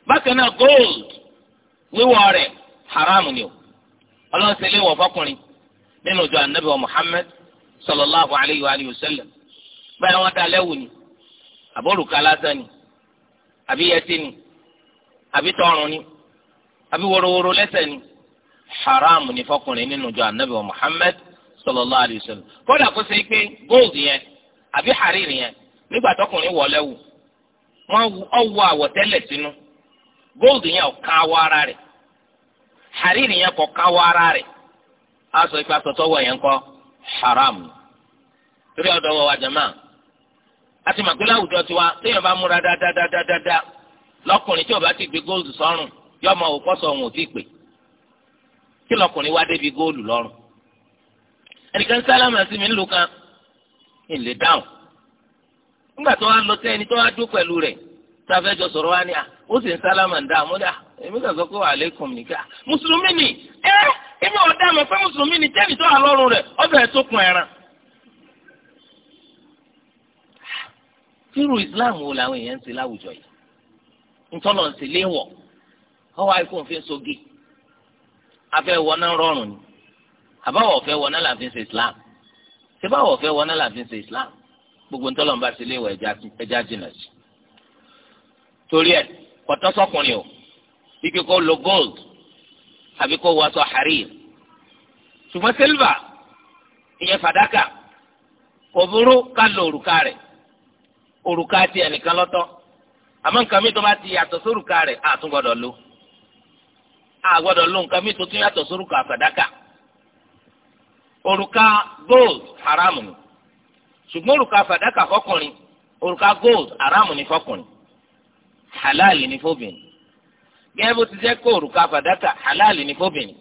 bákan náà gold wíwọ̀ rẹ̀ haram ni o ọlọ́run ṣe léèwọ̀ fọkùnrin nínú ìjọ anabi muhammed sallallahu alayhi wa sallam báyìí wọ́n dá lẹ́wù ni àbórùka lásán ni àbí yẹtí ni àbí tọrùn ni àbí worowóró lẹ́sẹ̀ ni. haram ni fọkùnrin nínú ìjọ anabi wa muhammed sallallahu alayhi wa sallam kódà kó ṣe pé gold yẹn àbí hariri yẹn nígbà tọkùnrin wọlé wù wọn ọwọ àwọ̀tẹ́lẹ̀ sínú gold yẹn ọka awọ ara rẹ̀ hariri yẹn ara ipa tọtọ wọ yẹn kọ haram torí ọ̀dọ̀ wọ wa jama àti màgbélé àwùjọ tiwa bá múra dáadáa tí o bá ti gbé gold yọmọ òkọsọ òun ò pè kí lọkùnrin wá débi góòlù lọ́rùn ẹnìkan sálámà sí mi ńlò kan ń lè dáhùn nígbà tó wá lọ sí ẹni tó wá pẹ̀lú rẹ̀ sáfẹ́jọ sọ̀rọ̀ wá ní à ó sì ń sálámà ń dáhùn mọ́dà èmi kàn sọ pé wà lẹ́kùn nìkan mùsùlùmí ni ẹ ò dá kun ẹran. Islam wo làwọn èèyàn ń láwùjọ yìí léwọ̀ ọwọ́ afẹ́ wọná rọrùn ni àbáwọ̀ ọ̀fẹ́ wọná là fi ń islam ṣèbáwọ̀ ọ̀fẹ́ wọná là fi ń islam gbogbo ntọ́lọ̀ ń bá ṣe léwọ̀ ẹja jìnnà sí. torí ẹ kọ̀tọ́ sọkùnrin o ike kó lo gold àbí kó wọ aṣọ harir ṣùgbọ́n sílvà ìyẹn fàdákà kò burú ká lo òrùka rẹ̀ òrùka tiẹ̀ nìkan lọ́tọ̀ àmọ́ nǹkan mi tó bá ti yàtọ̀ sórùka rẹ̀ àtúngbọ́dọ̀ lo a gbọ́dọ̀ lo nǹkan míì tó tún yàtọ̀ sórúkọ àfàdákà òrùka gold haramu ni ṣùgbọ́n òrùka àfàdákà fọkùnrin òrùka gold haramu ni fọkùnrin halali ni fóbìnrin gẹ́gẹ́ bó ti jẹ́ kó òrùka fàdákà halali ni fóbìnrin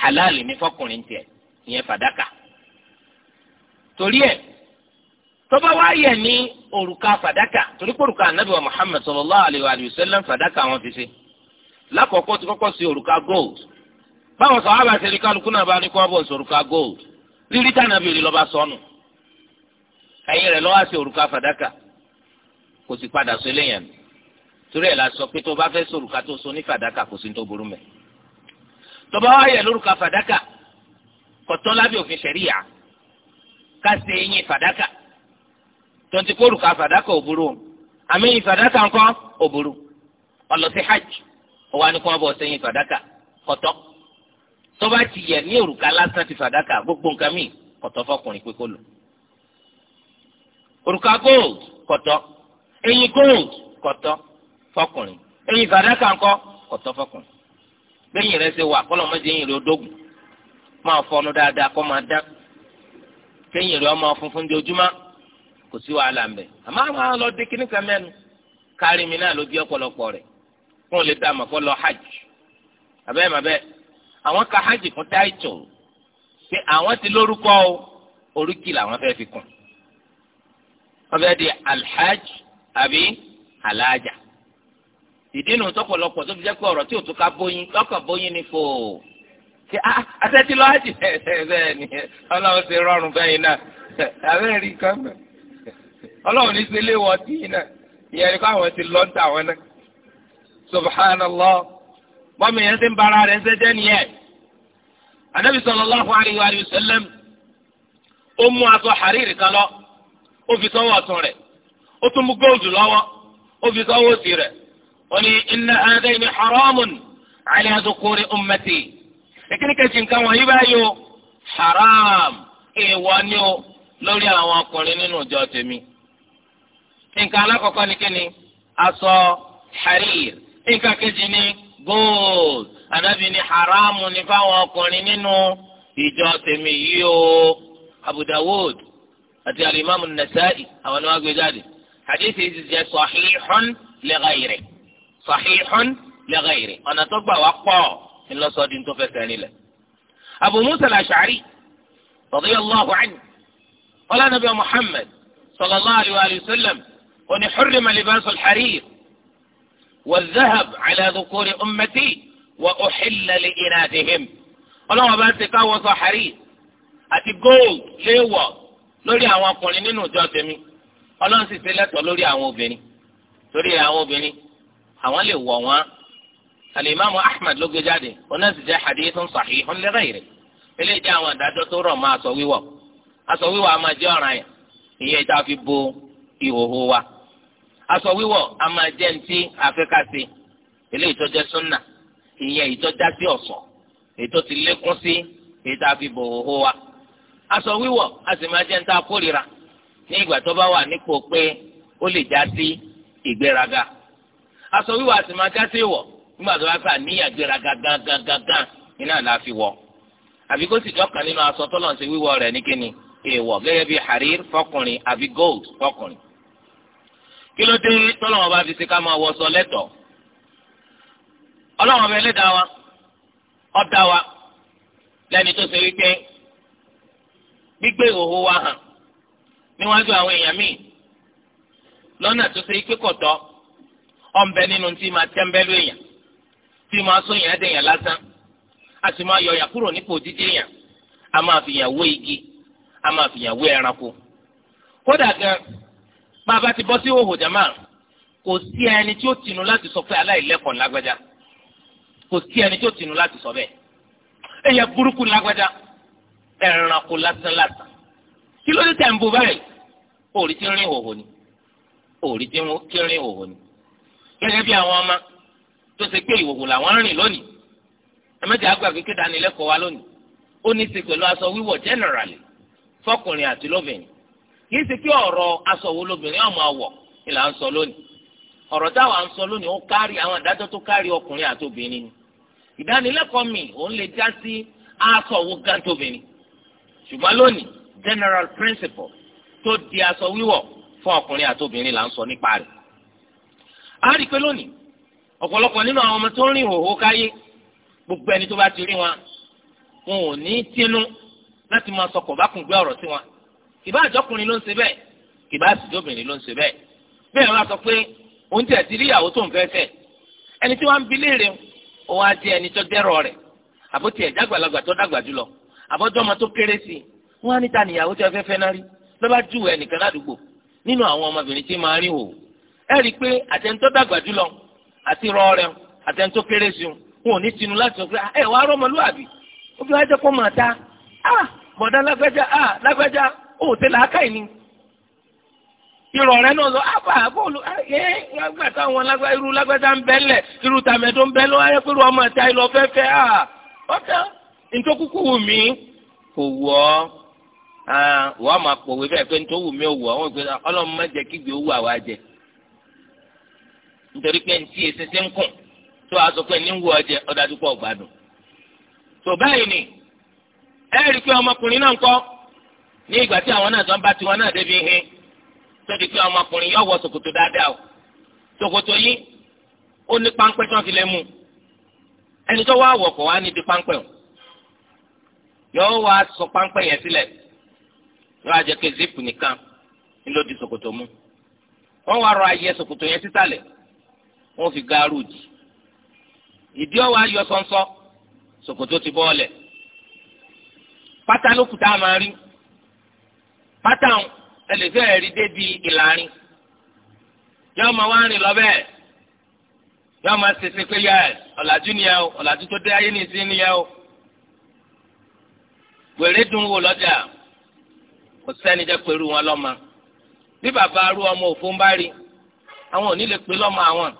halali ni fọkùnrin tiẹ̀ ìyẹn fàdákà torí ẹ̀ tọ́ba wá yẹ ní òrùka fàdákà torí pé òrùka anabi wa muhammad sallallahu alayhi wa sallam fàdákà wọn fi ṣe lákọ̀ọ́kọ́ ti kọ́kọ́ sí òrùka gold báwọn sọ wàá bá ṣe ní kálukú náà bá ní kó bọ̀ sí òrùka gold rírí tànà bìrì lọ́ba sọnù ẹ̀yìn rẹ̀ lọ́wọ́ sí òrùka fàdákà kò sì padà sọ eléyàn torí ẹ̀ la sọ pé tó bá fẹ́ sí òrùka tó so ní fàdákà kò sí ní tó burú mẹ́ tó bá wá yẹ lórúka fàdákà kọ̀tọ́ lábẹ́ òfin ṣẹ̀ríyà ká ṣe eyín fàdákà tonti kórùka fàdákà òbúrú àmì ìfàdákà ńkọ́ òbúrú ó lọ hajj ọwọ́ àni kò wọ́n bọ̀ sẹ́yìn fàdákà kọ̀tọ́ tọ́ba ti yẹ ní òrùka lásán ti fàdákà gbogbo nǹkan míì kọ̀tọ́ fọkùnrin pé kó lò òrùka gold kọ̀tọ́ eyín gold kọ̀tọ́ fọkùnrin eyín fàdákà ńkọ́ kọ̀tọ́ fọkùnrin lẹ́yìn rẹ ṣe wà kọ́lọ́mọdé eyín rẹ odógùn máa fọnu dáadáa kọ́ máa dá kẹ́yìn rẹ ọmọ funfun di ojúmọ́ kò sí wàhálà ń bẹ̀ àmọ́ àwọn ọlọ́dẹ kíníkà mẹ́nu kárí ló di ọ̀pọ̀lọpọ̀ rẹ̀ kó lè dá àmọ̀ kó lọ hajj àbẹ́ màbẹ́ àwọn ka hajj fún táìtò pé àwọn ti lórúkọ o oríkì làwọn fẹ́ fi kún wọ́n fẹ́ di alhaj àbí alájà ìdí nu tọ̀pọ̀lọpọ̀ tó fi jẹ́ pé ọ̀rọ̀ tí ò tún ká bóyin lọ́kàn bóyin ni fò ṣe àtẹ́tí lọ́wọ́ àti bẹ́ẹ̀ ni ọlọ́run ti rọrùn bẹ́yìn náà *laughs* àbẹ́ rí kan bẹ́ẹ̀ ọlọ́run ní sílé wọ́n tí yìí náà ìyẹn ni káwọn ti lọ́ńtà wọn náà subhanallah bọ́mí yẹn ti ń bara rẹ̀ ṣẹ́jẹ́ nìyẹn anabi sallallahu alayhi wa sallam ó mú aṣọ hariri kan lọ ó fi sọ́wọ́ ọ̀tún rẹ̀ ó tún mú góòdù lọ́wọ́ ó fi sọ́wọ́ òsì rẹ̀ ó ní inna hadayni haramun ala dhukuri ummati ìkíni kejì nǹkan wọ̀nyí báyìí o haram èèwọ̀ ni o lórí àwọn ọkùnrin nínú ìjọ tèmi nǹkan alákọ̀ọ́kọ́ ni kíni aṣọ harir nǹkan kejì ni gold anabi ni haramu ni fáwọn ọkùnrin nínú ìjọ tèmi yìí o Abu Dawud àti alimami Nasa'i àwọn ni wọn gbé jáde hadithi yìí jẹ sahihun li ghayri sahihun li ghayri ọ̀nà tó gbà wá pọ̀ ńlọsọdí tó fẹsẹ̀ nílẹ̀. Abu Musa al-Ash'ari radiyallahu anhu qala nabi Muhammad sallallahu alayhi wa sallam ó ní hurrima والذهب على ذكور أمتي وأحل لإناثهم ọlọ́wọ́n bá ti káwọ́ sọ hàrí àti gold léèwọ̀ lórí àwọn ọkùnrin nínú ìjọ tèmi ọlọ́run sì ṣe lẹ́tọ̀ọ́ lórí àwọn obìnrin torí àwọn obìnrin àwọn lè wọ̀ wọ́n alimami ahmed ló gbé jáde ọ̀nà sì jẹ́ hadithun sahihun li ghayri eléyìí jẹ́ àwọn àdájọ́ tó rọ̀ mọ́ aṣọ wíwọ̀ aṣọ wíwọ̀ a máa jẹ́ ọ̀ràn yẹn ìyẹn ìta fi bo ìhòhò wa aṣọ wíwọ̀ a máa jẹ́ ní ti àfẹ́kàsí eléyìí tó jẹ́ súnà ìyẹn èyí tó já sí ọ̀ṣọ́ èyí tó ti lékún sí èyí tá a wa aṣọ wíwọ̀ a sì máa jẹ́ ní ta kórìíra ní ìgbà tó bá wà nípò pé ó lè já sí ìgbéraga aṣọ wíwọ̀ a sì máa já sí nígbà tó bá fà níyà gbéraga gangan iná la fi àbí kó sì jọ́kàn nínú aṣọ tó lọ́n ṣe wíwọ̀ rẹ̀ ní kíni èèwọ̀ gẹ́gẹ́ bí harir fọkùnrin àbí gold fọkùnrin kí ló dé tọ́lọ́wọ́n bá fi ṣe ká máa wọṣọ lẹ́tọ̀ọ́ ọlọ́wọ́n bẹ lẹ́dàá wa ọ̀dà wa lẹ́ni tó ṣe wípé gbígbé ìhòòhò wa hàn níwájú àwọn èèyàn míì lọ́nà tó ṣe pé kọ̀tọ́ ọ̀nbẹ nínú tí máa tẹ́ńbẹ́lú èèyàn tí máa sún èèyàn dèèyàn lásán a sì máa yọ̀yà kúrò nípò jíjẹ́ èèyàn a máa fìyàn wé igi a máa fìyàn wé ẹranko kódà gan-an bá a bá ti bọ́ sí òhò jama kò sí ẹni tí ó tìnú láti sọ pé aláìlẹ́kọ̀ọ́ lágbájá kò sí ẹni tí ó tìnú láti sọ bẹ́ẹ̀ ẹ̀yà burúkú lágbájá ẹranko lásán lásán kí ló dé tẹ̀ ń bo báyìí òòrì tí ń rìn òhò ni òòrì tí ń rìn òhò ni gẹ́gẹ́ bí àwọn ọmọ tó ṣe pé ìhòhò làwọn ń rìn lónìí ẹ̀mẹ́jẹ̀ àgbà kékeré dánilẹ́kọ̀ọ́ wa lónìí ó ní generally fọkùnrin àti lóbìnrin kì í ṣe kí ọ̀rọ̀ aṣọ wo lóbìnrin ọmọ àwọ̀ ni là ń sọ lónìí ọ̀rọ̀ táwa ń sọ lónìí ó kárí àwọn ìdájọ́ tó kárí ọkùnrin àti obìnrin ni ìdánilẹ́kọ̀ọ́ mi òun lè já sí aṣọ wo gan tóbìnrin ṣùgbọ́n lónìí general principle tó di aṣọ wíwọ̀ fún ọkùnrin àti obìnrin là ń sọ nípa rẹ̀ a rí i pé lónìí ọ̀pọ̀lọpọ̀ nínú àwọn ọmọ tó ń rìn hòhò káyé gbogbo ẹni tó bá ti rí wọn wọn ò ní tínú láti máa sọ kọ̀bákùngbé ọ̀rọ̀ sí wọn kìbá àjọkùnrin ló ń ṣe bẹ́ẹ̀ kìbá àtijọ́bìnrin ló ń ṣe bẹ́ẹ̀ bẹ́ẹ̀ wá sọ pé òun tẹ̀ ti rí ìyàwó tó ń fẹ́ fẹ́ ẹni tí wọ́n ń bi léèrè òun á di ẹni tó dẹ́rọ̀ rẹ̀ àbótí ẹ̀dá àgbàlagbà tó dàgbà jùlọ àbọ́jọ́ ọmọ tó kéré sí i wọ́n á níta níyàwó tó fẹ́ fẹ́ náà rí ló bá ẹnìkan ládùúgbò nínú àwọn ọmọbìnrin tí máa rìn wò ẹ rí i pé àtẹnutọ́ dàgbà jùlọ àti rọrẹ àtẹnutọ́ kéré sí i wọn ò ní tinú láti sọ pé ah, ẹ wàá rọmọlúwàbí ó fi wá jẹ́ kó máa ta ah bọ̀dá lágbájá ah lágbájá ó tẹ aka ni ìrọ̀rẹ́ náà sọ àbá bọ́ọ̀lù ẹ wọn táwọn irú lágbàdá ń bẹ́ lẹ̀ irú tàmẹ́dó ń bẹ́ lọ́wọ́ ayé ọmọ ẹ̀ta ìlọ fẹ́fẹ́ à ah, ọ̀tá ntòkùkù wù mí kò wù ọ́ ah, wọ́n máa pòwe bẹ́ẹ̀ pé ntòwù mí ò wù ọ́ wọ́n gbé ah, má kí gbé owó àwa jẹ nítorí pé ntí èsì ti ń kùn tó a sọ pé ní ní ìgbà tí àwọn náà tó ń bá tiwọn náà débi hin tó di pé ọmọkùnrin yóò wọ ṣòkòtò dáadáa o ṣòkòtò yìí ó ní páńpẹ́ tí wọ́n fi lè mú ẹni tó wá wọ̀ kọ̀ wá ní di páńpẹ́ o yóò wá sọ páńpẹ́ yẹn sílẹ̀ yóò wá jẹ́ pé zip nìkan ló di ṣòkòtò mú wọ́n wá rọ ayẹ ṣòkòtò yẹn sísàlẹ̀ wọ́n fi gaaru ìdí ọwọ́ ayọ sọ́nsọ́ ṣòkòtò ti bọ́ pátá ló máa rí pátán ẹlẹ́fẹ́ ẹ̀rí débi ìlàrin yóò máa wá rìn lọ bẹ́ẹ̀ yóò máa ṣèṣe pé yẹ ọ̀làjú nìyẹn o ọ̀làjú tó dé ayé nìyẹn nìyẹn o wèrè dùn wò lọ́jà kò sẹ́ni jẹ́ pẹ̀lú wọn lọ́mọ bí bàbá arú ọmọ òfin bá rí àwọn ò ní lè pè lọ́mọ àwọn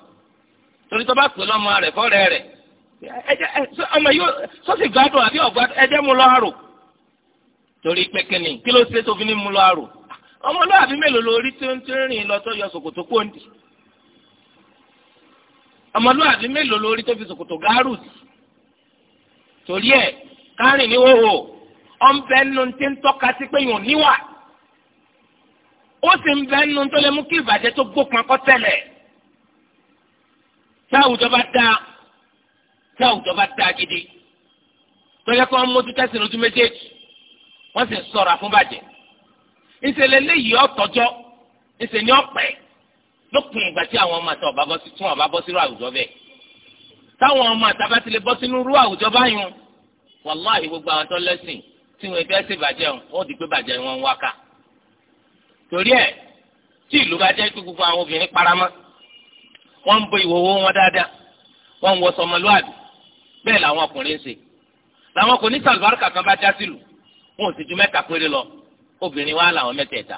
torí tó bá pè lọ́mọ rẹ̀ fọ́rẹ́ rẹ̀ ọmọ yóò sọ́sì gbádùn àbí ọ̀gbádùn ẹ̀jẹ̀ mu lọ́rùn torí pẹ́kẹ́ni kí ló ṣe tó fi ní mú lọ àrò ọmọlúwàbí mélòó lórí tí ó ń tí ń rìn lọ tó yọ ṣòkòtò pọ́ǹdì ọmọlúwàbí mélòó lórí tó fi ṣòkòtò gáàrù sí torí ẹ̀ kárìn ní wòwò ọ̀nbẹ nu ti ń tọ́ka sí pé yòó níwà ó sì ń bẹ nu tó lè mú kí ìbàjẹ́ tó gbópọn kọ́ tẹ̀lẹ̀ tí àwùjọ bá dáa tí àwùjọ bá dáa gidi tó yẹ kó wọn mójú lójú méjèèjì wọ́n sì ń sọ̀ra fún bàjẹ́ ìṣẹ̀lẹ̀ léyìí ọ̀tọ́jọ́ ìṣẹ̀ ní ọ̀pẹ́ lópin ìgbà tí àwọn ọmọ àti ọba bọ́ sí tún ọba bọ́ sínú àwùjọ bẹ́ẹ̀ táwọn ọmọ àtàbá ti lè bọ́ sínú irú àwùjọ báyìí wàláhì gbogbo àwọn tó lẹ́sìn tí wọn fẹ́ ṣe bàjẹ́ wọn ó di pé bàjẹ́ wọn ń wá ká torí ẹ̀ tí ìlú bá jẹ́ pé gbogbo àwọn obìnrin paramọ́ wọ́n ń bo ìwòwò wọn dáadáa wọ́n ń wọ sọmọlúwàbí bẹ́ẹ̀ làwọn ọkùnrin ń ṣe làwọn kò ní sàlùbáràkà kan bá já sílùú wọn ò sì ju mẹ́ta péré lọ obìnrin wa làwọn mẹ́tẹ̀ẹ̀ta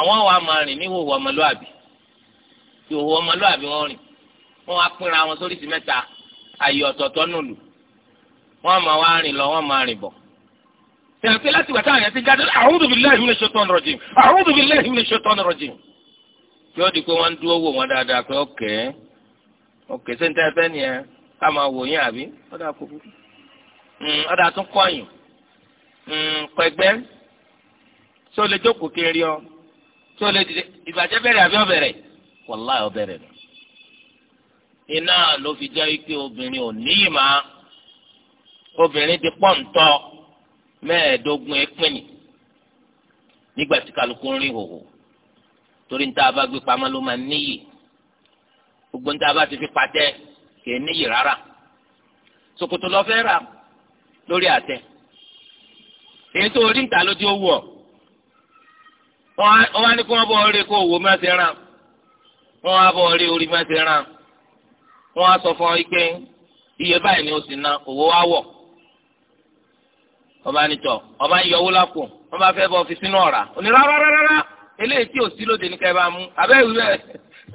àwọn wa máa rìn ní ìhòòhò ọmọlúàbí ìhòòhò ọmọlúàbí wọn rìn wọn wá pínra wọn sórí sí mẹ́ta àyè ọ̀tọ̀ọ̀tọ̀ nùlù wọn máa wá rìn lọ wọn máa rìn bọ̀. sẹ̀ǹpé láti wà táwọn yẹn ti jáde a'udhu billahi minash shaitani rajim a'udhu billahi minash shaitani rajim. kí ó di pé wọ́n ń dúró wò wọ́n dáadáa pé ọ̀kẹ́ ọ̀kẹ́ sẹ́ńtẹ́ fẹ́ nìyẹn ká máa wò yín àbí ọ̀dà hmm, tún kọ́yìn Mm, pẹ̀gbẹ́ tí o lè jókòó kiri ọ tí o lè dìde ìbàjẹ́ bẹ̀rẹ̀ àbí ọ̀bẹ̀rẹ̀ wàláì ọ̀bẹ̀rẹ̀ lọ. iná ló fi jẹ́ wípé obìnrin ò ní ìmọ̀ obìnrin ti pọ̀ ńtọ́ mẹ́ẹ̀ẹ́dógún ẹ̀pìnì nígbà tí kálukú ń rí hòhò torí níta bá gbé pamọ́ ló máa níyì gbogbo níta bá ti fi patẹ́ kì í níyì rárá ṣòkòtò lọ fẹ́ rà lórí àtẹ èyí tó orí ìta ló ti wù ọ wọn wá ní kí wọn bọ orí kó owó máa ti ràn wọn wá bọ orí orí máa ti ràn wọn wá sọ fún ọ pé iye báyìí ni o sì ná owó wá wọ ọba nìtọ ọba ń yọwó lápò wọn bá fẹ́ bọ ọfíìsì náà rà òní rárárárá eléyìí tí ò sí lóde ní kẹfà mú abẹ́ ìwé ẹ̀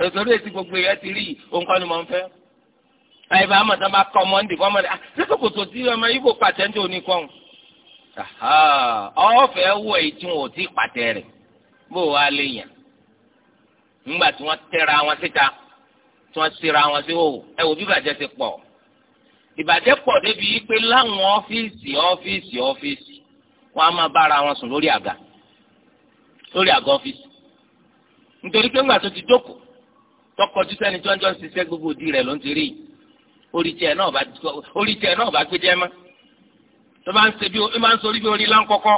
ètòrí èsì gbogbo yẹn ti rí òǹkọ́ ni mò ń fẹ́ àyè bá mọ̀ tán bá kọ́ mọ́ndé fọ́mọ́dé àti sẹ́kòtò tí ọmọ ibo pàtẹ́ńtò oníkọ́hún ọ̀fẹ́ wọ èyí tí wọn ò tí ì pàtẹ rẹ̀ bó wàá lè yàn nígbà tí wọ́n tẹ́ra wọn síta tí wọ́n ṣera wọn sí òwò ẹ wò bí ìbàjẹ́ ti pọ̀ ìbàjẹ́ pọ̀ débi pé láwọn ọ́fíìsì ọ́fíìsì ọ́fíìsì wọ́n á máa bára wọn sùn lórí àga lórí àga ọ́fíìsì nítorí pé ńgbà tó ti jókòó tọkọjú sẹ́ni tí wọ́n jọ ń ṣiṣẹ́ gbogbo òdi rẹ̀ ló ń ti rí orí tiẹ̀ náà bá gbé jẹ́ mọ́ tó bá ń ṣe bí ó máa ń sorí bí orí láńkọ́kọ́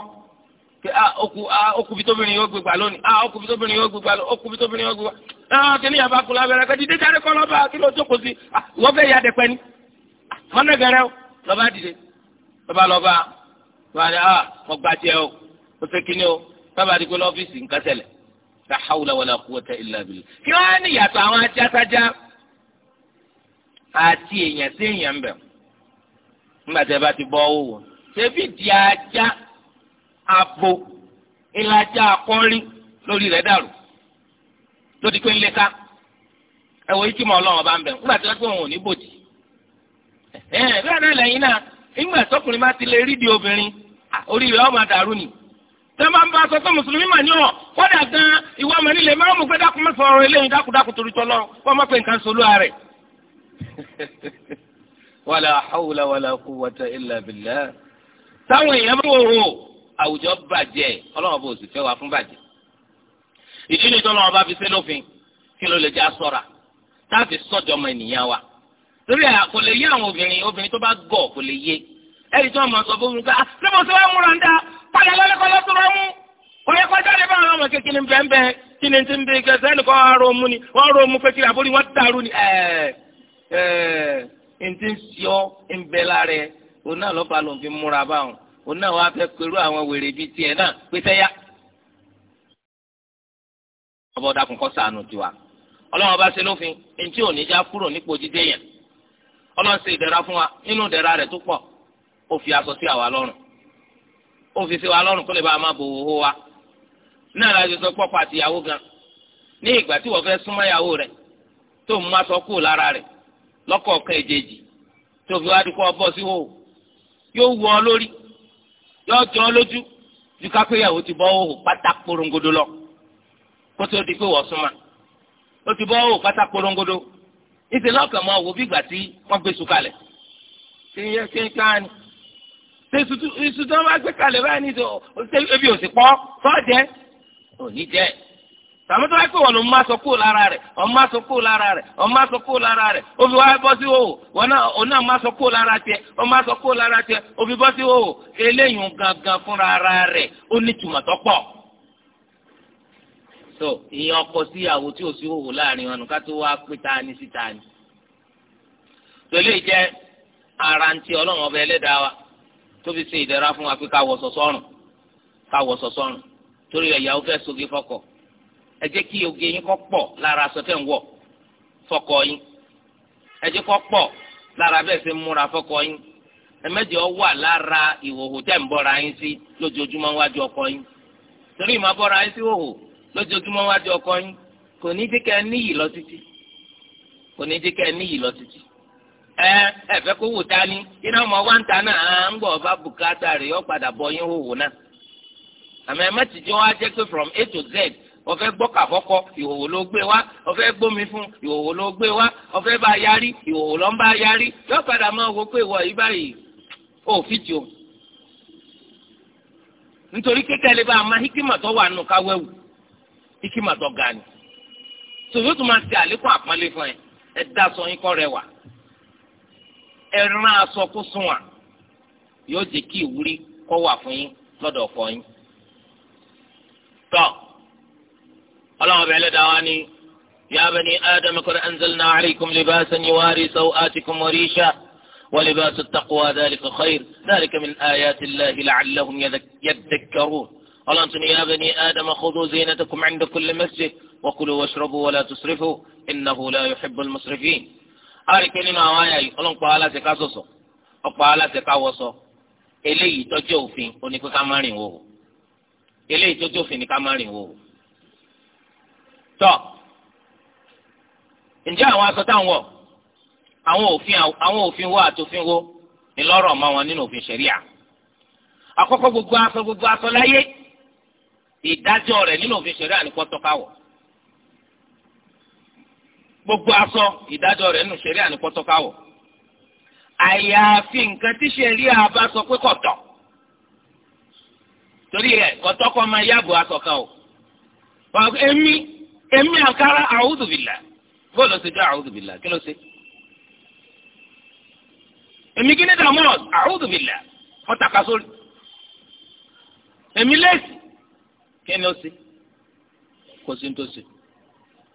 pé a ah, okù a ah, okù bí tóbìnrin yóò gbégbá lónìí a ah, okù bí tóbìnrin yóò gbégbá lónìí okù bí tóbìnrin yóò gbégbá náà kí ni yàrá kú lábẹ́rẹ́ kẹ́ dídé sáré kọ́ lọ́ba kí ló jókòó sí wọ́n ya dẹ̀pẹ́ ni mọ́nà gẹ̀rẹ́ o lọ́ba dìde lọ́ba lọ́ba lọ́ba ni a mo gba tiẹ̀ o mo fẹ́ kí ni o sábà dìgbò lọ́fíìsì nǹkan ṣẹlẹ̀ la hawla wala quwwata illa billah kí wọ́n á ní yàtọ̀ àwọn ajátajá àti èèyàn sí èèyàn bẹ̀ ńgbà ṣebí di ajá abo ìlàjà akọ́rí lórí rẹ̀ dàrú lódì pé ńlẹ́ka ẹ̀wọ̀ yìí kí mọ ọlọ́run ọba ń bẹ̀ nígbà tí wọ́n pé òun ò ní bòjì. ẹ̀ẹ́n bí wọ́n náà náà nígbà tọkùnrin bá ti lè rí di obìnrin orí rẹ̀ ọmọ dàrú ni. tẹ́ máa ń bá aṣọ tó mùsùlùmí mà ní ọ̀ kódà gan ìwọ ọmọ nílé máa mú pé dákun mẹ́fọ ọ̀rọ̀ eléyìí dákúdákú torí tọ́lọ́ wọ́n má pé nǹkan solú ara rẹ̀. *laughs* wàlà hawla wàlà quwwata illa billah táwọn èèyàn bá wò ó àwùjọ bàjẹ́ ọlọ́run bò sì fẹ́ wá fún bàjẹ́ ìdí ni tọ́lọ́run bá fi sí lófin kí ló lè já sọ́ra táàfin sọ́jọ́ ọmọ ènìyàn wa torí à kò lè yé àwọn obìnrin obìnrin tó bá gọ̀ kò lè yé ẹ̀rí tó ọmọ sọ fún mi ká lọ́mọ tó wá múra ń dá padà lọ́lẹ́ kọ́ lọ́tún rẹ mú òye kọjá lè bá àwọn ọmọ kékeré ń bẹ́ẹ̀ bẹ́ẹ̀ kí ni ti ń bẹ gẹ́sẹ́ ẹnìkan wọ́n rọ mu ni wọ́n rọ mu pé kí àbórí wọn dàrú ni ẹ̀ẹ́ ẹ̀ẹ́ ntí ń sọ ń bẹ lára ẹ̀ òun náà lọ́ba ló ń fi múra báwọn òun náà wàá fẹ́ pẹ̀lú àwọn wèrè bíi tiẹ̀ náà pété yá. ọba ọ̀dà kò ọlọ́wọ́n bá ṣe lófin ẹni tí kúrò nípò jíjẹ yẹn ọlọ́run ṣe fún wa nínú ìdẹ̀ra rẹ̀ tó pọ̀ ó fi aṣọ àwa lọ́rùn ó fi sí wa lọ́rùn kó a máa bò wò wa náà láti sọ ìyàwó gan ní ìgbà yóò wọ ọ lórí yóò jọ ọ lójú ju kápẹ́yàwó ti bọ́ òhò pátá korongodo lọ kó tó di pé wọ́n súnmọ́ ó ti bọ́ òhò pátá korongodo ìṣe lọ́kàn máa wò bí ìgbà tí wọ́n gbé sùn kalẹ̀ ṣe yẹ ṣe ń ká ni ìṣùtú ìṣùtú wọn bá gbé kalẹ̀ báyìí ní ìṣe ebi ò sì pọ́ sọ́ọ̀jẹ́ ò ní jẹ́ tàbí tó bá pè wọn ló má sọ kúrò lára rẹ̀ ọ má sọ kúrò lára rẹ̀ ọ má sọ kúrò lára rẹ̀ òbí wa bọ́ sí òwò wọn náà ọ náà má sọ kúrò lára tiẹ̀ ọ má sọ kúrò lára tiẹ̀ òbí bọ́ sí òwò eléyìí gangan fúnra ara rẹ̀ ó ní tùmọ̀ tó pọ̀. so ìyẹn ọkọ sí ìyàwó tí ò sí òwò láàrin wọn ká tó wá pé ta ni síta ni. tòlé jẹ́ ara ń ti ọlọ́run ọba ẹlẹ́dàá wa tó fi ṣe ìdẹ̀ra fún wa pé ká wọ̀ sọ̀sọ́rùn ká wọ̀ sọ̀sọ́rùn torí ẹ̀yàwó fẹ́ sogi fọ́kọ̀ọ́ ẹ jẹ́ kí oge yín kọ́ pọ̀ lára aṣọ tẹ̀ fọkọ yín ẹ jẹ́ kọ́ pọ̀ lára bẹ́ẹ̀ ṣe múra fọkọ yín ọ wà lára ìhòhò tẹ̀ ń bọ́ra yín sí lójoojúmọ́ wájú ọkọ yín torí ìmọ̀ bọ́ra yín sí hòhò lójoojúmọ́ wájú ọkọ yín lọ títí kò ní níyì lọ títí ẹ ẹ fẹ́ bọ yín hòhò náà àmọ́ ẹ má ti from A to Z ọ̀fẹ́ gbọ́kà fọ́kọ ìhòòhò ló gbé wá ọ̀fẹ́ gbómi fún ìhòòhò ló gbé wá ọ̀fẹ́ bá yarí ìhòòhò ló ń bá yarí yóò padà máa wo pé ìwọ yìí báyìí ó fi jò nítorí kékeré bá a máa hikima tó wà nù káwéwu hikima tó ga ni sòwò tó máa ti àlékún àpọ́nlé fún ẹ ẹ dá aṣọ yín kọ́ rẹwà ẹ rán aṣọ kó sùn wà yóò jẹ́ kí ìwúrí kó wà fún yín lọ́dọ̀ ọkọ yín tọ́. الله بعلى دعواني يا بني آدم قد أنزلنا عليكم لباسا يواري سوآتكم وريشا ولباس التقوى ذلك خير ذلك من آيات الله لعلهم يذكرون قال أنتم يا بني آدم خذوا زينتكم عند كل مسجد وكلوا واشربوا ولا تسرفوا إنه لا يحب المسرفين أرى كلمة وايا قال أنكم على تكاسوس أقوى على تكاوس إلي تجوفي ونكو كمارين وو إلي تجوفين كمارين وو tọ́ ǹjẹ́ àwọn aṣọ táwọn wọ̀ àwọn òfin àwọn òfin wo àtòfin wo ni lọ́rọ̀ mọ́ wọn nínú òfin ṣẹ̀ríà àkọ́kọ́ gbogbo aṣọ gbogbo aṣọ láyé ìdájọ́ rẹ̀ nínú òfin ṣẹ̀ríà ni kó tọ́ ká wọ̀ gbogbo aṣọ ìdájọ́ rẹ̀ nínú ṣẹ̀ríà ni kó tọ́ ká wọ̀ àyàfi nǹkan tí ṣẹ̀ríà bá sọ pé kò tọ́ torí rẹ̀ kò tọ́ kó máa yàgò aṣọ kan o wọn èmi èmi àkàrà a'udhu billah bó ló ṣe dá a'udhu billah kí ló ṣe. èmi kí ní dààmú a'udhu billah wọ́n tàka sórí. èmi lẹ́sì kí ni ó ṣe kó sí ní tó ṣe.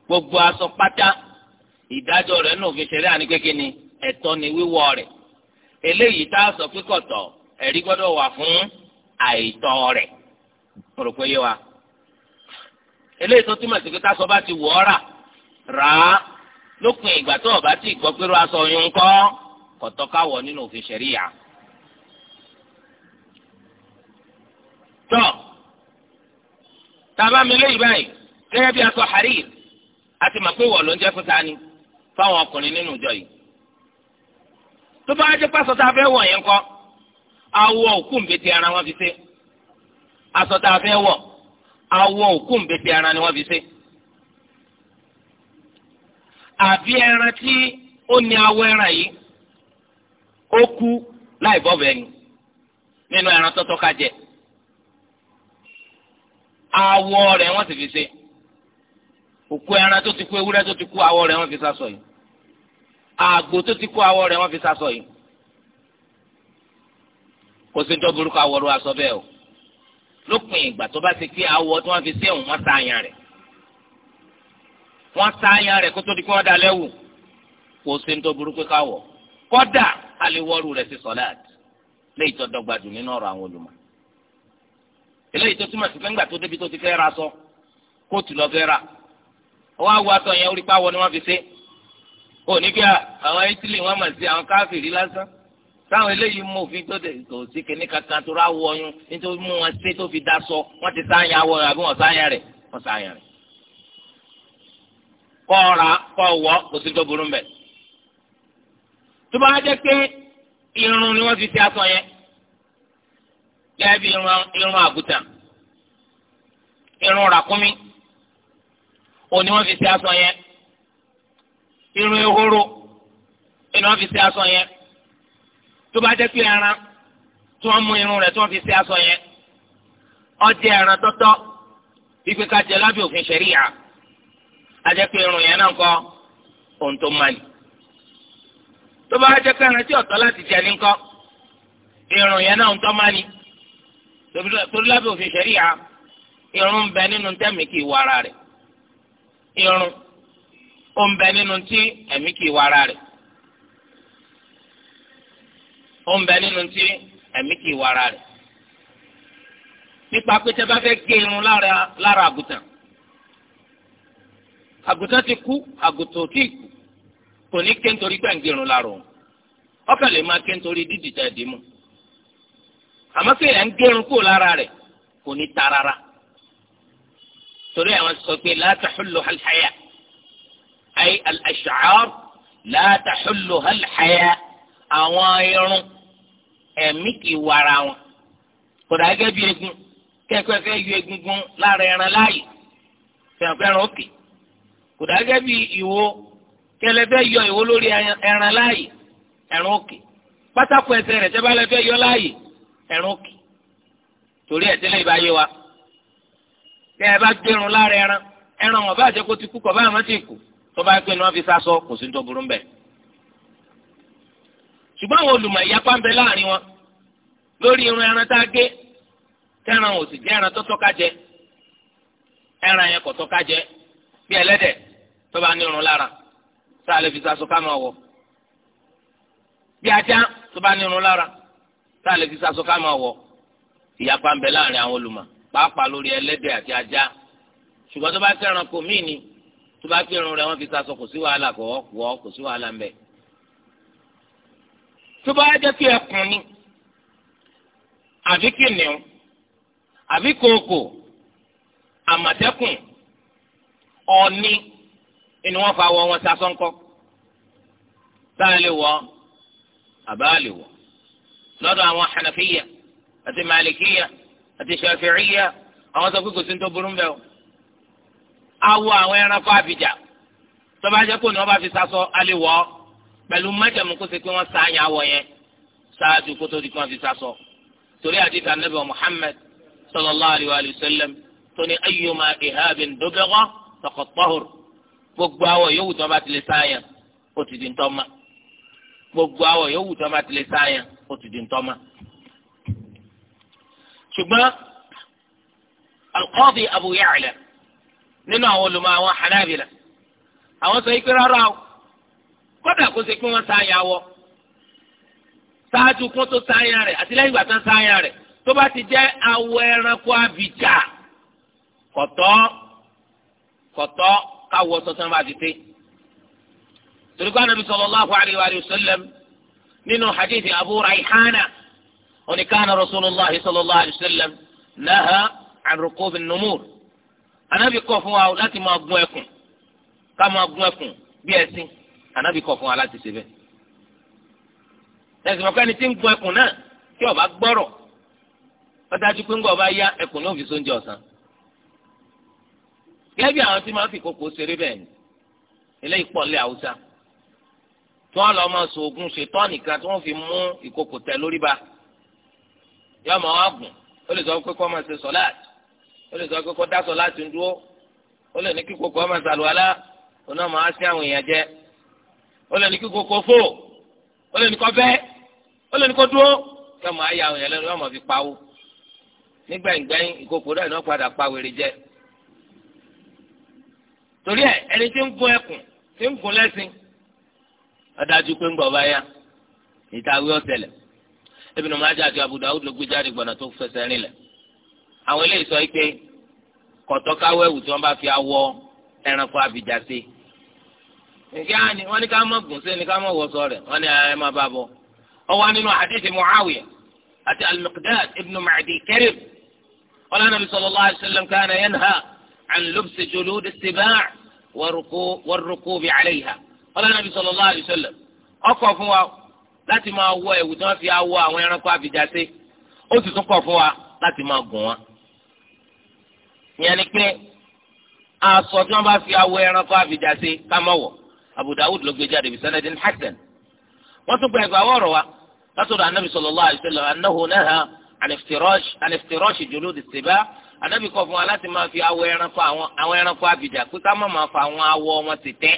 gbogbo aṣọ pátá ìdájọ́ rẹ̀ náà fi ṣeré àní ni ẹ̀tọ́ ni wíwọ̀ rẹ̀ eléyìí tá a sọ pé kọ̀tọ̀ ẹ̀rí gbọ́dọ̀ wà fún àìtọ́ rẹ̀ mo rò pé yé wa eléyìí tó túmọ̀ sí pé táṣọ bá ti wọ̀ ọ́ rà rà á lópin ìgbà tó o bá ti gbọ́ pé aṣọ yín ń kọ́ kọ̀tọ́káwọ̀ nínú òfin ṣẹ̀ríyà. tọ́ tàbá mi léyìí báyìí gẹ́gẹ́ bí aṣọ harir àti màpé wọ̀ ló ń jẹ́ fún tani fáwọn ọkùnrin nínú ìjọ yìí. tó bá jẹ́ pásọ tá a fẹ́ wọ̀ yẹn kọ́ awọ òkú ń bẹ ti ara wọn fi ṣe aṣọ tá a fẹ́ wọ̀ awọ òkú nbẹ̀tẹ̀ ara ni wọ́n fi ṣe. àbí ẹran tí ó ní awọ ẹran yìí ó kú láì bọ́ bẹ́ẹ̀ ni nínú ẹran tọ́tọ́ ká jẹ. awọ rẹ̀ wọ́n sì fi ṣe òkú ẹran tó ti kú ewúrẹ́ tó ti kú awọ rẹ̀ wọ́n fi sasọ yìí àgbò tó ti kú awọ rẹ̀ wọ́n fi sasọ yìí kò sí ní tó burúkú awọ rẹ̀ wọ́n aṣọ bẹ́ẹ̀ o lópin ìgbà tó bá ti pé awọ tí wọ́n fi sí ẹ̀wọ̀n wọ́n sáyàn rẹ̀ wọ́n sáyàn rẹ̀ kó tó di pé wọ́n da lẹ́wù kó o ṣe ń tó burúkú káwọ̀ kọ́dà aléwọ́rù rẹ̀ sí sọ́láàt léyìí tó dọ́gba jù nínú ọ̀rọ̀ àwọn olùmọ̀ eléyìí tó túmọ̀ sí pé tó débi tó ti fẹ́ ra sọ kóòtù lọ fẹ́ ra wọ́n á wọ aṣọ yẹn orí pàwọ́ ni wọ́n fi ṣe òní bí àwọn Ítálì wọ́n mọ̀ sí àwọn káfíìrì lásán táwọn eléyìí mú òfin tó dé kò sí kíní kankan tó rà wọnyún nítorí mú wọn ṣe tó fi dá sọ wọn ti sáyà wọ àbí wọn sáyà rẹ wọn sáyà rẹ. kọ́ ra kọ́ wọ́ kò sí tó burú mbẹ́. tó bá jẹ́ pé irun ni wọ́n fi ti aṣọ yẹn gẹ́gẹ́ bí irun àgùtàn irun ràkúnmí òun wọ́n fi ti aṣọ yẹn irun ehoro ni wọ́n fi ti aṣọ yẹn tó bá jẹ́ pé ẹran tí wọ́n mú irun rẹ̀ tí wọ́n fi ṣe aṣọ yẹn ọjẹ́ ẹran tọ́tọ́ ìpè ká jẹ lábẹ́ òfin ṣẹ̀ríyà ajẹ́ pé irun yẹn náà kọ́ ohun tó máa nì. tó bá jẹ́ pé ẹran tí ọ̀tọ́ láti jẹ ní kọ́ irun yẹn náà ń tọ́ máa nì. torí lábẹ́ òfin ṣẹ̀ríyà irun ń bẹ nínú tẹ́mi kì í wọ ara rẹ̀ irun ń bẹ nínú tí ẹ̀mí kì í wọ ara rẹ̀ ó ń bẹ nínú tí ẹ̀mí kì í wara rẹ̀ nípa pé tẹ́ bá fẹ́ gé irun lára lára àgùtàn àgùtàn ti kú àgùtàn ò tí ì kú kò ní ké nítorí pé ń gé irun lára òun ọkàn lè máa ké nítorí dídì tẹ̀ dì mú àmọ́ pé ẹ̀ ń gé irun kúrò lára rẹ̀ kò ní ta rárá torí àwọn sọ pé látàhùlù hàlhàyà ayé al-ash'ar látàhùlù hàlhàyà àwọn irun ẹ̀mí kì í wara wọn kódà gẹ́gẹ́ bí egun kẹ́kọ̀ọ́ fẹ́ yọ egungun lára ẹran láàyè fẹ́ràn fẹ́ràn òkè kódà gẹ́gẹ́ bí ìwo kẹlẹ fẹ́ yọ ìwo lórí ẹran láàyè ẹran òkè pátákó ẹsẹ̀ rẹ̀ tẹ́ bá lẹ fẹ́ yọ láàyè ẹran òkè torí ẹ̀tẹ́lẹ̀ ìbá yé wa tẹ́ ẹ bá gbẹrun lára ẹran ẹran wọn bá jẹ́ kó ti kú kọ́ bá àmọ́ ti kù tó bá gbẹnu ṣùgbọ́n àwọn olùmọ̀ ìyapa ń bẹ láàrin wọn lórí irun ẹran tá a gé tẹ́ran ò sì jẹ́ ẹran tó tọ́ka jẹ ẹran yẹn kò tọ́ka jẹ bí ẹlẹ́dẹ̀ tó bá ní irun lára tá a lè fi sasọ ká máa wọ̀ bí ajá tó bá ní irun lára tá a lè fi sasọ ká máa wọ̀ ìyapa ń bẹ láàrin àwọn olùmọ̀ pàápàá lórí ẹlẹ́dẹ̀ àti ajá ṣùgbọ́n tó bá tẹ́ran kò míì ni tó bá fi irun rẹ̀ wọ́n fi sasọ kò sí wàhálà kò wọ́ kò sí wàhálà ń bẹ tó bá jẹ́ pé ẹkùn ni àbí kìnìún àbí kòkò àmọ̀tẹ́kùn ọ̀ọ́ni inú wọn fa wọ wọn sasọ́nkọ́ táà lè wọ àbá lè wọ lọ́dọ̀ àwọn hànàfíyà àti màlìkíyà àti ṣàfíìyà àwọn sọ pé kò sí ní tó burú mbẹ́ o awọ àwọn ẹranko àbíjà tó bá jẹ́ kó ni wọ́n bá fi sasọ́ alẹ́ ọ́ pẹ̀lú májàmú kó ṣe pé wọ́n sáyà wọ yẹn ṣáájú kó tó di kí wọ́n fi sásọ. torí àdìsá nàbẹ̀ Muhammad sallallahu alayhi wa sallam tó ní ayyuma ihabin dubagha faqad tahur gbogbo awọ yòówù tó bá tilẹ̀ sáyà ó ti di ntọ́ma gbogbo awọ yòówù tó bá tilẹ̀ sáyà ó ti di ntọ́ma. ṣùgbọ́n alqadi Abu Ya'la nínú àwọn olùmọ̀ àwọn Hanabila àwọn sọ ikú rárá o kódà kó ṣe pé wọ́n sáyà wọ ṣáájú kún tó sáyà rẹ̀ àti lẹ́yìn ìgbà tán sáyà rẹ̀ tó bá ti jẹ́ awọ ẹranko abìjà kọ̀tọ́ kọ̀tọ́ káwọ sọ́sán bá ti tẹ́ tolukọ́ anabi sallallahu alayhi wa sallam nínú hadithi abu raihana oníkànnà rasulillah sallallahu alayhi wa sallam naha an rukubi numur anabi kọ̀ fún wa láti máa gun ẹkùn ká máa gun ẹkùn bí ẹṣin ànábì kọ̀ fún wa láti ṣe bẹ́ẹ̀. ẹ̀sìn ọ̀pẹ́ ni tí ń gun ẹkùn náà tí ọba gbọ́rọ̀ ó dájú pé ńgbà ọba ya ẹkùn náà fi sóúnjẹ ọ̀sán. gẹ́gẹ́ bí àwọn tí máa ń fi kókó ṣeré bẹ́ẹ̀ ni eléyìí pọ̀ lé haúsá tí wọ́n lọ máa so ogun nìkan tí wọ́n fi mú ìkòkò tẹ lórí ba yọ máa wá gùn ó lè sọ pé kó máa ṣe sọ́láàtì ó lè sọ pé kó dá sọ́láàtì ń dúró ó lè ní kí kòkó máa òun náà máa ṣe àwọn èèyàn jẹ́ ó lè ní kí kókó fò ó lè ní kó bẹ́ ó lè ní kó dúró kí ọmọ ayé àwọn yẹn lẹ́nu ọmọ fi pawó nígbà ìgbẹ́yìn ìkókó náà náà padà pa wèrè jẹ torí ẹ ẹni tí ń gun ẹkùn tí ń gun lẹ́sìn adájú pé ń gbọ̀ bá níta wí ọ̀sẹ̀lẹ̀ Ibn Majah àti Abu Dawud gbé jáde gbọ̀nà tó fẹsẹ̀ rìn àwọn eléyìí sọ pé kọ̀tọ́káwẹ́wù tí wọ́n bá fi awọ ẹranko àbíjà sí i nǹkan ni wọ́n ní ká mọ̀ gùn sí ni ká mọ̀ wọ̀sọ̀ rẹ̀ wọ́n ní ẹ má bá bọ̀ ọ wá nínú àdéhìí Muawiya àti al-Miqdad ibn Ma'di Karib wọn lánàá mi sallallahu alaihi wasallam kana yanha an lubsi julud as-sibaa' war-rukubi 'alayha wọn lánàá mi sallallahu alaihi wasallam ọkọ̀ fún wa láti máa wọ ẹ̀wù tí wọ́n fi awọ àwọn ẹranko àbíjáde ó sì tún kọ̀ fún wa láti máa gùn wọn. ìyẹn ni pé aṣọ tí wọ́n bá fi awọ ẹranko àbíjáde ká má wọ̀ abu dawud ló gbé jáde bisanadin hasan wọ́n tún gba ẹgbàá wọ̀rọ̀ wa látọ̀dọ̀ anabi sallallahu alaihi wasallam anahu naha aniftirash julud as-sibah anabi kọ̀ fún wa láti máa fi awọ ẹranko àwọn ẹranko abidà pé ká má máa fa àwọn awọ wọn ti tẹ́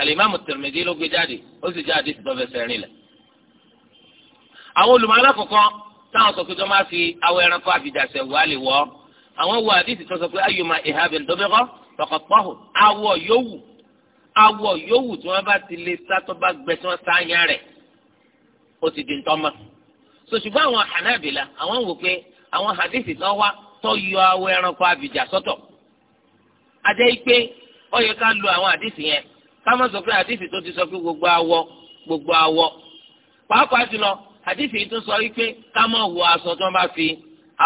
alimami Tirmidhi ló gbé jáde ó sì jáde tó fẹsẹ̀ rìn lẹ̀ àwọn olùmọ̀ alákọ̀ọ́kọ́ táwọn sọ pé tó máa fi awọ ẹranko abidà sẹ̀wọ́ àlè wọ́ àwọn wo àdìsí tó sọ pé ayuma ihabin dọ́bẹ́kọ́ tọkọtọhùn awọ yòówù awọ yòówù tí wọn bá ti lè sá tó bá gbẹ tí wọn sáyà rẹ ó ti di ntọ́mọ. sòṣùgbọ́n àwọn Hanabila àwọn wò pé àwọn hadithi náà wá tó yọ awọ ẹranko abìjà sọ́tọ̀. adé ipé ó yẹ ká lo àwọn hadithi yẹn ká má sọ pé hadithi tó ti sọ pé gbogbo awọ gbogbo awọ pàápàá jùlọ hadithi tó sọ wípé ká má wọ aṣọ tí wọn bá fi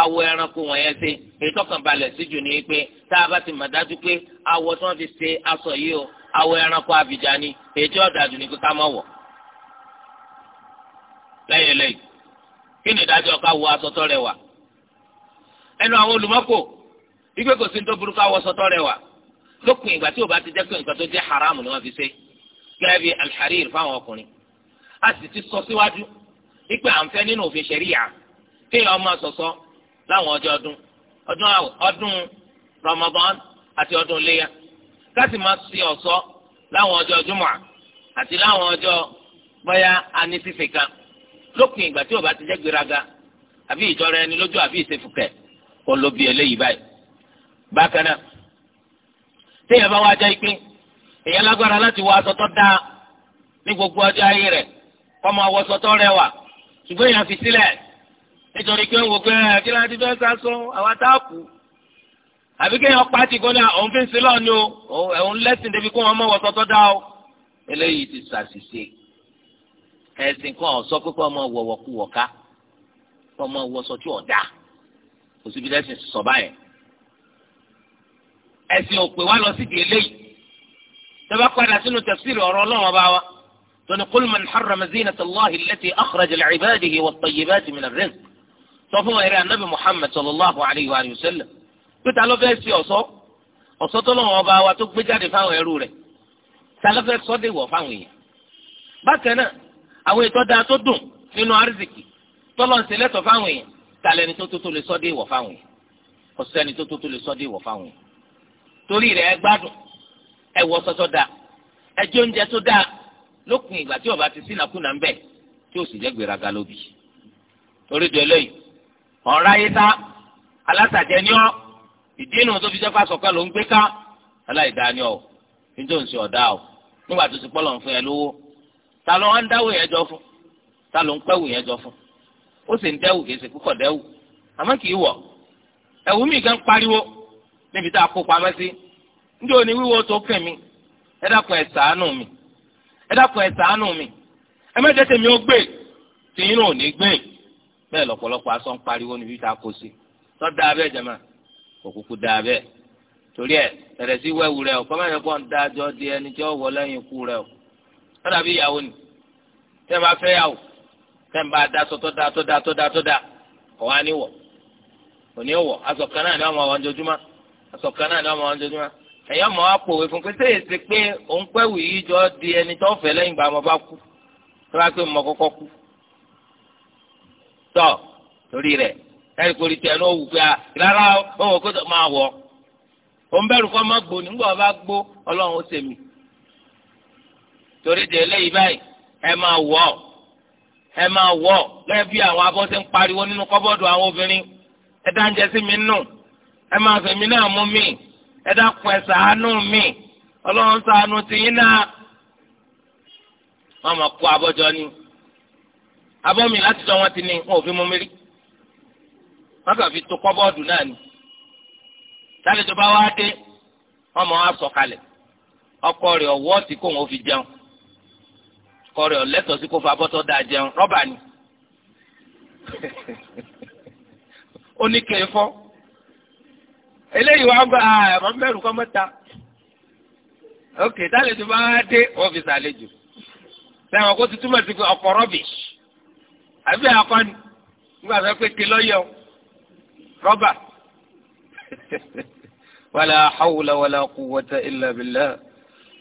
awọ ẹranko wọ̀nyẹn ṣe èyí tọkàn balẹ̀ sí jù ní pé tá a bá ti mọ̀ dájú pé awọ tí wọ́n fi ṣe aṣọ yìí o awọ ẹranko abìjà ni èyí tí ọ̀dà jù ní pé ká má wọ̀. lẹ́yìn lẹ́yìn kí ni ìdájọ́ ká wọ aṣọ tó rẹwà ẹnu àwọn olùmọ́kò wípé kò sí ní tó burú ká wọ aṣọ tó lópin ìgbà tí o bá ti jẹ́ pé tó jẹ́ haram ni wọ́n fi ṣe gẹ́gẹ́ bí alharir fáwọn ọkùnrin láwọn ọjọ́ ọdún ọdún àwẹ̀ ọdún Ramadan àti ọdún léyà káàsì máa ṣe ọ̀ṣọ́ láwọn ọjọ́ jùmọ̀ àti láwọn ọjọ́ bọ́yá anísìsì kan lópin ìgbà tí ó bá ti jẹ́ gbéraga àbí ìjọra ẹni lójú àbí ìṣefùkẹ̀ kò ló bí eléyìí báyìí. bákan náà téèyàn bá wá jẹ́ ìpín èèyàn lágbára láti wọ aṣọ tó dáa ní gbogbo ọjọ́ ayé rẹ̀ kọ́ máa tó rẹwà ṣùgbọ́n èèyàn fi sílẹ̀ nítorí pé ń wò pé eh, kí ló ti fẹ́ sá sún àwọn atáàkù àbí kéèyàn pàtì kó ní ah, òun fi ń sílọ ni o òun lẹ́sìn débi kó wọn mọ̀ wọ́n sọ́tọ́ dá o eléyìí ti ṣàṣìṣe ẹ̀sìn kan sọ pé kó ọmọ wọ̀wọ̀ kú wọ̀ká kó ọmọ wọṣọ tí ọ̀dà kò síbi lẹ́sìn sọ báyẹn ẹ̀sìn ò wá lọ sídìí eléyìí tọ́ba padà sínú tafsir ọ̀rọ̀ ọlọ́run ọba wa tó ní sọ fún ẹ̀rẹ́ anábì muhammed sallallahu alayhi wa sallam pété alọ́fẹ́ sí tó lọ́wọ́ ọba wa tó gbé jáde fáwọn ẹrú rẹ̀ wọ̀ fáwọn èèyàn. bákan náà àwọn ètò dáa tó dùn nínú arzikì tọ́lọ́ ń ṣẹlẹ̀tọ̀ fáwọn èèyàn tá lẹni tó tó lè wọ̀ fáwọn èèyàn tó tó lè wọ̀ fáwọn èèyàn. torí wọ ẹ oúnjẹ tó dáa lókun ìgbà tí ọba ti sínakúnà ń bẹ̀ tí ó sì jẹ́ gbéraga ọ̀rá yìí tá alásàjẹ ni ọ́ ìdí inú tó fi jẹ́ fásọ̀kọ́ ló ń gbé ká aláìdá ni ọ́ níjọ́ ń ṣe ọ̀dá o nígbà tó ti pọ́ lọ́n fún ẹ lówó ta ló ń dáwò yẹn jọ fún ta ló ń pẹ́wò yẹn jọ fún ó sì ń kìí ṣe púpọ̀ àmọ́ kìí wọ̀ ẹ̀wù mi kan pariwo níbi tá a kó sí níjọ́ bẹ́ẹ̀ lọ́pọ̀lọpọ̀ aṣọ ń pariwo níbi tá a kó sí tọ́ da abẹ́ jẹ̀mọ́ òkùnkùn da abẹ́ torí ẹ̀ tẹ̀rẹ̀ sí wẹ́wù rẹ̀ ọ̀kọ́ mẹ́rin pọ̀ ń da àjọ di ẹni tí ó wọ lẹ́yìn ikú rẹ̀ ọ̀ tọ́da bí ìyàwó ni tẹ́ ń bá fẹ́ yàwó tẹ́ ń bá da sọ tó da tó da tó da tó da ọ̀ wá níwọ̀ òní wọ̀ aṣọ kan náà ni ọmọ wọn jojúmọ́ ni ọmọ wọn jojúmọ́ ẹ̀yọ́ mọ̀ á pòwe fún pé sẹ́yìn sí pé òun pẹ́wù yìí jọ di ẹni tó fẹ́ lẹ́yìn gbà mọ́ bá kú tó bá pé mọ́ kọ́kọ́ kú tọ torí rẹ. ẹ̀rí kò rí tiẹ̀ ní òwú pé rárá òwò kó tó máa ọba ọ́ ń bẹ̀rù kọ́ gbó nígbà wọn bá gbó ọlọ́run ó torí báyìí ẹ máa wọ ẹ máa wọ lẹ́yìn bí àwọn abọ́sẹ̀ ń pariwo nínú àwọn obìnrin mi nù ẹ mi ẹ dá ẹ sàánú mi ọlọ́run ni. abọ́mi láti tọ́ wọn ti ní wọn ò fi mú mi rí wọn kàn fi to kọ́bọ́ọ̀dù náà ni sálẹ̀ tó bá wá dé wọn mọ̀ á sọ kalẹ̀ ọkọ rẹ̀ ọ̀wọ́ tí kò wọn fi jẹun ọkọ rẹ̀ ọ̀lẹ́tọ̀ sí kò fa abọ́tọ̀ dáa jẹun rọ́bà ni *laughs* ó ní kẹ́ ẹ fọ́ eléyìí wàá gba àmọ́ ah, mẹ́rù kọ́ mẹ́ta ok sálẹ̀ tó bá wá dé wọn fi sàlẹ̀ jù sẹ́wọ̀n kó ti túmọ̀ sí ọkọ̀ rọ́bìṣì àbí akọni nígbà tó pé ké lọ́yọ̀ rọ́bà *laughs* wàlà hawla wàlà quwwata illa billah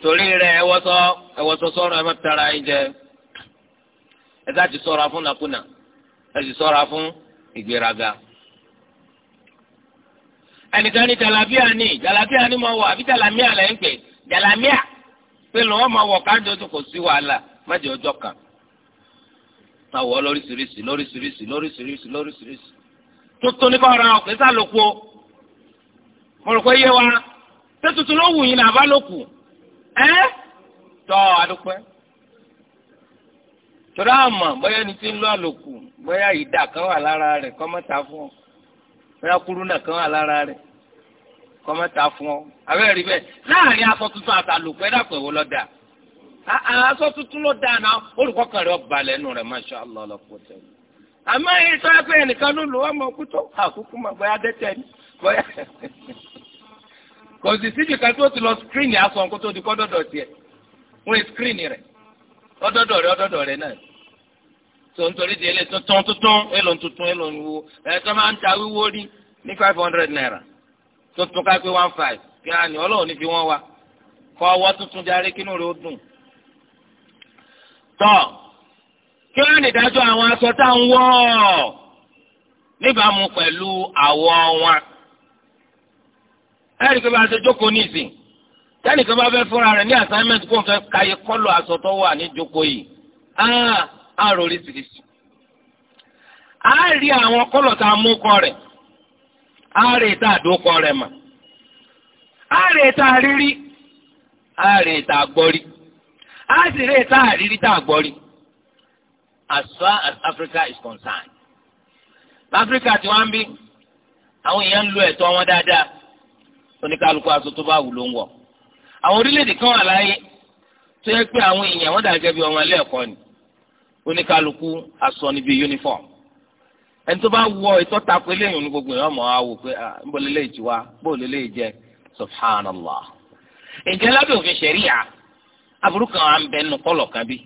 torí rẹ̀ ẹwọ́sọ ẹwọ́sọ sọ̀rọ̀ ẹ má tara ẹ jẹ ẹ sá ti ṣọ́ra fún nàkúnà ẹ sì ṣọ́ra fún ìgbéraga ẹnìkan ní jalabia ní jalabia ní mo wọ àbí jalamia lẹ́ ń pè pé lọ́wọ́ mo wọ̀ kájọ́ tó kò sí wàhálà má kan máa wọ̀ lóríṣiríṣi lóríṣiríṣi lóríṣiríṣi lóríṣiríṣi tuntun ní kọ́ra ọ̀pẹ sálòkù o mo rò pé yé wa ṣé tuntun ló wù yín ní abálòkù ẹ́ tọ́ adúpẹ́ torí àmọ́ bóyá ẹni tí ń lọ àlòkù bóyá ìdá kan wà lára rẹ̀ kọ́ mọ́ta fún ọ bóyá kúrúnà kan wà lára rẹ̀ kọ́ mọ́ta fún ọ abẹ́rẹ́ rí bẹ́ẹ̀ láàrin aṣọ tuntun àtàlòkù ẹ̀ dàpọ̀ ìwọ lọ́dà. Ah, ah, aṣọ tuntun ló dáa náà olùkọ́ rẹ̀ rẹ rẹ̀ masha allah la kó àmọ́ pé ẹnìkan ló lò wọ́n mọ̀ kú tó àkókò mọ̀ bóyá dẹ́tẹ̀ ni bóyá kò sì síbi kan ti lọ skírìnì aṣọ nǹkó tó di kọ́ dọ́dọ̀ tiẹ̀ wọ́n rẹ̀ rẹ̀ rẹ̀ di ẹlẹ́ five hundred naira tuntun tọ́ kí wọ́n lè àwọn aṣọ tá ń wọ̀ níbàámu pẹ̀lú àwọ̀ wọn. ẹ̀rí pé bá a bá fẹ́ fúnra rẹ̀ ní assignment kó n fẹ kàyé aṣọ tó wà ní jókòó yìí á a rí àwọn kọlọ tá a mú kọ mà a rí a rí á sì rè tá àrírí tá as far as Africa is concerned Africa ti wọ́n bí àwọn èèyàn ń lo ẹ̀tọ́ wọn dáadáa oníkálukú aṣọ tó bá wù ló kan wà láyé tó yẹ pé àwọn èèyàn wọ́n dàgẹ́ bí ọmọ ilé ẹ̀kọ́ ni oníkálukú aṣọ níbi uniform ẹni tó bá wọ ìtọ́ tako eléyìí ní gbogbo ìyọ́mọ wa wò pé ah, níbo lélẹ́yìí ti wá subhanallah aburú kan à ń bẹ nu kọlọ kan bí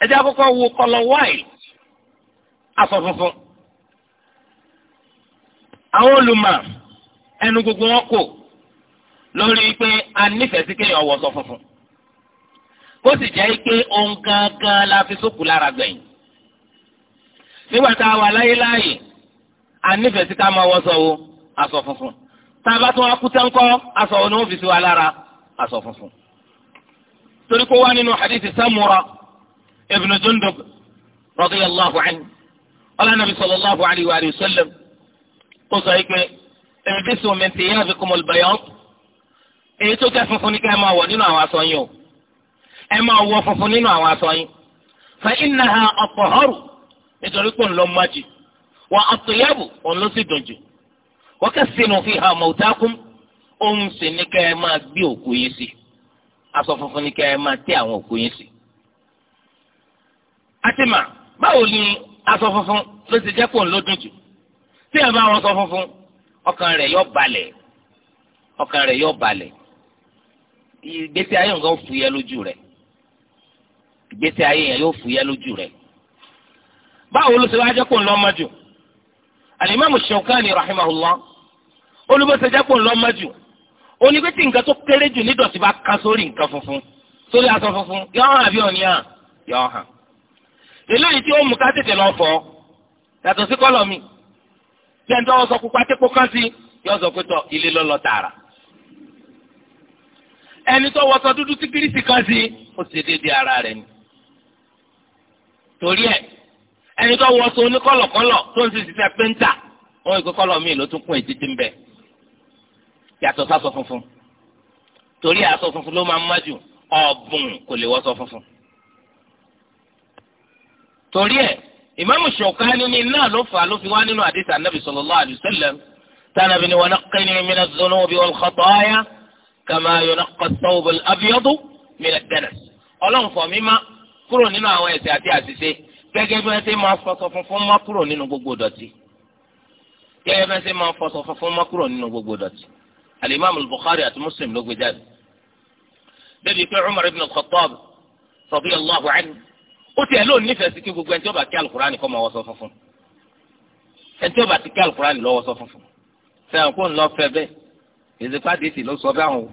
ẹ jẹ́ àkọ́kọ́ wo kọlọ white aṣọ funfun àwọn olùmọ̀ ẹnu gbogbo wọn kò lórí pé a nífẹ̀ẹ́ sí kéèyàn wọṣọ funfun kó sì jẹ́ pé ohun gangan la fi sókù lára gbẹ̀yìn nígbà tá a wà láyé láàyè a nífẹ̀ẹ́ sí ká máa wọṣọ o aṣọ funfun tá a bá tún wá kú tẹ́ńkọ́ aṣọ òun wa lára aṣọ funfun torí kó wá nínú hadith samura ibn jundub radiyallahu anhu ọlá nàbí sallallahu alayhi wa sallam ó sọ yìí pé ilbisu min thiyabikum al-bayad èyí tó jẹ́ funfun ní ká ẹ máa wọ̀ nínú àwọn aṣọ yín o ẹ máa wọ̀ funfun nínú àwọn aṣọ yín fa innaha atharu nítorí pé òun ló má jù wa òun ló sì dùn jù wa kassinu fiha mawtakum òun sì ní ká ẹ máa gbé òkú yín sí aṣọ funfun ni kẹ́ ẹ máa tẹ́ àwọn òkú yín sí. àti mà báwo ni aṣọ funfun ló ti jẹ́ kó ń lódùn jù tí ẹ bá wọn sọ funfun ọkàn rẹ̀ yóò balẹ̀ ọkàn rẹ̀ yóò balẹ̀ ìgbésí ayé nǹkan fúyẹ́ lójú rẹ̀ ìgbésí ayé yẹn yóò fúyẹ́ lójú rẹ̀ báwo ló ṣe wá jẹ́ kó ń lọ́mọ jù Al-Imam Shawkani rahimahullah olùbọ̀sẹ̀ jẹ́ kó ń lọ́mọ jù ó ní pé tí nǹkan tó kéré jù nídọ̀tí bá kan sórí nǹkan funfun sórí aṣọ funfun yọ hàn àbí òní hàn yọ hàn eléyìí tí ó mú ká lọ fọ yàtọ̀ sí kọ́lọ̀ mi bí ẹni tó wọ́n sọ pupa tẹ́kọ̀ kan sí yọ sọ pé tọ ilé lọ́lọ́ tààrà ẹni tó wọ́n sọ dúdú tí gírísì kan sí ó sì dédé ara rẹ̀ ni torí ẹ ẹni tó wọ́n sọ oníkọ̀lọ̀kọ̀lọ̀ tó ń sì ṣiṣẹ́ péńtà wọ́n ìgbé kọ́lọ̀ mi ló tún kún yàtọ̀ sáṣọ funfun torí aṣọ funfun ló máa ń májú ọ̀bùn kò lè wọ́ṣọ funfun. torí ẹ̀ ìmáàmù Ṣọ̀kánì ní náà ló fà á ló fi wá nínú àdìsá nàbì sallallahu alaihi wasallam tánàbì ni wa naqqini mina dhunubi wal khataaya kama yunaqqa ath-thawbu al-abyadu mina ad-danas. ọlọ́run fọ̀ mí má kúrò nínú àwọn ẹ̀ṣẹ̀ àti àṣìṣe gẹ́gẹ́ bí wọ́n ṣe máa fọṣọ funfun má kúrò nínú gbogbo dọ̀tí gẹ́gẹ́ bí wọ́n ṣe máa fọṣọ funfun má kúrò nínú gbogbo dọ̀tí alimami bukhari àti muslim ló gbé jáde débi pé umar ibn al-khattab radiyallahu anhu ó tiẹ̀ lóun nífẹ̀ẹ́ sí kí gbogbo ẹni tí ó bá kí alukurani kọ́ máa wọṣọ funfun ẹni tí ó bá ti kí alukurani lọ wọṣọ funfun sẹ́wọ̀n kó ń lọ fẹ́ bẹ́ẹ̀ ìzèpàdésì ló sọ báwọn o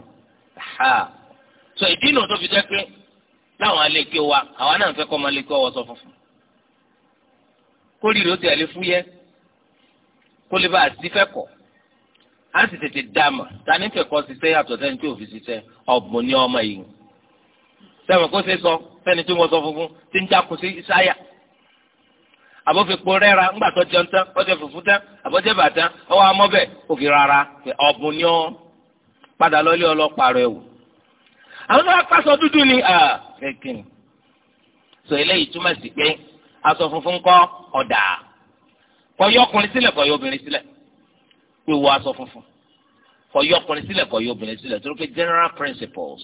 sọ ìdí nù tó fi jẹ́ pé láwọn alékè wa àwa náà fẹ́ kọ́ máa lè kọ́ wọṣọ funfun kórìíra ó ti àlè fúyẹ́ kó lè bá àti fẹ́ kọ̀ọ́ a sì tètè dàmà tani fẹ̀kọ́ ṣiṣẹ́ yàtọ̀ sẹ́ni tí òfin ṣiṣẹ́ ọ̀gbun ní ọmọ yìí sẹ́wọ̀n kó ṣe sọ sẹ́ni tí mo sọ funfun ti ń jákun sí sáyà àbọ̀fẹ̀kọ rẹ́ra ńgbà tó jẹun tán ọjọ́ fùfú tán àbọ̀jẹ́ bàtán ọwọ́ amọ́bẹ̀ òkè rárá ọ̀bùn ni ọ́ padà lọ́lé ọlọ́pàá rẹ̀ wò. àwọn tó wá pàṣọ dúdú ni kẹ̀kẹ́ sọ eléyìí túmọ̀ sí pé aṣọ funfun kọ́ ọ̀dà kọ́ yọ sílẹ̀ kọ́ yọ obìnrin sílẹ̀. pé wọ aṣọ funfun kọ yọ ọkùnrin sílẹ̀ kọ yọ obìnrin sílẹ̀ torí general principles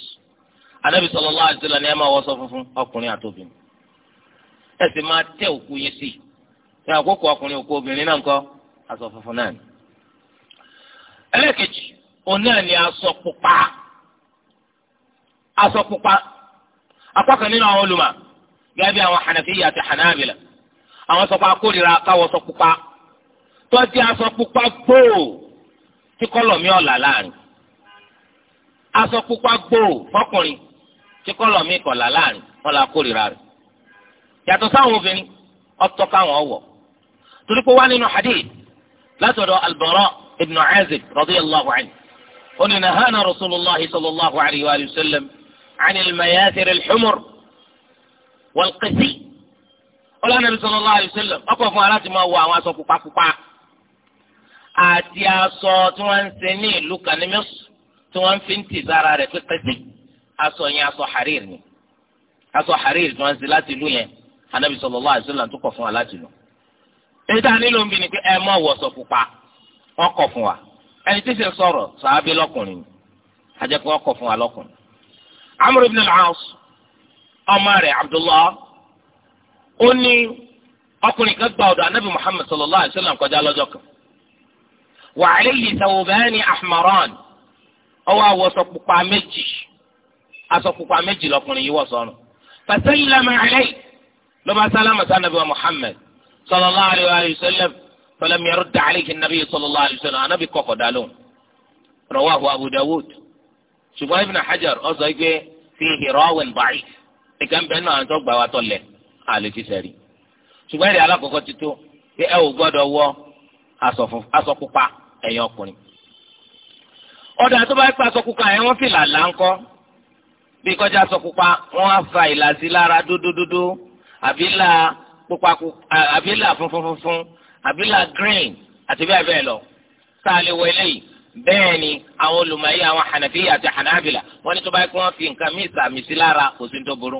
anabi sallallahu alaihi wasallam ni ẹ máa wọ aṣọ funfun ọkùnrin àtòbìnrin ẹ sì máa tẹ òkú yín sí ní àkókò ọkùnrin òkú obìnrin náà ńkọ́ aṣọ funfun náà ni. ẹlẹ́kejì òun náà ni aṣọ pupa aṣọ pupa apá nínú àwọn olùmọ̀ gẹ́gẹ́ bí àwọn tọ́jú aṣọ pupa gbòò tí kọ́lọ̀ mi ọ̀là láàrin aṣọ pupa gbòò fọkùnrin tí kọ́lọ̀ mi kọ̀là láàrin wọn là kórìíra rẹ̀ yàtọ̀ sáwọn obìnrin ọ̀tọ̀ káwọn ọ̀wọ̀ torí pé wá nínú hadith látọ̀dọ̀ Al-Bara ibn Azib radiyallahu anhu oní nahana rasulillah sallallahu alayhi wa sallam ani al-mayathir al-humur wal-qisi ọlọ́nà sallallahu alayhi wa sallam ọkọ̀ fún aláàtì máa wọ àwọn aṣọ pupa pupa. àti aṣọ tí wọ́n ń ṣe ní ìlú ní Misr tí wọ́n fi ń tì sára rẹ̀ aṣọ yẹn aṣọ harir ni aṣọ harir tí ń anabi sallallahu alaihi wasallam tó kọ̀ fún wa láti èyí tá a nílò ń bi ni pé ẹ mọ pupa fún wa ẹni tí sàábí fún Amr ibn al ọmọ Abdullah ó ní ọkùnrin kan gba anabi Muhammad sallallahu alaihi kọjá kan. wa alayhi thawbani ahmaran ọwọ́ àwọ̀sọ pupa méjì aṣọ pupa méjì lọkùnrin yìí wọ̀ sọ́nù. fa sallama alayhi ló bá sálámà sànàbí wa muhammed sallallahu alayhi wa sallam falam yarudda alayhi nàbí sallallahu alayhi wa sallam anabi kọ̀kọ̀ dàlóhùn rawahu abu dawud ṣùgbọ́n ibn hajar ó sọ pé fihi rawin da'if nìkan bẹ́ẹ̀ náà àtọ́ gbà wá tọ́lẹ̀ àlè fi sẹ́rí ṣùgbọ́n èrè alákọ̀ọ́kọ́ ti tó pé ẹ ò gbọ́dọ̀ wọ aṣọ pupa ẹ̀yin ọkùnrin. ọ̀dà tó bá pa aṣọ pupa ẹ̀ wọ́n fìlà là ń kọ́ bí kọjá aṣọ pupa wọ́n á fa ìlàsí lára dódódódó àbílà pupa àbílà funfun funfun àbílà green àti bẹ́ẹ̀ bẹ́ẹ̀ lọ tá a lè wọ eléyìí bẹ́ẹ̀ ni àwọn olùmọ̀ọ́yé àwọn hànàfíyà àti hànàbìlà wọ́n ní tó bá pẹ́ wọ́n fi nǹkan míì sàmì sí lára kò sí tó burú.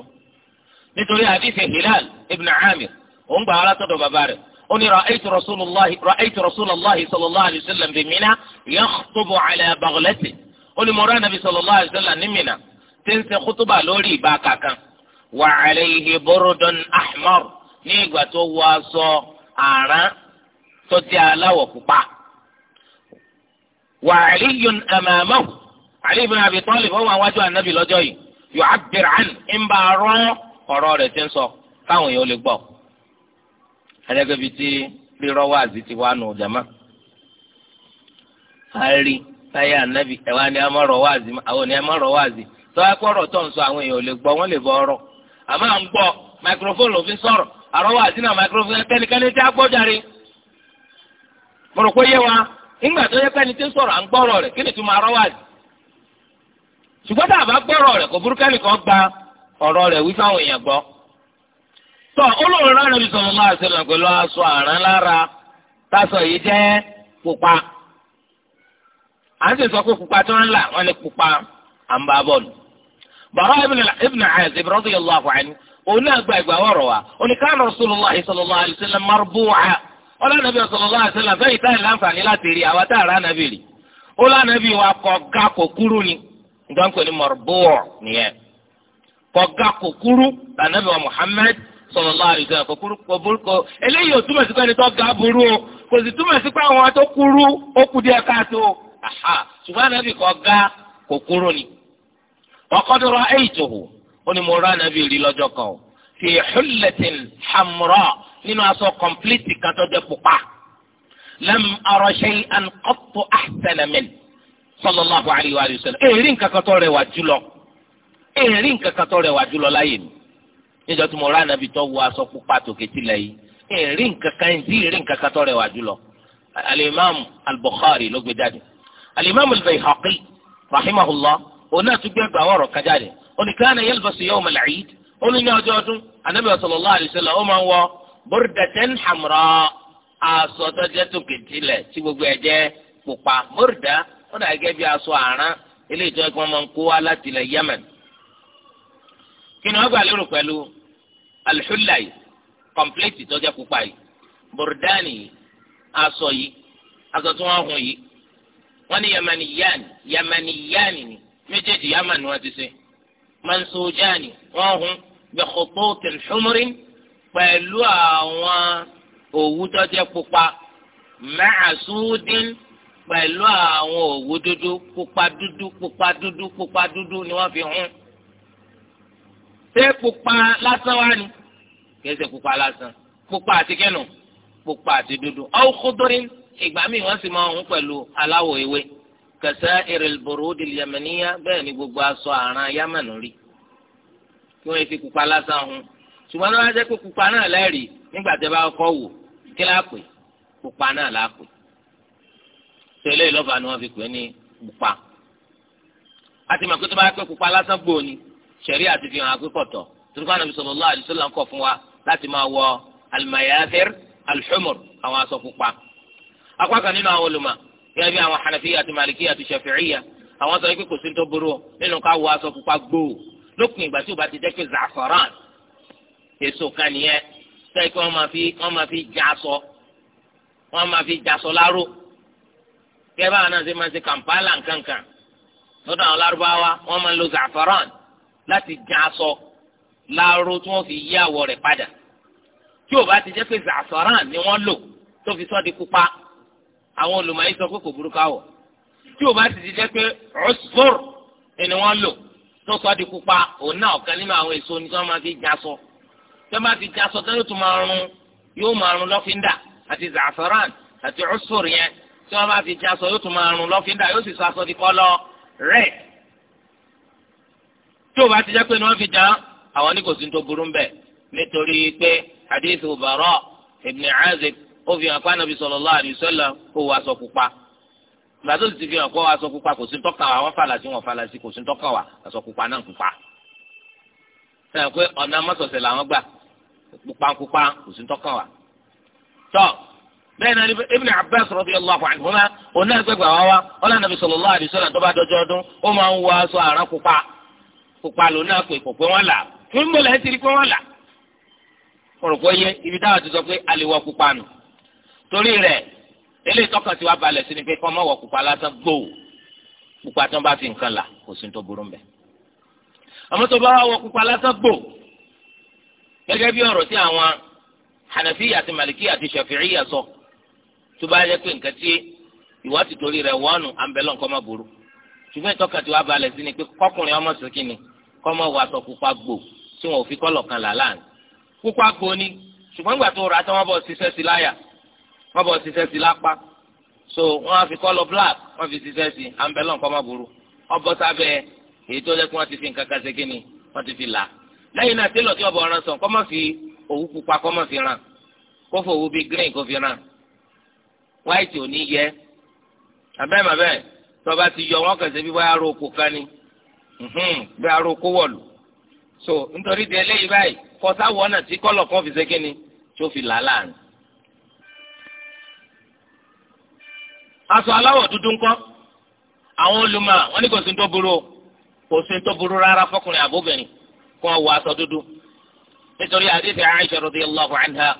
nítorí àdìsí hilal ibn amir òun gbà wọ́n látọ̀dọ̀ bàbá rẹ̀ ó ní ra'aytu rasulullahi ra'aytu rasulullahi sallallahu alayhi wa sallam bi mina yakhtubu ala baghlati ó ní mo rí anabi sallallahu alayhi wa sallam ní mina tí ń ṣe kútúbà lórí ìbá kankan wa alayhi burudun ahmar ní ìgbà tó wọ aṣọ àrán tó di aláwọ̀ pupa wa aliyun amamahu ali ibn abi talib ó wà wájú anabi lọ́jọ́ yìí yu'abbir an ń bá rán ọ̀rọ̀ rẹ̀ ti ń sọ káwọn èèyàn lè gbọ́. ẹlẹgbẹbi tí rírọ wáàzì ti wá nù jama àárí táyé ànábì ni a máa rọ wáàzì àwọn ni a máa rọ wáàzì tọ́wá pọ̀rọ̀ tó ń sọ àwọn èèyàn ò lè gbọ́ wọ́n lè ọ̀rọ̀ ń gbọ́ microphone ló fi sọ̀rọ̀ náà microphone tí a gbọ́ jàre mo rò pé yé wa nígbà tó yẹ pẹ́ni tí ń sọ̀rọ̀ à ń gbọ́rọ̀ ọ̀rọ̀ rẹ̀ tọ olóòrùn náà lè fi sọ̀rọ̀ máa ṣẹlẹ̀ pẹ̀lú aṣọ àrán lára tásọ yìí jẹ́ pupa à ń sì sọ pé pupa tí wọ́n ń là wọ́n Ibna pupa à ń bá bọ́ọ̀lù. bàbá ibn a òun náà gba ìgbà wọ̀rọ̀ wa oníkànnà Rasulullahi sallallahu alaihi wasallam marbu'a sallallahu alaihi táyì láǹfààní láti rí a rà nàbì wa ga kò kúrú ni nǹkan kò ní nìyẹn ga kò kúrú lànàbí sọ̀rọ̀ bá àrùjọ kò kúrú kò burú kò eléyìí ò túmọ̀ sí pé ẹni tó ga burú o kò sì túmọ̀ sí pé àwọn tó kúrú ó kù díẹ̀ káàtó àhà ṣùgbọ́n ànábì kò ga kò kúrú ni. ọ̀kọ́dọ̀rọ̀ ẹ̀yìtòhù ó ní mo rá ànábì rí lọ́jọ́ kan o fi hullatin hamra nínú aṣọ kọ̀m̀plìtì kan tó jẹ́ pupa lam ara shay'an qattu ahsana min sallallahu níjọ́ tí mo rà nàbì tó wọ aṣọ pupa tòkè tilẹ̀ yìí ẹ rí nǹkan kan ẹ sì rí nǹkan kan tó rẹwà jùlọ alimami al-Bukhari ló gbé jáde alimami al-Bayhaqi rahimahullah òun náà tún gbé ẹgbàá ọ̀rọ̀ kan jáde oníkanna yalbasu yawm al-eid oníyàn ọjọ́ ọdún anabi sallallahu alayhi wa sallam ó máa ń wọ burdatan hamra aṣọ tó jẹ́ tòkè tilẹ̀ tí gbogbo ẹ̀ jẹ́ pupa burda ó dà gẹ́gẹ́ bí aṣọ àrán eléyìí tó ẹgbẹ́ máa ń Yemen kí ni wọ́n gbà lérò pẹ̀lú alḥulla yìí kọ̀mpléètì tọ́jà pupa yìí bùrùdánì yìí aṣọ yìí aṣọ tí wọ́n hun yìí wọ́n ní yamaniyani yamaniyani ni méjèèjì yamani wọ́n ti ṣe mansojani wọ́n hun bẹ̀kọ̀tọ̀tìn xumurin pẹ̀lú àwọn òwú tọ́jà pupa mẹ́àsúdín pẹ̀lú àwọn òwú dúdú pupa dúdú pupa dúdú pupa dúdú ni wọ́n fi hun ṣé pupa lásán wá ni kìí ṣe pupa lásán pupa àti kẹnu pupa àti dúdú aw khudrin ìgbà míì wọ́n sì máa ń pẹ̀lú aláwọ̀ ewé kasair al-burud yamaniya bẹ́ẹ̀ ni gbogbo aṣọ àrán yamani rí kí wọ́n fi pupa lásán hun ṣùgbọ́n náà wá jẹ́ pé pupa náà lẹ́rìí nígbà tẹ́ bá kọ́ wò kí láà pè pupa náà láà pè tẹ́lẹ̀ lọ́ba ni wọ́n fi pè ní pupa àti màkútù bá pẹ́ pupa lásán gbòó ṣẹ̀ríà ti fi hàn akpẹ́kọ̀tọ̀ turuku anabi sallallahu alaihi wasallam kọ̀ fún wa láti máa wọ alimayathir alhumur àwọn aṣọ pupa. akpa kan nínú àwọn olùmọ̀ yẹ́n bí àwọn hanafiya àti malikiya àti shafi'iya àwọn sọ pé kò sí ní tó burú nínú ká wọ aṣọ pupa gbòò lópin ìgbà tí o bá ti jẹ́ pé zafaran èso kan nìyẹn sẹ́yìn pé wọ́n máa fi wọ́n máa fi já aṣọ wọ́n máa fi já aṣọ láró kẹ́ báwọn náà ṣe máa ṣe kàmpálà nkankan lọ́dọ̀ àwọn lárúbáwá wọ́n máa lo zafaran láti já aṣọ láàró tí wọ́n fi yí àwọ̀ rẹ̀ padà tí ò bá ti jẹ́ pé zàṣọ̀ràn ni wọ́n lò tó fi sọ́ di pupa àwọn olùmọ̀ọ́yé sọ pé kò burúkú àwọ̀ tí ò bá ti ti jẹ́ pé ọ̀ṣọ́r ni wọ́n lò tó sọ́ di pupa òun náà ọ̀kan nínú àwọn èso ni tí wọ́n máa fi já aṣọ tí wọ́n máa fi já aṣọ tẹ́lẹ̀ tó máa rún yóò máa rún lọ́fíńdà àti zàṣọ̀ràn àti ọ̀ṣọ́r yẹn tí wọ́n máa fi já aṣọ yóò tó máa rún lọ́fíńdà yóò sì sọ aṣọ di kọ́lọ̀ red tí o bá ti jẹ́ pé ni wọ́n fi dán àwọn ní kò sí tó burú nítorí pé hadith Bara ibn Azib ó fi hàn pé anabi sallallahu alaihi wasallam kó pupa gbàtó sì ti fi hàn kó pupa kò sí tọ́ka wa wọ́n falasi wọ́n falasi kò sí tọ́ka wa pupa náà pupa sẹ́yìn pé ọ̀nà làwọn gbà kò sí tọ́ka wa tọ́ bẹ́ẹ̀ náà ibn abbas pupa ló náà pè kò pé wọ́n là fún mi lẹ́yìn ti rí pé wọ́n là. mo rò pé yẹ ibi táwọn ti sọ pé a lè wọ pupa nù torí rẹ̀ eléyìí tọkàn tí wàá balẹ̀ sí ni pé kọ́ mọ́ wọ pupa lásán gbòò pupa tó bá fi nǹkan là kò sí tó burú mbẹ. àmọ́ tó bá wọ pupa lásán gbòò gẹ́gẹ́ bí ọ̀rọ̀ tí àwọn hanafi àti maliki àti shafi'i yà sọ tó bá yẹ pé nǹkan tí ìwà ti torí rẹ̀ wọ́n nù nǹkan má burú ṣùgbọ́n ìtọ́ka tí wàá balẹ̀ sí ni pé kọkùnrin ọmọ sókè ni kọ́mọ wà sọ pupa gbò tí wọn ò fi kọ́lọ̀ kan là láàánú pupa gbò ni ṣùgbọ́n nígbà tó rà á tán wọ́n bọ̀ ṣiṣẹ́ sí láyà wọ́n bọ̀ ṣiṣẹ́ sí lápá so wọ́n á fi kọ́lọ̀ black wọ́n fi ṣiṣẹ́ sí ambulance kọ́mọ burú ọbọ̀ sábẹ́ èyí tó lẹ́kùn wọ́n ti fi nǹkan kan ṣe kíni wọ́n ti fi là á lẹ́yìn náà tí ọbọ̀ green kó fi ràn white ò ní tọba ti yọ wọn kẹsẹ bí wọn aró oko kan ni bí aró oko wọlù so nítorí di eléyìí báyìí náà tí kọlọ kan fi ṣe ni tí ó fi là láàrin. aṣọ aláwọ̀ dúdú ńkọ́ àwọn olùmọ̀ wọn ní kò sí tó burú kò sí tó burú rárá fọkùnrin àbóbìnrin kó wọ aṣọ dúdú nítorí àdéhùn anha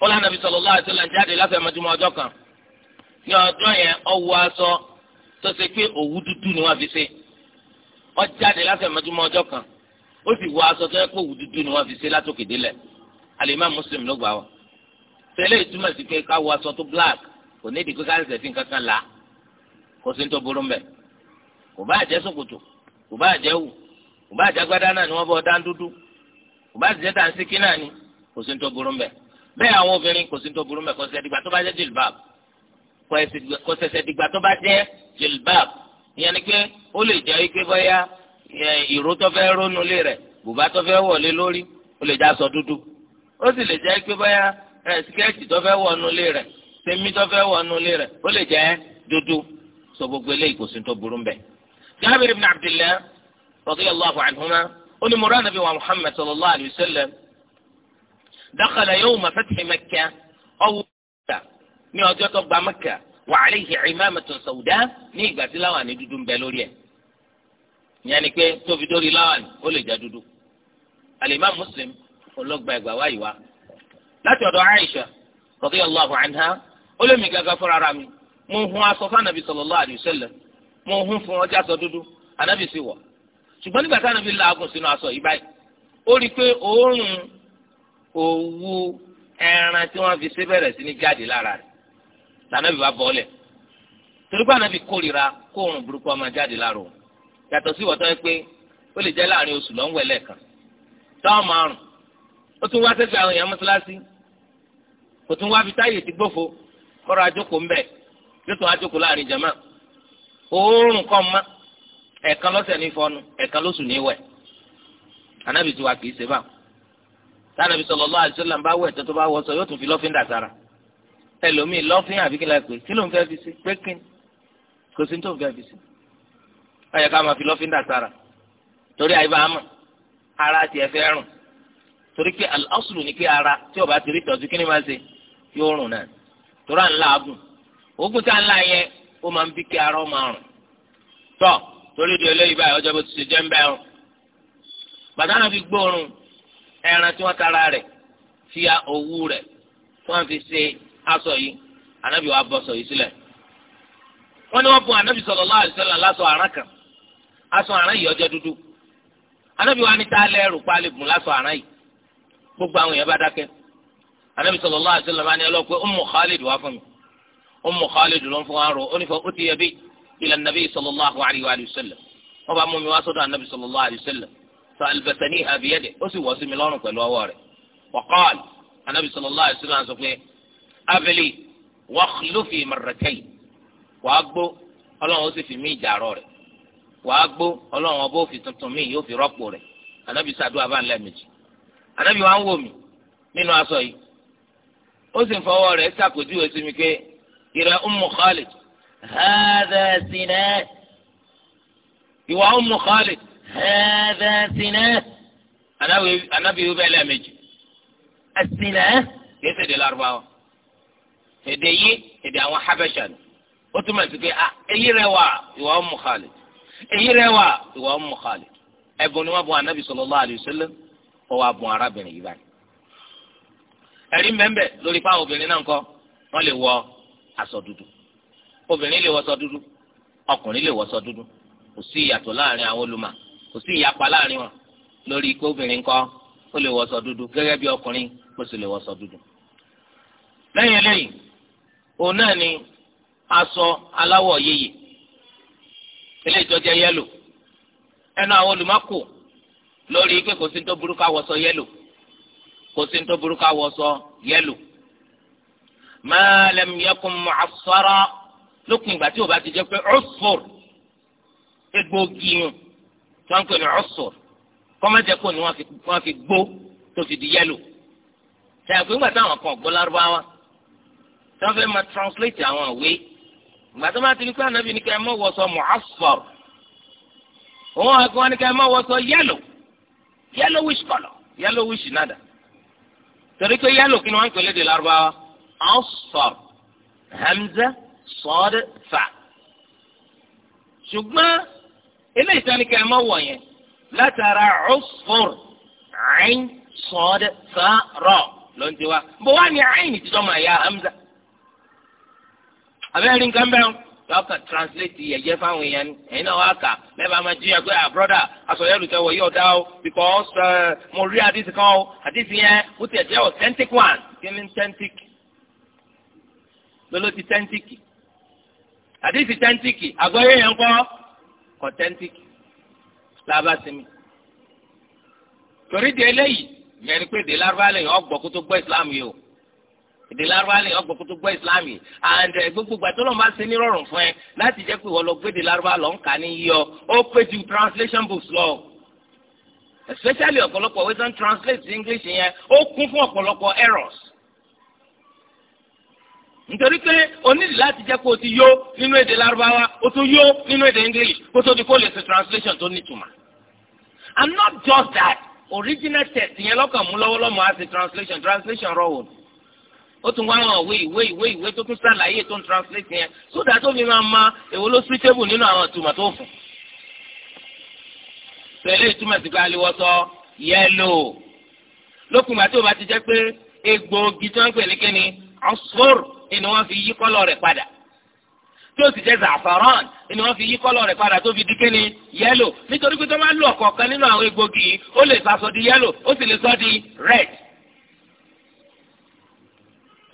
ó bí kan ní yẹn tó ṣe pé òwú dúdú ni wọ́n fi ṣe wọ́n jáde láfẹ̀mọ́júmọ́ ọjọ́ kan ó sì wọ aṣọ tó yẹ pé òwú dúdú ni wọ́n fi ṣe látòkè délẹ̀ alimá muslim ló gbà wá tẹ́lẹ̀ ìtumọ̀ sí pé ká aṣọ tó black kò ní ìdìgbò ká ṣẹ̀ṣẹ̀ fi kankan là kó sí ń tó burú mbẹ̀ kò bá jẹ́ ṣòkòtò kò bá jẹ́ wù kò bá jẹ́ agbádá náà ni wọ́n bọ́ dá dúdú kò bá jẹ́ tàǹsíkí náà ni kò sí ń tó burú mbẹ̀ bẹ́ẹ̀ àwọn obìnrin kò sí ń tó burú mbẹ̀ kò sí ẹ̀dìgbà kò ṣẹ̀ṣẹ̀ dìgbà tó bá jẹ́ jilbab ìyẹn ni pé ó lè jẹ́ ike bóyá ìró tó fẹ́ rónú lé rẹ̀ bùbá tó fẹ́ wọlé lórí ó lè jẹ́ aṣọ dúdú ó sì lè jẹ́ ike bóyá sikẹ́ẹ̀tì tó fẹ́ wọnú lé rẹ̀ sẹ́mi tó fẹ́ wọnú lé rẹ̀ ó lè jẹ́ dúdú sọ gbogbo eléyìí kò sí tó burú mbẹ. Jabir ibn Abdillah radiyallahu anhuma ó ní nabi wa Muhammad sallallahu alayhi wa sallam dakhala yawma fathi Makkah ọwọ́ ní ọjọ́ tó gba Mẹ́kà wa alayhi imamatun sawda ní ìgbà tí láwàní dúdú ń bẹ lórí ẹ̀ ìyẹn ni pé tó fi dórí láwàní ó lè jẹ́ dúdú al-Imam Muslim olóògbà ẹ̀gbà wáyé wa láti ọ̀dọ̀ Aisha radiyallahu anha ó lé mi gàgà fúnra ra mi mo hun aṣọ fún anabi sallallahu alayhi wa mo hun fún ọjà aṣọ dúdú anabi sì wọ̀ ṣùgbọ́n nígbà tí anabi laagun sínú aṣọ yìí báyìí ó rí pé òórùn òwú lànàbì bá ya lẹ̀ torí pé ànàbì kórìíra kó òórùn burúkú ọmọ jáde láàrò yàtọ̀ sí ìwọ́tọ́ yẹ pé ó lè jẹ́ láàrin oṣù lọ́wọ́ lẹ́ẹ̀kan táwọn márùn ó tún wá sẹ́gbẹ̀ẹ́ àwọn èèyàn kò tún wá fi ti gbófo àjókòó yóò jama òórùn kan ma ẹ̀ẹ̀kan lọ́sẹ̀ ní fọnu ẹ̀ẹ̀kan lóṣù ní wẹ̀ wà kì í ṣe bá ẹlòmíì lọ́fín àbíkí la pè kí ló ń fẹ́ fi sí pé kí kò sí ní tó ń fẹ́ fi sí. ó ká máa fi lọ́fín dà sára torí àyè bá a mọ̀ ara tiẹ̀ fẹ́ rùn torí pé al-aslu ni pé ara tí ó bá ti rí tọ́jú kí ni máa ṣe yóò rùn náà torí à ń la agùn oògùn tá à ń la yẹn ó máa ń bí kí ara ó máa rùn tọ́ torí di eléyìí báyìí ọjọ́ bó ti ṣe jẹ́ ń bẹ́ẹ̀ rùn bàtà náà fi gbóòórùn ẹran tí wọ́n tara rẹ̀ fi owó rẹ̀ tí wọ́n fi ṣe aṣọ yìí anabi wa bọ́ sọ yìí sílẹ̀ wọ́n ní wọ́n fún anabi sallallahu alaihi wasallam lásọ àrán kan aṣọ àrán yìí ọjọ́ dúdú anabi wa ní tá lẹ́rù pálí bùn lásọ àrán yìí gbogbo àwọn yẹn bá dákẹ́ anabi sallallahu alaihi wasallam ni ọlọ́pẹ́ Ummu Khalid wá fún mi Ummu Khalid ló ń fún wa rò ó ní fọ ó ti yẹ bí ila nabi sallallahu alaihi wa sallam wọ́n bá mú mi wá sọ́dọ̀ anabi sallallahu alaihi wasallam fa albataniha biyadihi abẹ́lé wàhálùfì mọ̀rẹ́tẹ́yì wàá gbó ọlọ́run ó sì fi mí ìjàrọ̀ rẹ̀ wàá gbó ọlọ́run ọba ó fi tuntun mí yóò fi rọ́pò rẹ̀ ànábì sàdúrà bá ń lẹ́ẹ̀mejì ànábì wàá ń wò mí nínú aṣọ yìí ó sì ń fọwọ́ rẹ̀ ṣàpèjúwe sí mi pé ìrẹ̀ Ummu Khalid hàdà sinẹ́ ìwà Ummu Khalid hàdà sinẹ́ ànábì wíwẹ́ lẹ́ẹ̀mejì ẹ̀sìnẹ́ kìí ṣèdè lárúbáwá èdè yìí èdè àwọn habẹ́ṣà ni ó túmọ̀ sí pé ah èyí rẹwà ìwà ọmọ Khalid èyí rẹwà ìwà ọmọ Khalid ẹ̀bùn ni wọ́n bùn anabi sallallahu alayhi wa sallam ó wá bùn arábìnrin yìí báyìí. ẹ̀rí mẹ́mbẹ̀ lórí fáwọn obìnrin náà kọ́ wọ́n lè wọ aṣọ dúdú obìnrin lè wọ aṣọ dúdú ọkùnrin lè wọ dúdú kò sí ìyàtọ̀ láàrin àwọn olùmọ̀ kò sí ìyapa láàrin wọn lórí ikú obìnrin kọ́ ó lè wọ dúdú gẹ́gẹ́ bí ọkùnrin kò sì lè wọ dúdú. lẹ́yìn eléyìí òun náà ni aṣọ aláwọ̀ yeye ilé ìjọjẹ yẹlò ẹnu àwọn olùmọ́kù lórí pé kò sí ní tó burú ká wọṣọ yẹlò kò sí ní tó burú ká wọṣọ yẹlò ma lam yakun mu'assara lókun ìgbà tí o bá ti jẹ pé usfur egbòogi yun tí wọ́n ń pè ní usfur kọ́mọ́jẹ́kù ni wọ́n fi gbó tó fi di yẹlò ṣàyẹ̀kú ìgbà táwọn kan gbọ́ lárúbáwá tí wọ́n fẹ́ máa translate àwọn ìwé ìgbà tó bá ti ní pé ànábì ní ká ẹ mọ̀ wọṣọ mu'asfar òun àgbọn wọn ní ká ẹ mọ̀ wọṣọ yellow yellowish colour yellowish nada torí pé yellow kí ni wọ́n ń pè lédè lárúbáwá asfar hamza sọ́ọ́dẹ fà ṣùgbọ́n eléyìí sani ká ẹ mọ̀ wọ̀ yẹn látara usfur ain sọ́ọ́dẹ fà rọ̀ ló ń ti wá bó wá ní ain ti sọ́mọ ẹ̀yà hamza abẹ́rẹ́ nǹkan bẹ́ẹ̀ yọ kà translate yẹ̀yẹ́ fáwọn èèyàn ẹ̀yin náà wá kà lẹ́bàá máa jí ẹgbẹ́ à ah, brọ́dà asọ̀yẹ́rù tẹ̀wọ̀ yóò dá o because eh, mo rí àdìsí kan o àdìsí yẹn ó ti ẹ̀jẹ̀ authentic one kí ni authentic lọ́lọ́ ti authentic àdìsí authentic àgọ́yé yẹn kọ́ authentic làbá sinmi torí di eléyìí yẹn ni pé de lárúbá lẹ́yìn ọgbọ̀ kó tó gbọ́ Islam yìí o èdè lárúbá lè ọgbọ kó and eh, gbogbo ìgbà tó lọ́n bá ṣe nírọ̀rùn fún ẹ láti jẹ́ pé wọ́n lọ gbé èdè lárúbá kà ní yíyọ ó pé ju translation books lọ especially ọ̀pọ̀lọpọ̀ wey don translate to English yẹn ó kún fún ọ̀pọ̀lọpọ̀ errors nítorí pé o nílò láti jẹ́ kó o ti yó nínú èdè lárúbáwá o tún yó nínú èdè English kó tó di kó lè ṣe translation tó nítumọ̀ and not just that original text yẹn lọ́kàn mú lọ́wọ́lọ́mọ́ á ṣe translation translation rọ̀ wò ó tún wá hàn ìwé ìwé ìwé ìwé tó tún ṣàlàyé tó ń translate yẹn sódà tó fi máa ma èwo ló sí tébù nínú àwọn ìtumọ̀ tó fún. tẹ̀lé ìtumọ̀ sí káàlíwọ́ sọ yẹ́lò lókùn àti òbá ti jẹ́ pé egbòogi tí wọ́n ń pè ní kíni ọ̀sùr ni wọ́n fi yí kọ́lọ̀ rẹ̀ padà tí ó sì jẹ́ zafaran ni wọ́n fi yí kọ́lọ̀ rẹ̀ padà tó fi di kíni yẹ́lò nítorí pé tó máa lù ọ̀kọ̀ọ̀kan nínú àwọn egbòogi yìí ó lè sọ di yẹ́lò ó sì lè sọ di red.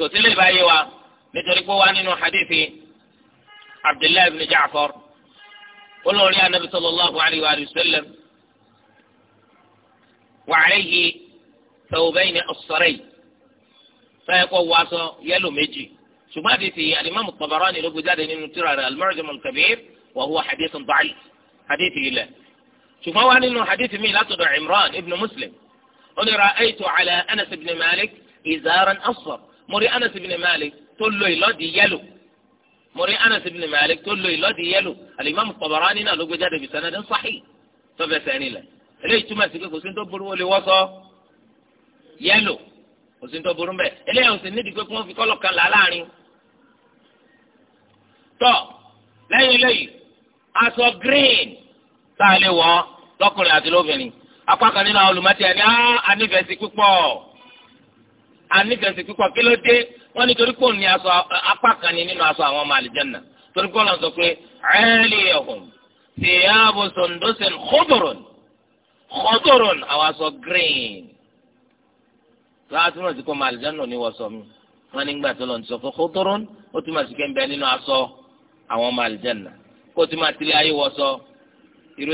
tòtílẹ̀ báyìí wa nítorí pé wà nínú hadithi abdullahi ibn jaafar olórí anabi sallallahu alayhi wa sallam wa alayhi thawbayn ọ̀sọ́rẹ́ saray fẹ́ẹ́ kọ́ wàásọ yẹ́lò méjì ṣùgbọ́n àdìsí alimami tabarani ló gbé jáde nínú tírà rẹ̀ al-mu'jam al-kabir wa huwa hadithun da'if hadithi ilẹ̀ ṣùgbọ́n wà nínú hadithi mi látọ̀dọ̀ imran ibn muslim ó ní ra'aytu ala anas ibn malik izaran asfar. mo rí Anas ibn Malik tó lo ìlọ́dì yẹ́lò mo rí Anas ibn Malik tó lo ìlọ́dì yẹ́lò alimami Tabarani náà ló gbé jáde bìtẹ́ náà dé sahih tó fẹ́ sẹ́rin lẹ̀ eléyìí túmọ̀ sí pé kò sí ní tó burú wọlé wọ́sọ yẹ́lò kò sí ní tó burú mbẹ́ eléyìí òsì nídìí pé kí wọ́n fi kọ́lọ̀ kan là láàrin tọ́ lẹ́yìn eléyìí aṣọ green tá a lè wọ̀ lọ́kùnrin àti lóbìnrin apá kan nínú àwọn olùmọ̀tì ẹ̀ ní á púpọ̀ ànífẹsẹ pípọ̀ kí ló dé wọn nítorí pé òun ní aṣọ apá kan ni nínú aṣọ àwọn ọmọ àlìjẹnà torí pé Ọlọ́run sọ pé ẹẹlì ẹhùn tìyàbò sọndọsẹn kọdọrọn kọdọrọn àwọn aṣọ green láti náà ti kọ́ ọmọ àlìjẹnà ní wọ́sọ mi wọn nígbà tó lọ́n ti sọ fún kọdọrọn ó ti máa sì kẹ́ńbẹ́ nínú aṣọ àwọn ọmọ àlìjẹnà kó ti máa tilé ayé wọ́sọ irú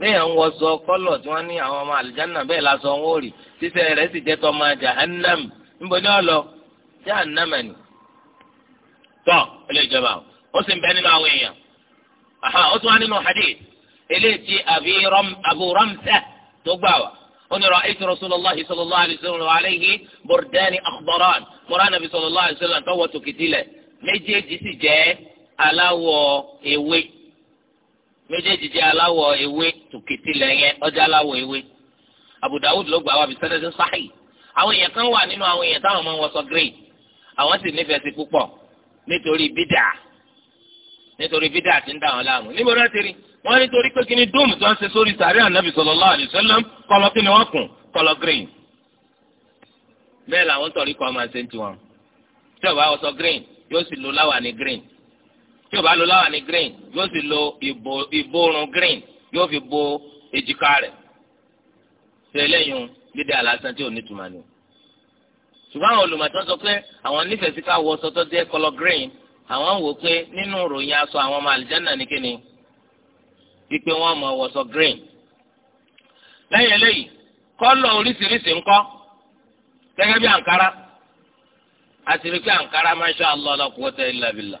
bẹ́ẹ̀ ń wọṣọ kọ́lọ̀ tí wọ́n ní àwọn ọmọ àlùjáná bẹ́ẹ̀ lásán wọn ò rí títẹ̀ rẹ̀ sì jẹ́ tọmọ jahannam níbo ni ọlọ jahannama ni. tọ́ ilé ìjọba ó sì ń bẹ nínú àwọn èèyàn ó tún wá nínú hadith eléyìí tí Abu Ramsah tó gbà wá ó ní ra'aytu Rasulullahi sallallahu alayhi wa sallam alayhi burdani akhdaran mọ́ra nàbí sallallahu alayhi wa sallam tó wọ tòkìtì lẹ̀ méjèèjì sì jẹ́ aláwọ̀ ewé méjèèjì jẹ́ aláwọ̀ ewé tòkìtì lẹ́yìn ọjà aláwọ̀ ewé Abu Dawud ló gbà wá bíi sẹ́dẹ̀sẹ̀ sáàyè àwọn èèyàn kan wà nínú àwọn èèyàn táwọn máa ń wọṣọ grey àwọn sì nífẹ̀ẹ́ sí púpọ̀ nítorí bídà nítorí bídà ti ń dà wọn láàmú níbo náà ti rí wọn nítorí pé kíní dóòmù tó ń ṣe sórí sàárẹ̀ ànábì sallallahu alaihi wasallam kọlọ green bẹ́ẹ̀ làwọn tọrí kọ máa ṣe ń tiwọn tí ọba wọṣọ green yóò sì lo láwà ní green tí ó bá lo láwàní green yóò sì lo ìborun green yóò fi bo èjìká rẹ̀ ṣe eléyìí dídé àlásán tí ò ní tuma ni. ṣùgbọ́n àwọn olùmọ̀tán sọ pé àwọn nífẹ̀ẹ́ sí ká wọ aṣọ tó kọlọ green àwọn ń wò pé nínú ìròyìn aṣọ àwọn ọmọ àlìjáná ní kíni wípé wọ́n mọ̀ wọ̀ṣọ green. lẹ́yìn eléyìí kọ́lọ̀ oríṣiríṣi ńkọ́ gẹ́gẹ́ bí àǹkárá àti rí pé àǹkárá masha Allah la quwwata illa billah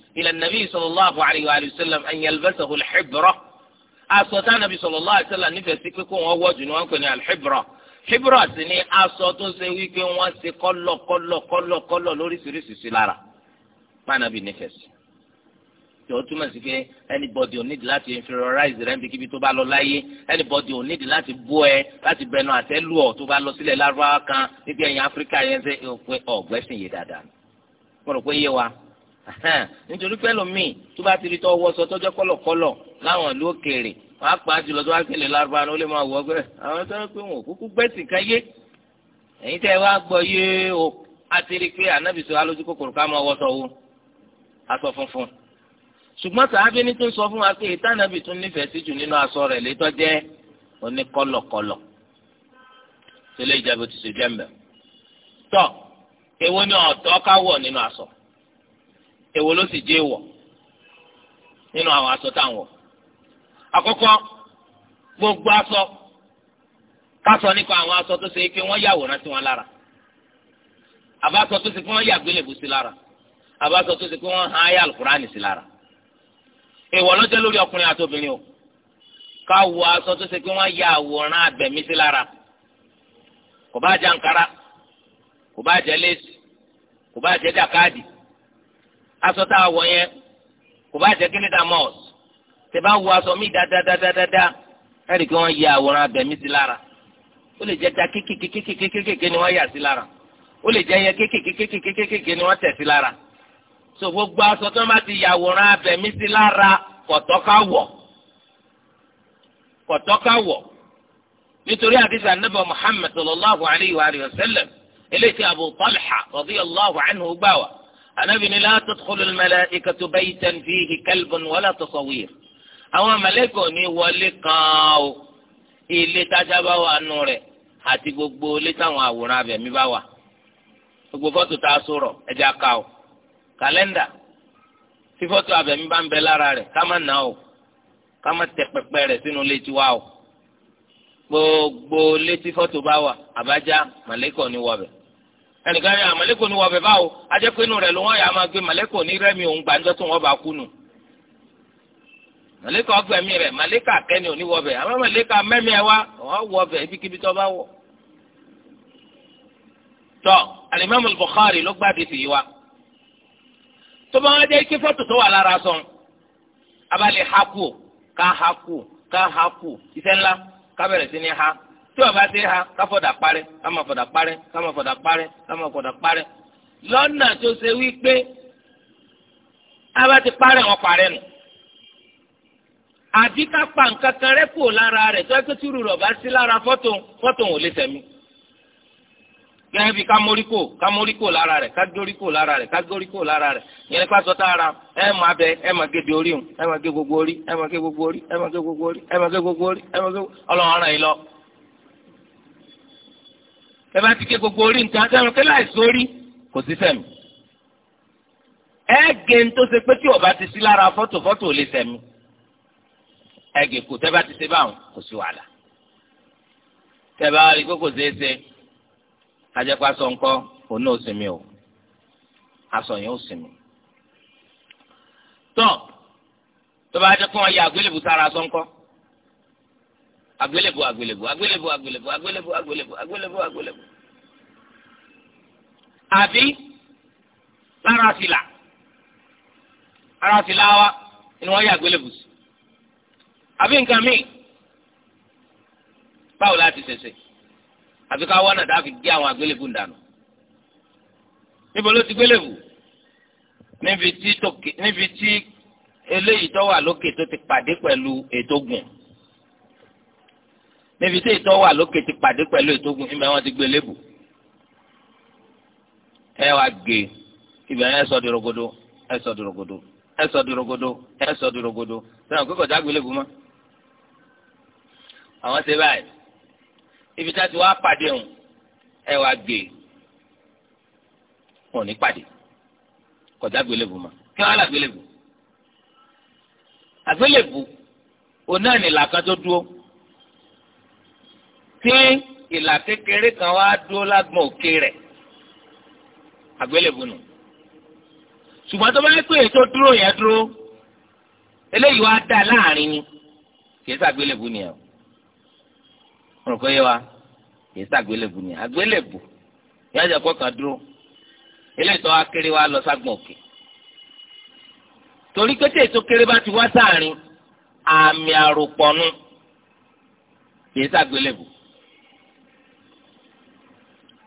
إلى النبي صلى الله عليه وآله وسلم أن يلبسه الحبرة aṣọ tá nàbí sallallahu alaihi wasallam nífẹ̀ẹ́ sí pé kó wọ́n wọ̀ jù ni wọ́n ń pè ní alḥibra hibra sì ni aṣọ tó ṣe wípé wọ́n ṣe kọ́lọ̀ kọ́lọ̀ kọ́lọ̀ kọ́lọ̀ lóríṣiríṣi sí lára má nàbí nífẹ̀ẹ́ sí. tí o túmọ̀ sí pé anybody ò nídìí láti inferiorize rẹ̀ níbikíbi tó bá lọ láyé anybody ò nídìí láti bú ẹ láti bẹnu àtẹ́ lù ọ́ tó bá lọ sílẹ̀ lárúbáwá kan níbi ẹ̀yìn áfíríkà yẹn ṣe ọ̀gbẹ́sìn yìí dáadáa mo rò pé yé wa nítorí pẹ́lú mi tó bá ti rí tọ́ wọ́sọ tọ́jọ́ kọ́lọ̀kọ́lọ̀ láwọn ìlú òkèèrè wọ́n á pa jùlọ tó wá kele lárúbá ni ó lè máa wọ́ pé àwọn tó ń pè wọ́n kúkú gbẹ̀sìn kan yé èyí tẹ́ wá gbọ́ yé o á ti rí pé ànábì sọ alójú kòkòrò ká máa wọ́sọ wo aṣọ funfun ṣùgbọ́n sàábí ní tó ń sọ fún wa pé ìta ànábì tún nífẹ̀ẹ́ sí jù nínú aṣọ rẹ̀ létọ́ jẹ́ oníkọ́lọ̀kọ́lọ̀ tẹ́lẹ̀ ìjàgbọ́ ti ṣe jẹ́ mbẹ́ tọ́ èwo ni ọ̀tọ́ ká wọ̀ nínú aṣọ èwo ló sì jẹ́ èèwọ̀ nínú àwọn aṣọ tá à ń wọ̀ àkọ́kọ́ gbogbo aṣọ kásọ nípa àwọn aṣọ tó ṣe pé wọ́n yàwòrán sí wọn lára àbáṣọ tó ṣe pé wọ́n yàgbélébù sí lára àbáṣọ tó ṣe pé wọ́n hàn áyà alukurani sí lára èèwọ̀ ló jẹ́ lórí ọkùnrin àti obìnrin o ká aṣọ tó ṣe pé wọ́n yà àwòrán abẹ̀mí sí lára kò bá jẹ́ àǹkárá kò bá jẹ́ léèsì kò bá jẹ́ jàkáàdì aṣọ tá a wọ̀ yẹn kò bá jẹ́ kílídà mọ́ọ̀s tẹ́ bá wọ aṣọ mi dáadáadáadáa ẹ̀rí kí wọ́n yẹ àwòrán abẹ̀mí sí lára ó lè jẹ́ ta kékèkékèkékèké ni wọ́n yà sí lára ó lè jẹ́ yẹn kékèkékèkékèké ni wọ́n tẹ̀ sí lára so gbogbo aṣọ tó má ti yàwòrán abẹ̀mí sí lára kọ̀tọ́ká wọ̀ kọ̀tọ́ká wọ̀ nítorí àdìsí anábì Muhammad sallallahu alayhi wa sallam eléyìí Abu Talha radiyallahu anhu gbà wá anabi ni la tadkhulu al-mala'ikatu baytan fihi kalbun wala tasawir àwọn mẹlẹkọ ní wọlé kan o ilé tájà bá wà nù rẹ̀ àti gbogbo ilé táwọn àwòrán abẹ̀mí bá wà gbogbo fọ́tò tá a sọ̀rọ̀ ẹjẹ aka o kàlẹ́ndà tí fọ́tò abẹ̀mí bá ń bẹ lára rẹ̀ o ká má tẹ pẹpẹ rẹ̀ sínú ilé o gbogbo ilé tí fọ́tò bá wà àbájá mẹlẹkọ ní ẹnìkan ní àmàlẹ́kọ̀ ni wọ́n bẹ̀ báwo ajẹ́ pé inú rẹ̀ ló wọ́n yà á máa gbé màlẹ́kọ̀ ní rẹ́mi òun gbàǹjọ́ tó wọ́n bá kú nù. màlẹ́kọ̀ ọgbẹ̀mí rẹ̀ màlẹ́kọ̀ akẹ́ni òní wọ́ bẹ̀ àmọ́ màlẹ́kọ̀ mẹ́mí ẹ wá wọ́n wọ́ bẹ̀ ibikíbi tó bá wọ̀. tọ́ alimami Bukhari ló gbàdé sí wa tó bá wọn jẹ́ ike fọ́tò tó wà lára sọ abalẹ̀ haku ká haku ká haku iṣẹ́ tí ọba ti ha káfọdà parẹ kámọfọdà parẹ kámọfọdà parẹ kámọfọdà parẹ lọ́nà tó ṣe wípé abá ti wọn parẹ nù àbí ká pa nǹkan kan rẹ kúrò lára rẹ tó ẹgbẹ́ tí bá sí lára fọ́tò fọ́tò ò lè tẹ̀mí gẹ́gẹ́ bí ká lára rẹ̀ ká lára rẹ̀ ká lára nípa sọ a ẹ máa bẹ ẹ máa gé orí ẹ gé gbogbo orí ẹ gé gbogbo orí ẹ gé ẹ bá ti ké gbogbo orí nǹkan sẹ́wọ̀n kí láì sórí kò sí sẹ́mi. ẹ̀ẹ́gẹ̀ ń tó ṣe pé tí ọba ti sí lára fọ́tò fọ́tò ò lè sẹ́mi. ẹ̀ẹ́gẹ̀ kò tẹ́ bá ti ṣe báwọn kò sí wàhálà. tẹ́ bá rí kókò ṣeé ṣe ajẹ́pọ̀ aṣọ ńkọ́ òun náà sinmi o aṣọ ó sinmi. tọ́ tó bá jẹ́ kó wọn yà àgbélébùú sára ńkọ́ àgbélébù àgbélébù àgbélébù àgbélébù àgbélébù àgbélébù àgbélébù àgbélébù. àbí lára fìlà ara fìlà wa ni wọ́n yà àgbélébù sí. àbí nǹkan míì báwo la ti ṣẹ̀ṣẹ̀ àfi ká wọ́n náà tá a fi gé àwọn àgbélébù dànù. níbo ló ti gbélébù níbi tí eléyìí tó wà lókè tó ti pàdé pẹ̀lú ètò gùn níbi tí ìtọ́ wà lókè ti pàdé pẹ̀lú ìtógun ìmọ̀ wọn ti gbé lébù ẹ wá gé ibẹ̀ ẹ sọ di rogodo ẹ sọ di rogodo ẹ sọ di rogodo ẹ sọ di rogodo sẹ́wọ̀n kókò tá a gbé lébù mọ́ àwọn ṣe báyìí ibi tá ti wá pàdé òun ẹ wá gé wọn ò ní pàdé kọjá gbélébù mọ́ kí wọn á là gbélébù àgbélébù òun náà nìlà dúró tí ìlà kékeré kan wá dúró lágbọ̀n òkè rẹ̀ àgbélébùnù ṣùgbọ́n tó bá yẹ pé ètò dúró yẹn dúró eléyìí wá dá láàrin ni kìí ṣàgbélébù ni ẹ o rò pé yé wa kìí ṣàgbélébù ni àgbélébù yóò jẹ kó kan dúró eléyìí tó wá kéré wá lọ ságbọ̀n òkè torí pé tí kéré bá ti wá sáàrin àmì àròpọ̀nù kìí ṣàgbélébù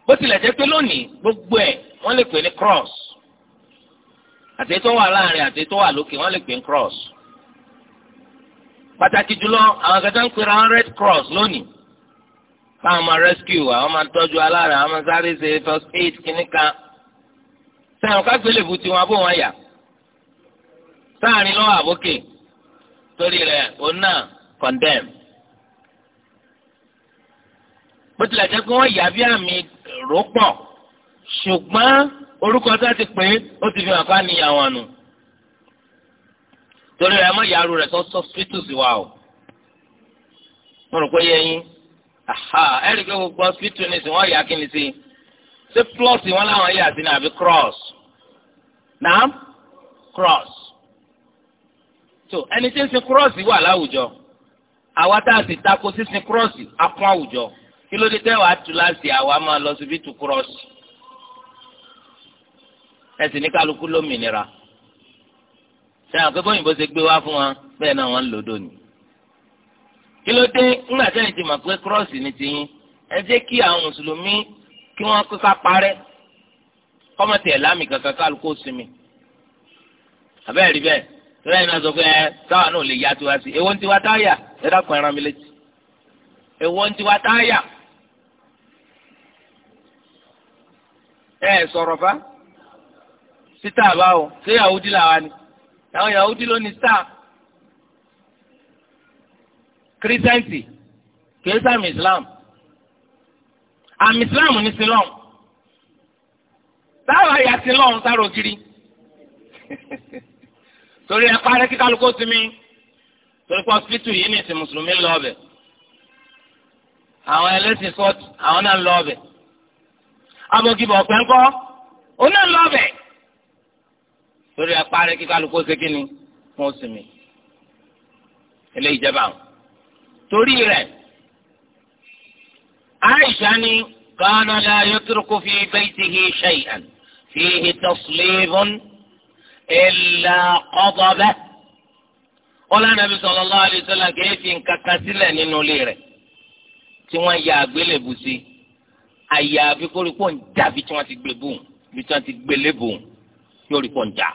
bó tilẹ̀ jẹ́ pé lónìí gbogbo ẹ̀ wọ́n lè pè ní cross àti tó wà láàrin àti tó wà lókè wọ́n lè pè ní cross pàtàkì jùlọ àwọn kẹta ń pera wọn red cross lónìí fáwọn máa rescue àwọn máa tọ́jú aláàrẹ̀ àwọn máa sáré ṣe first aid kìíní kan sẹ́wọ̀n kágbélébù tiwọn abó wọn yà sáàrin lọ́wọ́ àbókè torí rẹ̀ òun náà condemn bó tilẹ̀ jẹ́ pé wọ́n yà bí àmì èrò pọ̀ ṣùgbọ́n orúkọ tá a ti pè é ó ti fi hàn fún àníyàn wọn nù torí ẹ mọ ìyàrú rẹ tó sọsítù sí wa o mo rò pé yẹyin ẹ rí i pé gbogbo sọsítù ní sìn wọn yà kí ni sí ṣé plus wọn láwọn yà sí ní àbí cross náà cross so ẹni tí ń sin cross wà láwùjọ àwa tá a sì takò sísin cross apọ́n àwùjọ kí ló dé tẹ́ wàá tu láti àwa máa lọ síbi tu kúrọ́ọ̀sì ẹ sì ní kálukú lómìnira sẹ́yìn àpé bóyìnbó ṣe gbé wá fún wa bẹ́ẹ̀ náà wọ́n ń lò dòní. kí ló dé ńgbà sẹ́yìn ti mọ̀ pé kúrọ́ọ̀sì ni tiyín ẹ jẹ́ kí àwọn mùsùlùmí kí wọ́n kó ká parẹ́ kọ́mọ̀tì ẹ̀ lámì kankan kálukú sinmi. àbẹ́ẹ̀rí bẹ́ẹ̀ sẹ́yìn náà sọ pé ẹ táwa náà lè yá tiwa sí ewo ń tiwa táyà ẹ dákun ẹran mi létí ewo ń tiwa táyà ẹ sọ̀rọ̀ fa sítà báwo ṣé yahudi làwa ni àwọn yahudi ló ní sítà kírísẹ́ǹtì kìí sàmì islam àmì islam ní silọ́n táwọn ẹ̀yà silọ́n sáró kiri *laughs* torí ẹ parẹ́ kí kálukó ti mi torí pé ọsibítù yìí ní ìsìn mùsùlùmí lọ́ọ̀bẹ̀ àwọn ẹlẹ́sìn sọ́ọ̀tù àwọn náà lọ́ọ̀bẹ̀ abọ́gibọ̀ ọ̀pẹ ńkọ́ oná ń lọ ọbẹ̀ torí apárẹ kí kálukú ṣe kí ni wọn sì mí eléyìí jẹba àwọn torí rẹ Aisha ni kana la yatruku fi baytihi shay'an fihi taslibun illa qadaba ọlànàbí sallallahu alaihi wasallam kìí fi nǹkan sílẹ̀ nínú ilé rẹ̀ tí wọ́n ya àgbélébùú àyàfi kó rí pọ̀ ń jà bí tí wọ́n ti gbé bùn bí tí wọ́n ti gbélé bùn yóò rí pọ̀ ń jà.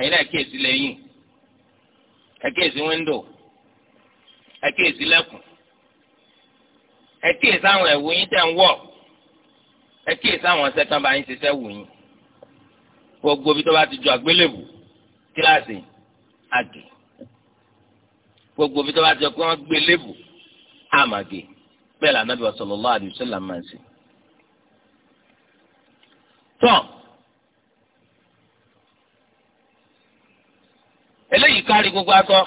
ẹ̀yin náà kíyèsí lẹ́yìn ẹ kíyèsí wíńdò ẹ kíyèsí lẹ́kùn ẹ kíyèsí àwọn ẹ̀wù yín tẹ̀ ń wọ̀ ẹ kíyèsí àwọn ọ̀sẹ̀ tán bá yín ṣiṣẹ́ wù yín gbogbo bí tó bá ti jọ àgbélébù kíláàsì àgè gbogbo bí tó bá ti jọ pé wọ́n gbélébù àmàgè. bẹ́ẹ̀ la anabi sallallahu alayhi wa sallam máa ń ṣe. tọ́ eléyìí kárí gbogbo aṣọ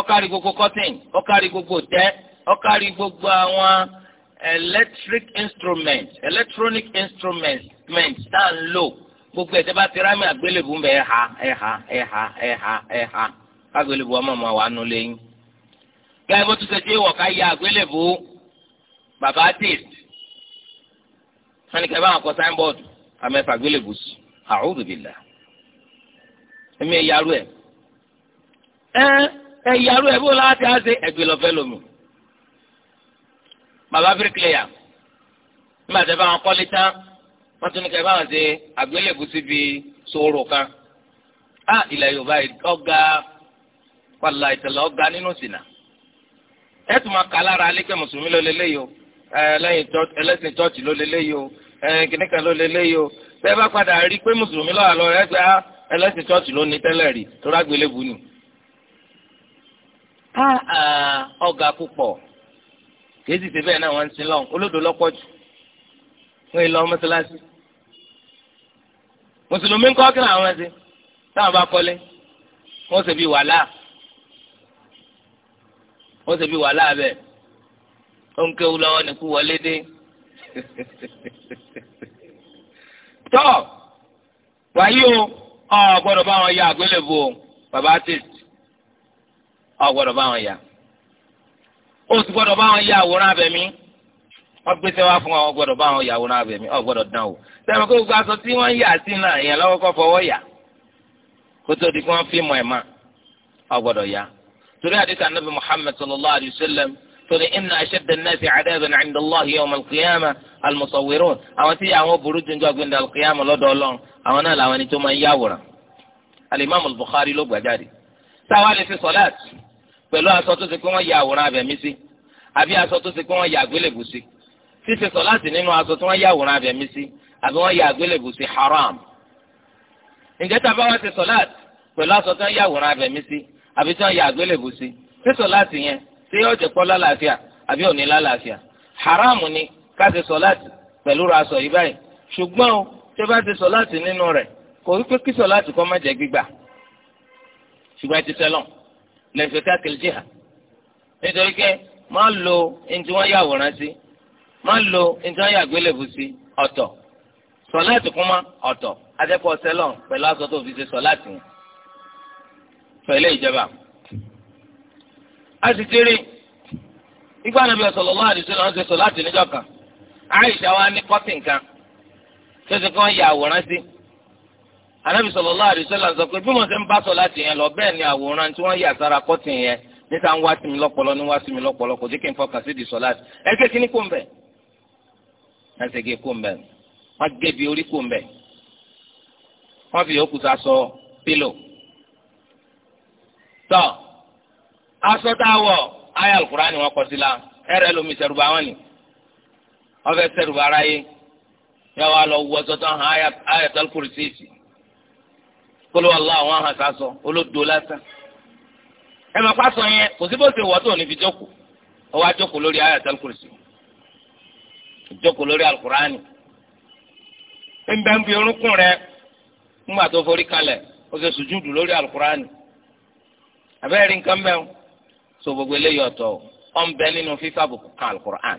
ọkárí gbogbo cotton ọkárí gbogbo tẹ́ ọkárí gbogbo àwọn electric instruments electronic instruments tá à gbogbo ẹ̀ tẹ́ bá àgbélébùú ń bẹ ẹ̀ha ẹ̀ha ẹ̀ha ẹ̀ha ẹ̀ha àgbélébùú wa nulẹ̀ yín. bó tún bàbá dèd wọn ni kẹfà àwọn kọ signboard amẹfà gbélébùs a'udhu billah èmi ẹ yarú ẹ ẹ ẹ yarú ẹ bó láti á ṣe ẹgbẹ lọfẹ lomi bàbá bíríkìlẹyà nígbà tẹ bá wọn kọ́lé tán wọn tún ní kẹfà àwọn ṣe àgbélébùsí bíi sòrò kan á ilẹ̀ yorùbá ọ̀gá wàlá ìtẹ̀lẹ̀ ọ̀gá nínú sínà ẹ̀ tún máa kà alẹ́ kẹ́ mùsùlùmí lọ́lẹ́lẹ́yìí o ẹlẹ́sìn chọ́ọ̀chì ló lélẹ́yìí o kìnnìkan ló lélẹ́yìí o bẹ́ẹ̀ bá padà rí pé mùsùlùmí lọ́wọ́ lọ ẹ gbà ẹlẹ́sìn chọ́ọ̀chì ló ní tẹ́lẹ̀ rí tó rágbélébù ni. ọ̀gá púpọ̀ kéésì tẹ bẹ́ẹ̀ náà wọ́n ń sin lọ́hùn olódò lọ́pọ̀ jù wọ́n yìí lọ mọ́sálásí. mùsùlùmí ń kọ́ kí làwọn ẹ̀sìn táwọn bá kọ́lé wọ́n sì bí wàhálà wọ́n sì bí wàhálà bẹ́ẹ̀ ó ń kéwu lọ́wọ́ ní kú wọlé dé tọ́ wàyí o ọ gbọ́dọ̀ bá wọn ya àgbélébò bàbá artist ọ gbọ́dọ̀ bá wọn ya ó sì gbọ́dọ̀ bá wọn ya àwòrán abẹ̀mí wọ́n gbèsè wá fún ọ gbọ́dọ̀ bá wọn ya àwòrán abẹ̀mí ọ gbọ́dọ̀ dán o sẹ́wọ́n kó gbogbo aṣọ tí wọ́n yà sí náà èèyàn lọ́wọ́ kọ́ fọwọ́ yà kó tó di kí wọ́n fíìmù ẹ̀ máa ọ gbọ́dọ̀ ya torí àdìsá nàbì Muhammad sallallahu alayhi wa sallam torí inna ashadda an-nasi 'adaban 'inda Allahi yawm al-qiyamah al-musawwirun àwọn tí àwọn burú jùlọ gbẹndà al-qiyamah lọ́dọ̀ Ọlọ́run àwọn náà làwọn ẹni tó máa ń yàwòrán al-Imam al-Bukhari ló gbàjáde táwa lè fi sọlát pẹ̀lú aṣọ tó ti pé wọ́n ya àwòrán abẹ̀mí sí àbí aṣọ tó ti pé wọ́n ya àgbélébù sí ṣíṣe sọlát nínú aṣọ tí wọ́n ya àwòrán abẹ̀mí sí àbí wọ́n ya sí haram ǹjẹ́ tábà wá ti sọlát pẹ̀lú aṣọ tí wọ́n ya àwòrán sí àbí tí wọ́n ya sí ṣíṣe sọlát yẹn ṣé yóò jẹ́ pọ́ lálàáfíà àbí òní lálàáfíà haramu ni ká ṣe sọláàtì pẹ̀lú raṣọ yìí báyìí ṣùgbọ́n o ṣé bá ṣe sọláàtì nínú rẹ̀ kò rí pé kí sọláàtì kọ́ má jẹ́ gbígbà ṣùgbọ́n ẹ ti sẹ́lọ̀ lẹ́fẹ̀ẹ́ káàkiri jìhà nítorí pé má lo ẹni tí wọ́n yàwòrán sí má lo ẹni wọ́n yàgbélébù sí ọ̀tọ̀ sọláàtì kúmá ọ̀tọ̀ adẹ́pọ̀ sẹ́lọ̀ pẹ̀lú aṣọ fi ṣe sọláàtì yẹn pẹ̀lú ìjọba. a sì ti rí nígbà Ànábì sallallahu alaihi wasallam ṣe nijoka. láti níjọ́ kan Àìṣà wa ní kọ́tì nǹkan tó ṣe kí ya àwòrán sí Ànábì sallallahu pé lọ ni àwòrán tí wọ́n yà sára kọ́tì yẹn níta ń wá sí mi lọ́pọlọ ní wá sí mi di sọ láti ẹ gé ń gé ń gé bi orí aṣọ tá a wọ ayé alukura ni wọn kọ sí la ẹrẹ lomi sẹrùbà wọn ni wọn fẹ sẹrùbà ara yé yà wà lọ wọ sọtọ hàn ayé talukuru sísì kólú ha àwọn hàn sásọ olódo lásán ẹ máa pa sọ yẹn kò sí ṣe wọ tó ní fi jókòó ó wá jókòó lórí ayé talukuru sí jókòó lórí alukura ni ń bẹ rẹ ńgbà tó forí kalẹ̀ ó ṣe sùjúdù lórí alukura ni abẹ́rẹ́ nǹkan so gbogbo eléyìí ọ̀tọ̀ ọ̀ ń bẹ nínú fífà bùkù kan alukur'an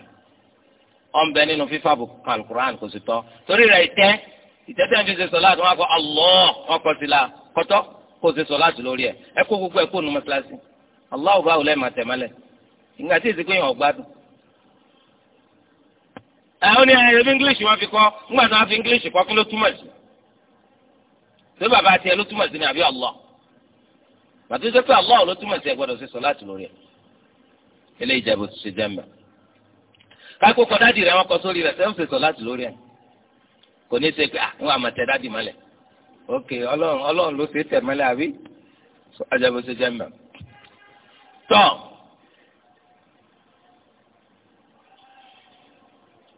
ọ̀ ń bẹ nínú fífà bùkù kan alukur'an kò sì tọ́ torí rẹ̀ ìtẹ́ ìtẹ́ tẹ́ ń fi ṣe sọ láti wọn kọ Allah wọn kọ sí la kọtọ́ kó ṣe sọ láti lórí ẹ̀ ẹ kó gbogbo ẹ kó nu mọ́ṣáláṣí Allah bá wùlẹ̀ mà tẹ̀mẹ́lẹ̀ ìgbà tí ìsìnkú yẹn ọ̀gbádùn. ẹ ó ní ẹyẹ bí English wọn fi kọ ńgbà tí wọn fi English kọ kí ló túmọ̀ sí. ṣé bàbá tiẹ̀ ló túmọ̀ sí ni àbí Allah bàtí sọ pé Allah ló túmọ̀ sí ẹgbọ́dọ̀ sí sọ láti lórí ẹ̀ eléyìí jẹ́ bó ti ṣe jẹ́ mẹ́. kákó kọ dáàdì rẹ̀ wọ́n kọ sórí rẹ̀ sẹ́wọ́n ṣe sọ láti lórí ẹ̀ kò ní ṣe pé àwọn ah, àmọ̀tẹ́ dáàdì mọ́lẹ̀ ok ọlọ́run ọlọ́run ló ṣe tẹ̀ mọ́lẹ̀ àbí ọjọ́ bó ṣe jẹ́ mẹ́. tọ́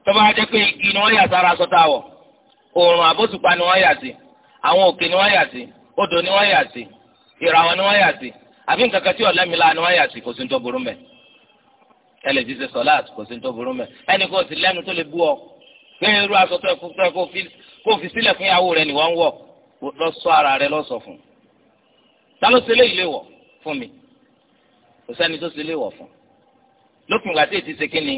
tọ́ba jẹ́ pé igi ni wọ́n yà sára sọ́tà wọ̀ oòrùn àbóṣùpá ni wọ́n yà sí àwọn òkè ni wọ́n yà sí odò ni wọ́n yà sí ìràwọ̀ ni wọ́n yà sí àbí nǹkan kan tí ọ̀lẹ́mìlá ni wọ́n yà sí kò sí ní tó burú mẹ́ ẹ lè jíṣe sọ́láàtì kò sí ní tó burú mẹ́ ẹnì kò sí lẹ́nu tó lè bú ọ pé irú aṣọ tó ẹ kó fi sílẹ̀ fún ìyàwó rẹ ni wọ́n ń wọ̀ lọ sọ ara rẹ lọ sọ fún ta ló ṣe ilé wọ̀ fún mi kò sẹ́ni tó ṣe wọ̀ fún lópin ìgbà tí ṣe kí ni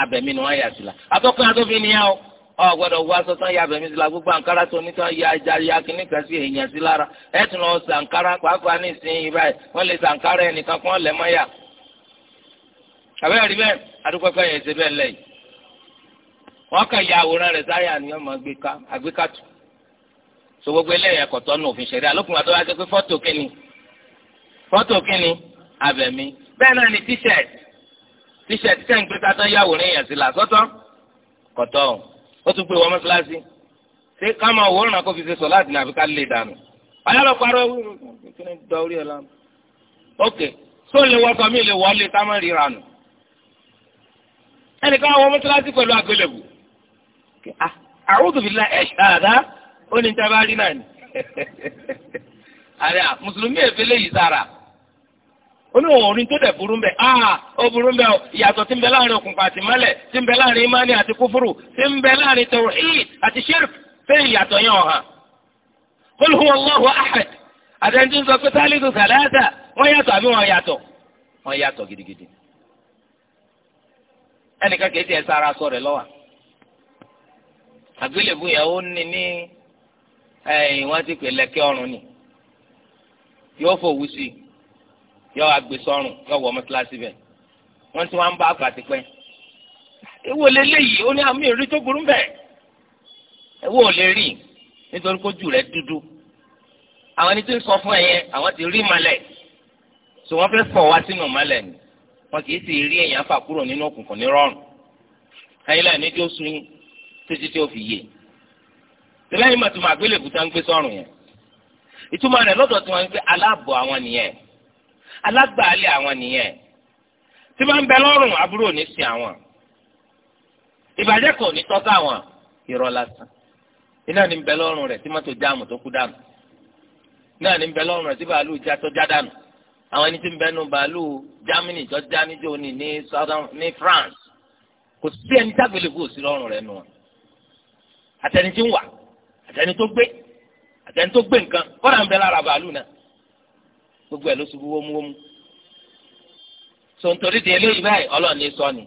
abẹ̀mí ni wọ́n yà sí la àtọ́kùn àtọ́fin ni yà ó ọ gbọ́dọ̀ wọ aṣọ tán ya bẹ̀mí síla gbogbo àǹkárá tó ní tán ya ajá ya kínní kan sí èèyàn sí lára ẹ tún lọ sàǹkárá pàápàá ní ìsinyìí báyìí wọ́n lè sàǹkárá ẹnìkan kán lẹ̀ mọ́yà. àbẹ́rẹ́ rí bẹ́ẹ̀ adúgbò pẹ́ yẹn ṣe bẹ́ẹ̀ lẹ́yìn. wọ́n kàn ya àwòrán rẹ̀ sáyà ni wọ́n máa gbé ká àgbéká tù. so gbogbo eléyìí ẹ̀kọ́ tọ́nu òfin ṣẹ̀rí alókùnrin àti ni tíṣẹ̀tì tíṣẹ̀tì tẹ̀ ń gbé ó tún pé wọ́n mọ́ṣáláṣí ṣé ká máa wò ó ràn kó fi ṣe sọ láti ní àfikà lè dànù ayálò parọ́ kíni da orí ẹ̀ lánà ok só lè wọ́sọ mi lè wọ́lé ká má ríra nù ẹnìkan wọ mọ́ṣáláṣí pẹ̀lú àgbélébù àwùjọ ẹ̀ ṣáàdá ó ní ní tẹ́ bá rí náà ni *laughs* àrẹ ah, mùsùlùmí èfélé yìí sára. oníwòrin tó dẹ̀ burú mbẹ́ aa ah, ó burú o ìyàtọ̀ tí ń láàrin àti láàrin imani àti kúfúrú tí ń bẹ láàrin àti shirk ṣé ìyàtọ̀ yẹn ọ̀hán. qul huwa Allahu ahad sọ pé sálídù sàlẹ́sà wọ́n yàtọ̀ àbí wọ́n yàtọ̀ gidigidi. ẹnìkan kìí tiẹ̀ sára sọ rẹ̀ lọ́wọ́ àgbélébù yẹn ni ní ẹ̀yìn wọ́n ti pè lẹ́kẹ́ ọ̀run ni yọ agbésọrùn yọ wọ mọ́tíláṣí bẹ̀ wọ́n ti wá ń bá àgbà ti pẹ́ ewu ò lè léyìí ó ní àmì ah, ìrí tó burú bẹ́ẹ̀ ewu ò lè rí nítorí kójú rẹ̀ dúdú àwọn ẹni tó ń sọ fún ẹ yẹn àwọn ti rí malẹ̀ so wọ́n fẹ́ fọ̀ wá sínú malẹ̀ ni wọn kì í sì rí èèyàn fà kúrò nínú òkùnkùn nírọ̀rùn ẹ̀yin láì ní tí ó sun yín títí tí ó fi yé tẹ́lẹ̀ yìí mà ń gbé sọ́rùn yẹn ìtumọ̀ rẹ̀ lọ́dọ̀ tí wọ́n ń gbé aláàbọ̀ àwọn nìyẹn alágbàálẹ̀ àwọn nìyẹn tí bá ń bẹ lọ́rùn aburú ò ní sí àwọn ìbàjẹ́ kò ní tọ́ka àwọn irọ́ lásán iná ní ń bẹ lọ́rùn rẹ̀ tí mọ́tò jáàmù tó kú dànù náà ní ń bẹ lọ́rùn rẹ̀ tí bàálù já tó já dànù àwọn ẹni tí ń bẹnu bàálù Germany tó já níjó ní ní France kò sí ẹni tágbélébùú sí lọ́rùn rẹ̀ nù wọn àtẹni tí ń wà àtẹni tó gbé àtẹni tó gbé nǹkan kọ́ra ń bẹ lára bàálù náà gbogbo ẹ̀ ló ṣubú wómúwómú sontori di eléyìí báyìí ọlọ́ọ̀ni sọ ni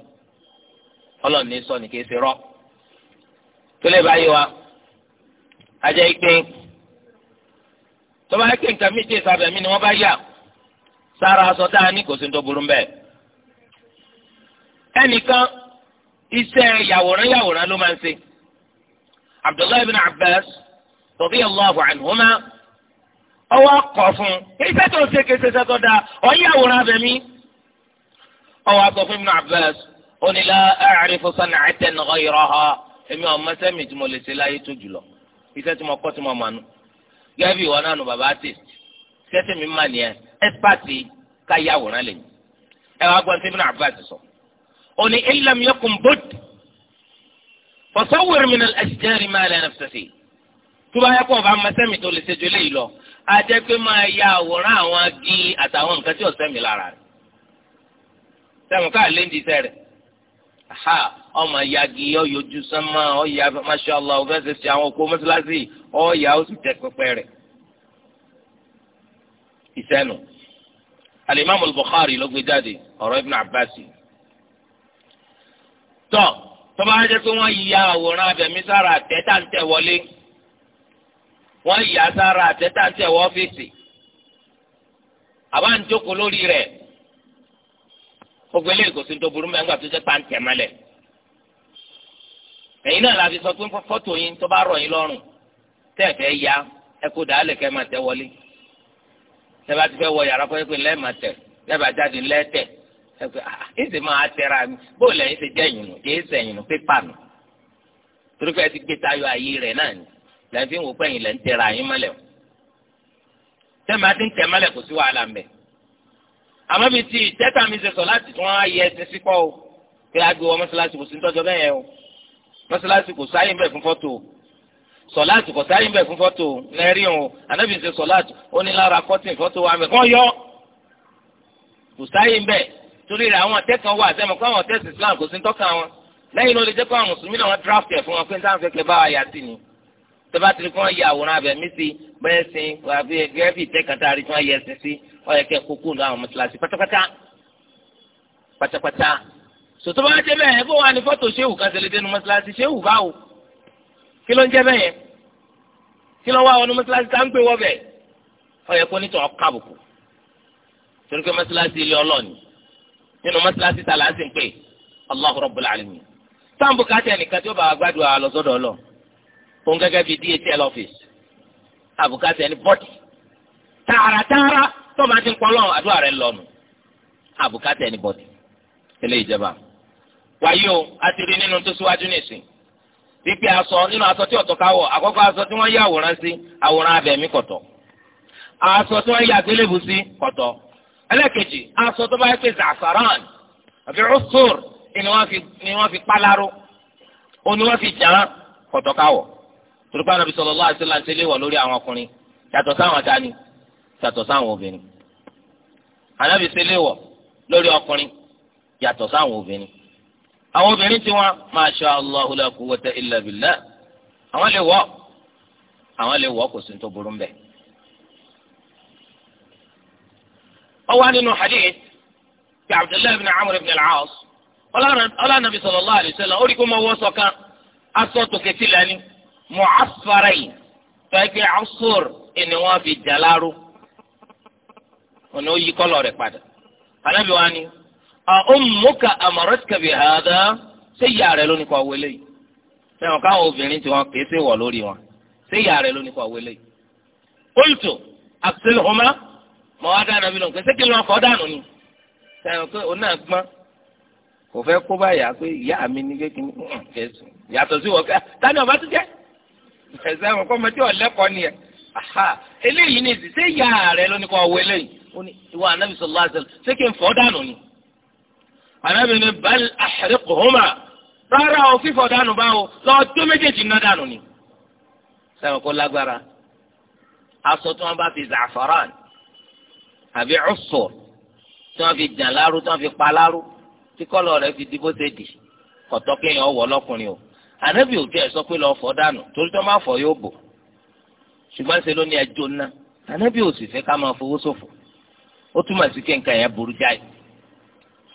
ọlọ́ọ̀ni sọ ni kìí ṣe rọ tó lè báyìí wa ajẹ́ ìpín tọ́ba ẹ̀kẹ́ nǹkan méje sábẹ̀ mi ni wọ́n bá yà sára aṣọ tá a ní kò sí tó burú mbẹ́ ẹnìkan iṣẹ́ yàwòrán yàwòrán ló máa ń ṣe Abdullahi bin Abbas radiyallahu anhuma ọwọ́ akọ̀ fún un iṣẹ́ tó ń ṣe kí iṣẹ́ tó dáa ọ̀yẹ́ àwòrán abẹ mi. ọwọ́ akọ̀ fún Ibn Abbas ó ní la a'rifu san'atan ghayraha èmi ọ̀mọ sẹ́mi tí mo lè ṣe láyé tó jùlọ iṣẹ́ tí mo kọ́ tí mo mọ̀ nù. gẹ́gẹ́ bí ìwọ náà nù bàbá àti sẹ́sẹ́ mi mà nìyẹn ẹ́sípàtì ká yá àwòrán lè ẹ wá gbọ́n tí Ibn Abbas sọ. ó ní illam yakun budd fasawwir min al-ashjar ma la nafsa fi. tó bá yẹ ajẹ́ pé máa ya àwòrán àwọn agi àtàwọn nǹkan tí ọ̀sẹ̀ mi lára rẹ̀ sẹ́mu ká lé ní iṣẹ́ rẹ̀ ha ọmọ yagi ọyọjú sánmà ọyà mashallah ọfẹ́ ṣe ṣe àwọn okó mọ́ṣáláṣí ọyà ó sì tẹ pẹpẹ rẹ̀ ìṣẹ́nu alimami bukhari ló gbé jáde ọ̀rọ̀ Ibn Abbas tọ́ tọ́ba ajẹ́ pé wọ́n ya àwòrán abẹ̀mí sára tẹ́tà ń tẹ̀ wọlé. wọ́n yà sára àtẹ́tàtẹ́ wọ ọ́fíìsì àbá ń jókòó lórí rẹ gbogbo eléyìí kò sí tó burú mẹ́ńgà tó jẹ́ náà la fi sọ tó bá rọ yín lọrùn ya ẹ kó dàálẹ̀ máa wọlé wọ yàrá máa jáde ah máa mi bóòlù ti ìyìnbó kì í pépà nù torí ti gbé tayọ ayé lẹ́yìn fi ń wò pé ẹ̀yin lẹ́ ń tẹ̀ra yín mọ́lẹ̀ o tẹ́mi àti ń tẹ̀ mọ́lẹ̀ kò sí wàhálà mẹ́ àmọ́ bíi ti ìtẹ́ta mi ṣe sọ láti tún á yẹ ẹsẹ̀ sípọ̀ o pé agbe wọ mọ́ṣáláṣí kò sí tọ́jọ́ bẹ́ẹ̀ yẹn o mọ́ṣáláṣí kò sáyé bẹ́ẹ̀ fún fọ́tò o sọ̀láàtì kò sáyé bẹ́ẹ̀ fún fọ́tò o lẹ́rìí o ànábì ṣe sọ̀láàtì ó ní lára kọ́tìn fọ́tò wa mẹ́ kọ́ yọ kò sáyé bẹ́ẹ̀ torí rẹ̀ àwọn akẹ́kọ̀ọ́ wà sẹ́mu kó àwọn tẹ́sí Islam kò sí tọ́ka wọn lẹ́yìn ló lè jẹ́ kó àwọn mùsùlùmí náà wọ́n draft ẹ̀ fún wọn pé ní táwọn fẹ́ kẹ́ bá wa yà sí ni tẹ́bá tí wọ́n yẹ àwòrán abẹ̀mí sí bẹ́ẹ̀ sin gẹ́gẹ́ tẹ́kàtà rí tí wọ́n yẹ ẹsẹ̀ sí wọ́n yẹ kẹ́ kókó lọ àwọn mọ́tíláṣí pátápátá pátápátá sòtò bá jẹ́ bẹ́ẹ̀ bó wà ní fọ́tò ṣéwù kan tẹ̀lé dénú mọ́tíláṣí ṣéwù báwo kí ló ń jẹ́ bẹ́ẹ̀ kí ló wá wọnú mọ́tíláṣí tá ń gbé wọ́ bẹ́ẹ̀ wọ́n yẹ kó nítorí kábùkù Allahu Rabbul Alamin táwọn bùkátà ẹnìkan tí ó bá wa gbádùn òun gẹ́gẹ́ bíi DHL office àbùkátà ẹni bọ́tì tààràtààrà tó máa ti ń pọ́nlọ́ àdúrà rẹ̀ lọ́nu àbùkátà ẹni bọ́tì eléyìí jẹba. wàyí o a ti rí nínú tó síwájú nìsín pípé aṣọ nínú aṣọ tí ọ̀tọ̀ káwọ̀ àkọ́kọ́ aṣọ tí wọ́n yí àwòrán sí àwòrán abẹ̀mí kọ̀tọ̀ aṣọ tí wọ́n yí àgbélébù sí kọ̀tọ̀ ẹlẹ́kejì aṣọ tó bá yẹ pé zafaran àfi ọ̀sọ́r ni wọ́n fi pálárò ó ni wọ́n fi jà kọ̀tọ̀ káwọ̀ turukpa nàbí sallallahu alaihi wasallam ṣe léèwọ̀ lórí àwọn ọkùnrin yàtọ̀ sáwọn dání yàtọ̀ sáwọn obìnrin ànábì ṣe léèwọ̀ lórí ọkùnrin yàtọ̀ sáwọn obìnrin àwọn obìnrin tí wọn ma sha Allahu la quwwata illa billah àwọn lè wọ àwọn lè wọ kò sí tó burú mbẹ. ọwọ́ nínú hadith ti abdullahi bin amr bin al-aas ọlọ́run nabi sallallahu alaihi wasallam ó rí kó mọ wọ́ sọ kan aṣọ mu'affarayn tọ́jú asur ni wọ́n fi jalaru ọ̀nà òyì kọ́lọ̀ rẹ̀ padà alábi wa ni ummuka amaratka bi hadha ṣé ìyá rẹ̀ ló ní kọ́ wọlé yìí sẹ́wọ̀n káwọn obìnrin tí wọ́n kèé sí wọ̀ lórí wọn ṣé ìyá rẹ̀ ló ní kọ́ wọlé yìí qultu aksilhuma mọ wá dáná bí lóun pé ṣé kí ló ń kọ́ dànù ni sẹ́wọ̀n pé òun náà gbọ́n kò fẹ́ kó báyà pé ìyá mi ní kékeré yàtọ̀ sí wọ́n ká tani ọba ti jẹ́ ẹ̀sẹ̀ àwọn kọ́ ọmọdé ọ̀lẹ́kọ̀ọ́ ni ẹ̀ eléyìí ní ìsìsẹ́ ìyá rẹ̀ lónìí kọ́ ọ̀wọ́ eléyìí ó ní ìwà anábì sallallahu alaihi wasallam ṣé kí n fọ́ dànù ni anábì ní bal ahriquhuma rárá o fífọ́ dànù báwo lọ́ọ́ tó méjèèjì ná dànù ni sẹ́wọ̀n kó lágbára aṣọ tí wọ́n bá fi zàfàràn àbí ọ̀sọ̀ tí wọ́n fi jàn lárú tí wọ́n fi pa lárú tí kọ́lọ̀ rẹ̀ fi di ṣe dì kọ̀tọ́ kéèyàn ọ̀wọ́ o ànábì òjò ẹ̀ sọ pé lọ́ọ́ fọ́ dànù torí tó máa fọ́ yóò bò ṣùgbọ́n ṣe ló ní ẹjọ́ ná ànábì ò sì fẹ́ ká máa fowó ṣòfò ó túmọ̀ sí kí nǹkan yẹn burú jáde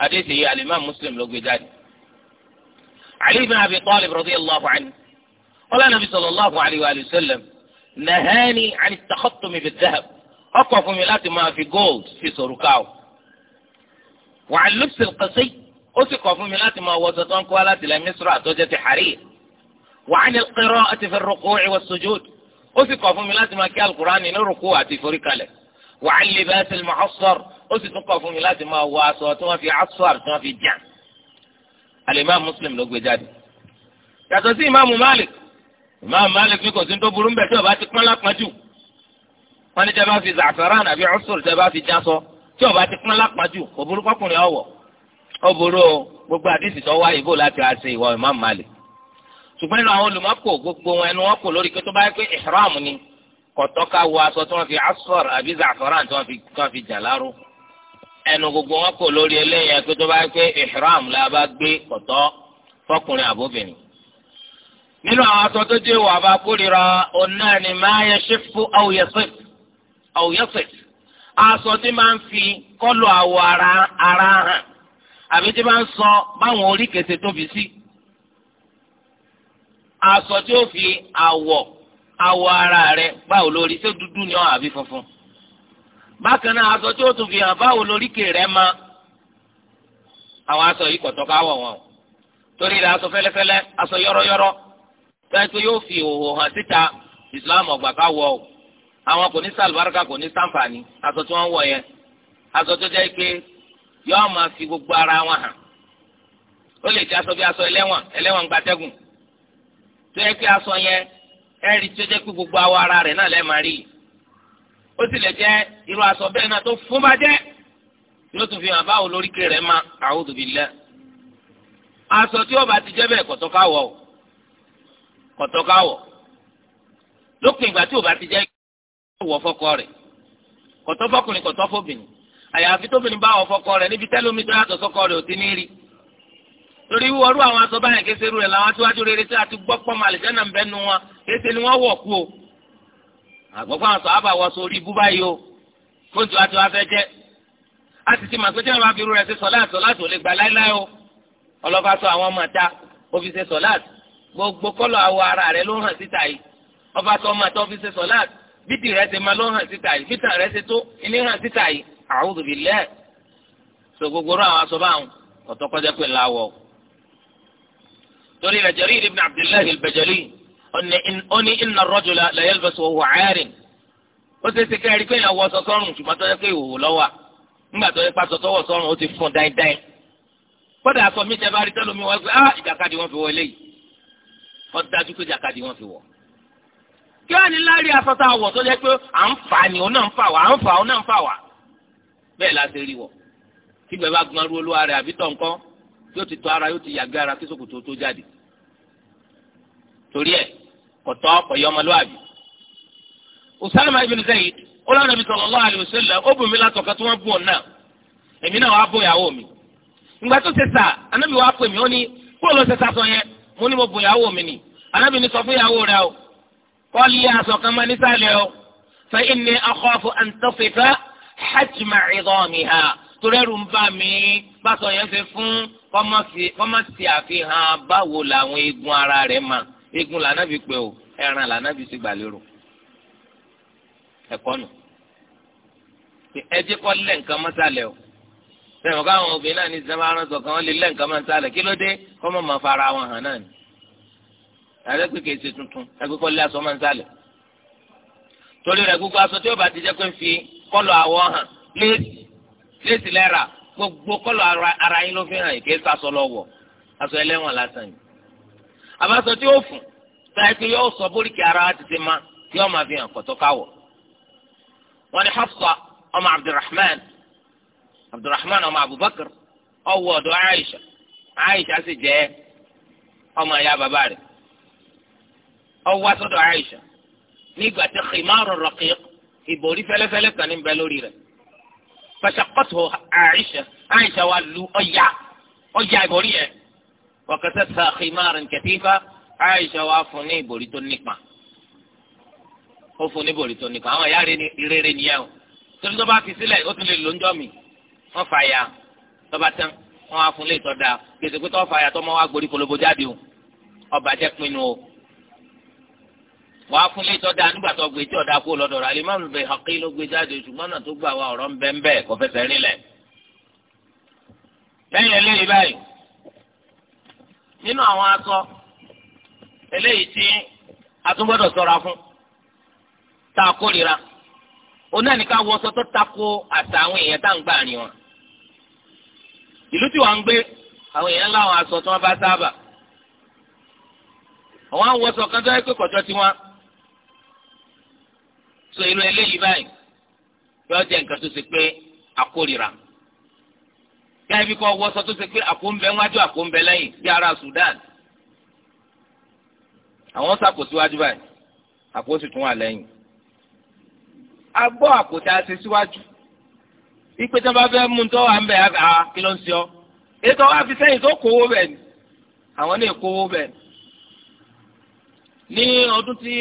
adéṣe yìí alimá muslim ló gbé jáde ali ibn abi talib radiyallahu anhu qala nabi sallallahu alayhi wa sallam nahani ani takhatumi bi dahab ọkọ̀ fún mi láti máa fi gold fi sòrùka o wàá lùsìl qasi ó sì kọ̀ fún mi láti máa wọ sọ́tọ́ ń kó aláàtìlẹ́ misra àtọ́jẹ́ ti harir wa 'an al-qira'ati fi ar-ruku' wa as-sujud ó sì kọ̀ fún mi láti máa kí alukurani ní rúkú àti ìforíkalẹ̀ wa 'an libas al-mu'assar ó sì tún kọ̀ fún mi láti máa wọ aṣọ tí wọ́n fi asọ́r tí wọ́n fi jà alimami muslim ló gbé jáde yàtọ̀ sí imaamu malik imaamu malik ní kò sí tó burú mbẹ tí o bá ti pọ́n lápájú wọ́n ní tẹ́ fi zàfẹ́rán àbí ọ̀ṣọ́rọ̀ tẹ́ fi já sọ tí o bá ti pọ́n lápájú kò burú kọkùnrin ọ̀wọ̀ ó burú gbogbo àdìsí tó wáyé bó láti àṣẹ ìwọ imaamu malik ṣùgbọ́n inú àwọn olùmọ́kò gbogbo wọn ẹnu wọn kò lórí pé tó bá yẹ pé ihram ni kọ̀tọ́ ká wọ aṣọ tí wọ́n fi asfar àbí zafaran tí wọ́n fi tí wọ́n fi jà láró ẹnu gbogbo wọn kò lórí eléyìí pé tó bá yẹ pé ihram la bá gbé kọ̀tọ́ fọkùnrin àbóbìnrin nínú àwọn aṣọ tó dé wà bá kórìíra ọ̀nà ni máa yẹ ṣẹ́fù àwòyẹ́fẹ̀ aṣọ tí máa ń fi kọ́lọ̀ àwọ̀ ara hàn àbí tí máa ń sọ báwọn oríkèsè tóbi sí. aṣọ tí ó fi àwọ̀ àwọ̀ ara rẹ̀ báwo lórí ṣé dúdú ni ọ́ àbí funfun bákan náà aṣọ tí ó tún fi hàn báwo lóríkè rẹ̀ mọ́ àwọn aṣọ yìí kọ̀tọ́ ká wọ̀ wọ́n torí rẹ̀ aṣọ fẹ́lẹ́fẹ́lẹ́ aṣọ yọ́rọ́yọ́rọ́ yóò fi òhò hàn síta ìsìlámù ọ̀gbà ká wọ̀ àwọn kò ní sàlùbáràkà kò ní sàǹfààní aṣọ tí wọ́n wọ̀ yẹn aṣọ tó jẹ́ fi gbogbo hàn tó yẹ pé aṣọ yẹn ẹ̀rí tó gbogbo awọ ara rẹ̀ náà lẹ́ẹ̀ máa rí ó sì lè jẹ́ irú aṣọ náà tó fún bá yóò tún fi hàn báwo lóríkè aṣọ tí ti jẹ́ bẹ́ẹ̀ kọ̀tọ́ káwọ̀ kọ̀tọ́ káwọ̀ lópin ìgbà tí ti jẹ́ wọ̀ fọ́kọ rẹ̀ kọ̀tọ́ fọkùnrin kọ̀tọ́ fóbìnrin àyàfi tóbìnrin bá wọ̀ torí wíwọrú àwọn aṣọ báyìí kése rú rẹ̀ làwọn aṣíwájú rere tí a ti gbọ́ pọ́ màlìjẹ́ náà ń bẹ́ nu wọn kése ni wọ́n wọ̀ kú o àgbọ̀pọ̀ àwọn sọ̀hábà wọ sórí ibú báyìí o fóònù àti wàá fẹ́ jẹ́ a sì ti mà pé tí wọ́n bá fi rú rẹ̀ ṣe sọ̀láàtì sọ̀láàtì ò lè gbà láíláí o ọlọ́fà sọ àwọn ọmọ ta ó fi ṣe sọ̀láàtì gbogbo kọ́lọ̀ àwọ̀ ara rẹ̀ ló hàn síta yìí ọba sọ ọmọ ta fi ṣe sọ̀láàtì bídì rẹ̀ ṣe máa ló hàn síta yìí bídà rẹ̀ ṣe tó torí rẹ̀ Jarir ibn Abdullahi al-Bajali ó ní inna ar-rajula la yalbasu wa huwa 'arin ó ṣe ṣe kẹ́rì pé ìyàwó ọsọ sọ́run ṣùgbọ́n tó yẹ pé ìhòòhò lọ́wọ́ nígbà tó yẹ pé aṣọ tọwọ́ sọ́run ó ti fún dáindáin kódà aṣọ mi jẹ bá rí tẹ́lómi wọ́n pé ah ìjàkadì wọn fi wọ eléyìí ó dájú pé ìjàkadì wọn fi wọ. kí wọ́n ní láàrin aṣọ tá a wọ̀ tó yẹ pé à ń fà ni òun náà ń fà wá à ń fà òun náà ń fà wá bẹ́ẹ̀ la ṣe rí wọ̀ tí gbẹ bá gbọ́n rú olúwa rẹ̀ àbí tọ̀ nǹkan yóò ti tọ́ ara yóò ti yàgbé ara kí sòkòtò tó jáde torí ẹ̀ kọ̀tọ́ ọ̀yọ́ ọmọlúwàbí. Usama ibn Zayd ó lọ́nà ibi sallallahu alaihi wasallam ó bùnmi látọ̀ka tí wọ́n bù ọ̀ náà èmi náà wàá bó ìyàwó mi. ìgbà tó ṣe sà anábì wàá pè mí ó ní kó ló ṣe sà sọ yẹn mo ní mo bù ìyàwó mi ni anábì ní sọ fún ìyàwó rẹ o kọ́lí aṣọ kan máa nísàlẹ̀ o fa inni akhafu an tasifa torí ẹ̀rù ń bà mí pásọ yẹn fi fún kọ́mọ̀sì àfihàn báwo làwọn eegun ara rẹ̀ mà eegun lànàbí pé o ẹran lànàbí sì gbà lérò ẹ̀kọ́ nù ẹ jẹ́ kọ́ lẹ́ nǹkan mọ́sálẹ̀ o sẹ́yìn ọ̀gá àwọn obìnrin náà ní sinimá aránsọ kan wọ́n lè lẹ́ nǹkan mọ́sálẹ̀ kí ló dé kọ́ mọ́ máa fara wọn hàn náà ni àti pé kèsì tuntun ẹgbẹ́ kọ́ lé aṣọ mọ́sálẹ̀ torí rẹ̀ gbogbo aṣọ tí ó bá ti jẹ́ pé ń fi kọ́lọ̀ àwọ̀ hàn léèdì léèsì lẹ́ra gbogbo kọ́lọ̀ ara yín ló fi hàn kí ẹ̀sà sọ lọ́wọ́ aṣọ ẹlẹ́wọ̀n lásán yìí. àbáṣọ tí ó fún táyé pé yóò sọ bóríkì ara wa ti ti ma tí yóò máa fi hàn kọ́tọ́ káwọ̀. wọ́n ní Hafsa ọmọ Abdulrahman Abdulrahman ọmọ Abubakar ọwọ́ ọ̀dọ̀ Aisha Aisha sì jẹ́ ọmọ ìyá bàbá rẹ̀ ọwọ́ sọ́dọ̀ Aisha nígbà tí Khimar Raqiq ìbòrí fẹ́lẹ́fẹ́lẹ́ kan ní bẹ lórí rẹ̀ fàṣàkọ́tò àìṣà àìṣà wa lu ọ̀yà ọ̀yà ìbòrí yẹn wọ́kẹ́sẹ̀ sàkì márùn kẹtífà àìṣà wa fún ní ìbòrí tó nípa ó fún ní ìbòrí tó nípa àwọn ìyá rere nìyẹn o torí tó bá fi sílẹ̀ ó tún lè lò ń mi wọ́n fà ya tó bá tán wọ́n á fún da gbèsè pé tó ya tó mọ́ wá kolobo jáde o ọba jẹ́ pinnu o. wà á kúnlé tọ́ da nígbà tó gbé tí ọ̀dà kó lọ́dọ̀ rà Imam Bayhaqi ló gbé jáde ṣùgbọ́n náà tó gbà wá ọ̀rọ̀ kò fẹsẹ̀ rinlẹ̀. lẹ́yìn eléyìí báyìí nínú àwọn aṣọ eléyìí tí a tún gbọ́dọ̀ fún tá a kórìíra ó náà ní tó tako àwọn èèyàn tá à ń gbà wọn. ìlú tí wọ́n ń gbé àwọn èèyàn láwọn aṣọ tí wọ́n bá sábà àwọn so irú eléyìí báyìí yóò jẹ́ nǹkan tó ṣe pé àkórira gáàbí kọ́ wọ́sọ tó ṣe pé àkóńbẹ wájú àkóńbẹ lẹ́yìn bí ara Sudan àwọn sàkó báyìí àpò tún wà lẹ́yìn a gbọ́ àkótá síwájú ipe tí wọ́n bá fẹ́ mú un tó wà ń bẹ̀ á kí ló ń ṣe ọ́ ètò wa fi sẹ́yìn tó kówó ni àwọn náà kówó ni ọdún tí.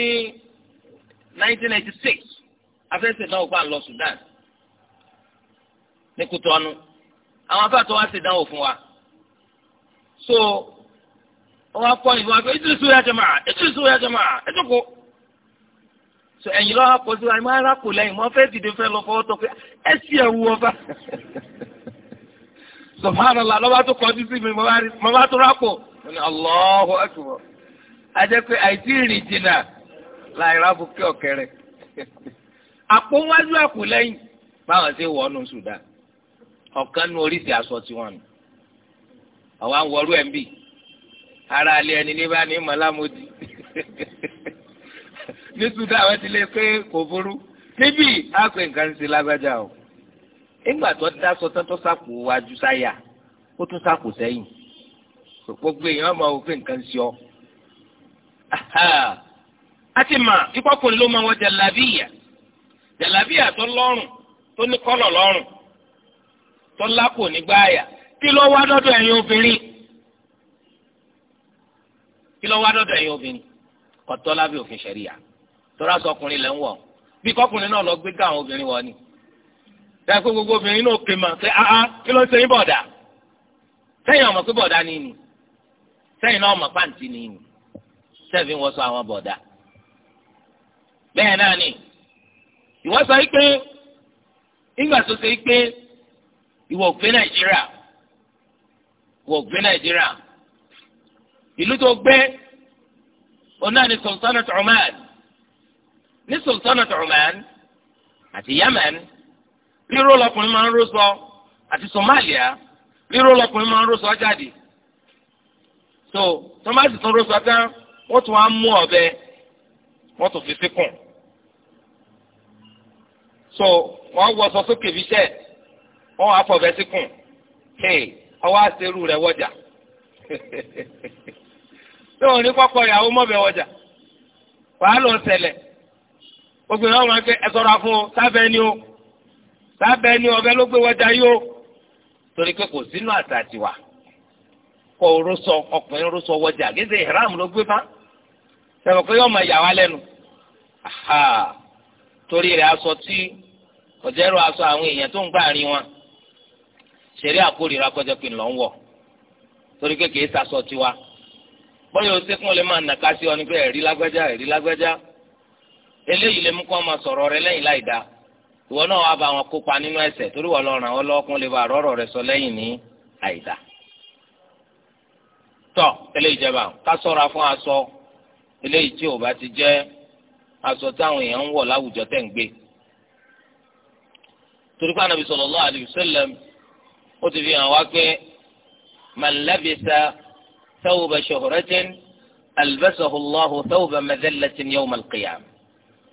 1996 afẹ́sẹ̀ náà gbà lọ Sudan ní Kútọ́nù àwọn afáàtọ̀ wá sí ìdánwò fún wa so wọ́n akọ ìlú wa pé ìtúrí sóyà jẹ́ máa ìtúrí sóyà jẹ́ máa ẹ jókòó so ẹ̀yin lọ́wọ́ akọ sí wa ẹ̀yin máa rákò lẹ́yìn mọ́ fẹ́ dìde fẹ́ lọ fọwọ́ tọ́ pé ẹ sì ẹ̀ wú ọba *laughs* subhanallah lọ́wọ́ tó kọjú sí mi mọ́ bá tó rákò ní Allahu akbar ajẹ́ pé àìsí ìrìn jìnnà láì rábùkẹ ọ̀kẹ́rẹ́ àpò wájú àpò lẹ́yìn báwọn ṣe wọ ọnù Sudan ọ̀kan nu oríṣi aṣọ tiwọn nù àwọn àwọn ọrú ẹ̀ ń bì ara alẹ́ ẹni ní bá ní mọ̀lámọ́dì *laughs* ní Sudan àwọn ti lè pé kò burú níbí àpè nǹkan ṣe lágbájá o ìgbà tó dáṣọ tán sàpò wájú sáyà ó tún sàpò sẹ́yìn gbogbo èèyàn máa wò pé nǹkan ṣe ọ a ti mà ikọ́kùnrin ló máa wọ jalabiya jalabiya tó lọ́rùn tó ní kọ́lọ̀ lọ́rùn tó lápò nígbàyà kí ló wá dọ́dọ̀ ẹ̀yin obìnrin kí ló wá dọ́dọ̀ ẹ̀yin obìnrin kọ̀tọ́ lábẹ́ òfin ṣẹ̀ríyà tọ́lá sọ ọkùnrin lẹ́ ń wọ̀ bí kọ́kùnrin náà lọ gbé ká àwọn obìnrin wọ̀ ni dáa pé gbogbo obìnrin náà kè mà pé áá ah, ah, kí ló ń ṣe yín bọ̀dà sẹ́yìn ọmọ pé bọ̀dà ni ni sẹ́yìn náà ọmọ pàǹtí ni ni sẹ́yìn fi ń wọ́sọ àwọn bọ̀dà bẹ́ẹ̀ náà ni ìwọ sọ pé nígbà tó ṣe pé ìwọ gbé nàìjíríà ìwọ gbé nàìjíríà ìlú tó gbé ọ̀nà ni sultanate Oman ní sultanate Oman àti Yemen ríró lọkùnrin máa ń ró sọ àti Somalia ríró lọkùnrin máa ń ró sọ jáde so tomati tó ró sọ tán wọ́n tún á mú ọ̀bẹ wọ́n tún fi fi kùn so wọ́n wọṣọ sókè fi ṣẹ́ wọ́n wá fọ̀bẹ síkùn hey ọwọ́ àṣẹrù rẹ̀ wọjà tó *laughs* o ní kọ́kọ́ ìyàwó mọ́bẹ̀ wọjà wàá lọ ṣẹlẹ̀ obìnrin ọ̀rọ̀ ẹgbẹ́ ẹ sọ̀rọ̀ fún o sábẹ́ ni o sábẹ́ ni ọbẹ̀ ló gbé wọjà yìí o torí pé kò sínú àṣà tiwa kọ orosọ ọkùnrin orosọ wọjà gẹ́gẹ́ ìhram ló gbé bá sẹ̀rọ̀ pé yọ̀ọ́ máa yà wá lẹ́nu torí rẹ̀ aṣọ tí kò aṣọ àwọn èèyàn tó ń gbà rí wọn ṣeré àkórìíra kọjá pé ńlọ ń wọ torí pé kìí sasọ tiwa bóyá o sẹ́kùn lè máa nàka sí ọ ní pé rí lágbájá lágbájá eléyìí lè mú kó máa sọ̀rọ̀ rẹ náà wàá bá wọn kópa torí wọn wọn lọ́kùn lè bá sọ lẹ́yìn ní tọ́ eléyìí jẹba ká fún aṣọ eléyìí tí ò bá ti jẹ́ aṣọ táwọn èèyàn ń wọ̀ láwùjọ torí pé anabi sallallahu alayhi wa sallam ó ti fi hàn wá pé man labisa thawba shuhratin albasahu Allahu thawba madhallatin yawm al-qiyamah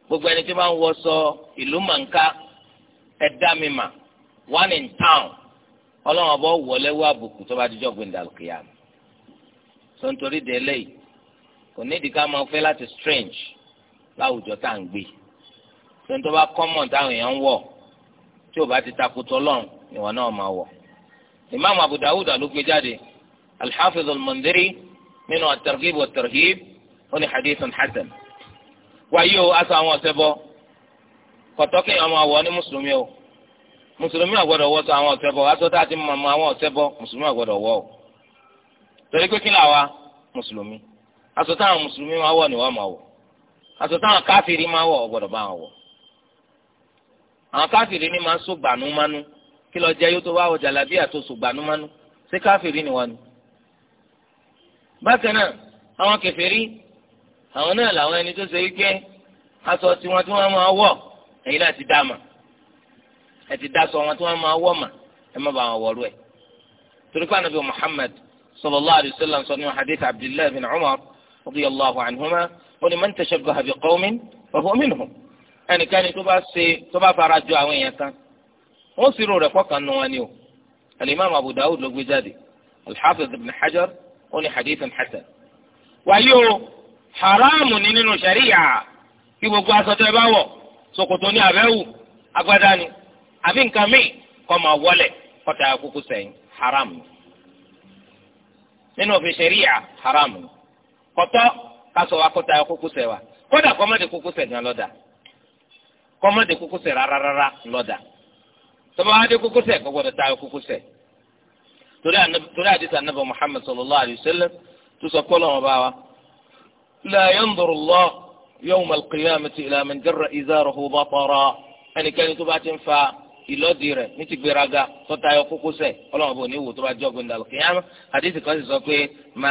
gbogbo ẹni tí wọ́n wọ sọ ìlú mànká ẹ̀dá mi mà one in town ọlọ́run ọba wọlé wá àbùkù tó bá dijọ́ gbẹ̀ndà al-qiyamah tó kò ní ìdíkà máa fẹ́ láti strange láwùjọ tá à ń gbé tó bá common táwọn èèyàn ń wọ̀ tí o bá ti takùtọ̀ lọ́n ìwọ náà máa wọ̀. imaamu abu dawud ló gbé jáde alḥafiz al-mandiri nínú at-targhib wat-tarhib ó ní hadithan hasan. wáyé o aṣọ àwọn ọ̀sẹ̀ bọ́ kọ̀tọ́kì ọmọ àwọ̀ ní mùsùlùmí o mùsùlùmí àgbọ̀dọ̀ wọ̀ sọ àwọn ọ̀sẹ̀ bọ́ aṣọ tá a ti mọ̀ àwọn ọ̀sẹ̀ bọ́ mùsùlùmí àgbọ̀dọ̀ wọ̀ o. torí pé kí ni àwa mùsùlùmí aṣọ táwọn mùsùlùmí máa wọ̀ ni wọ́n máa wọ̀ aṣọ táwọn káfíìrì máa wọ̀ ọ̀gbọ̀dọ̀ bá wọn wọ̀ àwọn káfìrí ni máa ń so gbanumanu kí lọ jẹ yóò tó wá ọjà làbí àtò so gbanumanu ṣé káfìrí ni wọn ni. bákan náà àwọn kèfèrí àwọn náà làwọn ẹni tó ṣe wípé aṣọ tiwọn tí wọn máa wọ ẹ̀yin náà ti dá mà ẹ ti dá sọ wọn tí wọn máa wọ mà ẹ má bàa wọlú ẹ. torí anabi muhammad sallallahu alayhi wa sallam sọ ní hadith abdullahi bin umar radiyallahu anhuma ó ní man tashabbaha bi qawmin fa huwa minhum ẹnikẹ́ni tó bá ṣe tó bá fara jọ àwọn èèyàn kan ó sì rò rẹ̀ kọ́kàn nù wọn ni o alimami abu dawud ló gbé jáde alḥafiz ibn hajar ó ní hadithan hasan. wàyí o haramu ni nínú sariya kí gbogbo aṣọ tẹ bá wọ̀ ṣòkòtò ní abẹ́wù agbádá ni àbí nǹkan míì kọ́ máa wọlé kọ́ta akókó sẹ́yìn haramu nínú òfin sariya haramu kọ́tọ́ kásọ̀ wa kọ́ta akókó sẹ́wà kódà kọ́mọ́dé kókó sẹ́yìn lọ́dà kọ́mọ́dé kókósẹ̀ rárára lọ́dà tọ́ba adé kókósẹ̀ kò gbọ́dọ̀ tayọ kókósẹ̀ torí àdìsá nàbà Muhammad sallallahu alayhi wa sallam tó sọ pé ọlọ́run bá wa la yanzuru Allah yawma al-qiyamati ila man jarra izarahu batara ẹnikẹ́ni tó bá ti ń fa ìlọ́dì rẹ̀ ní ti gbéraga tó tayọ kókósẹ̀ ọlọ́run bò ní wò tó bá jọ́ gbẹ̀ndàlù kìyàmù àdìsí kan sì sọ pé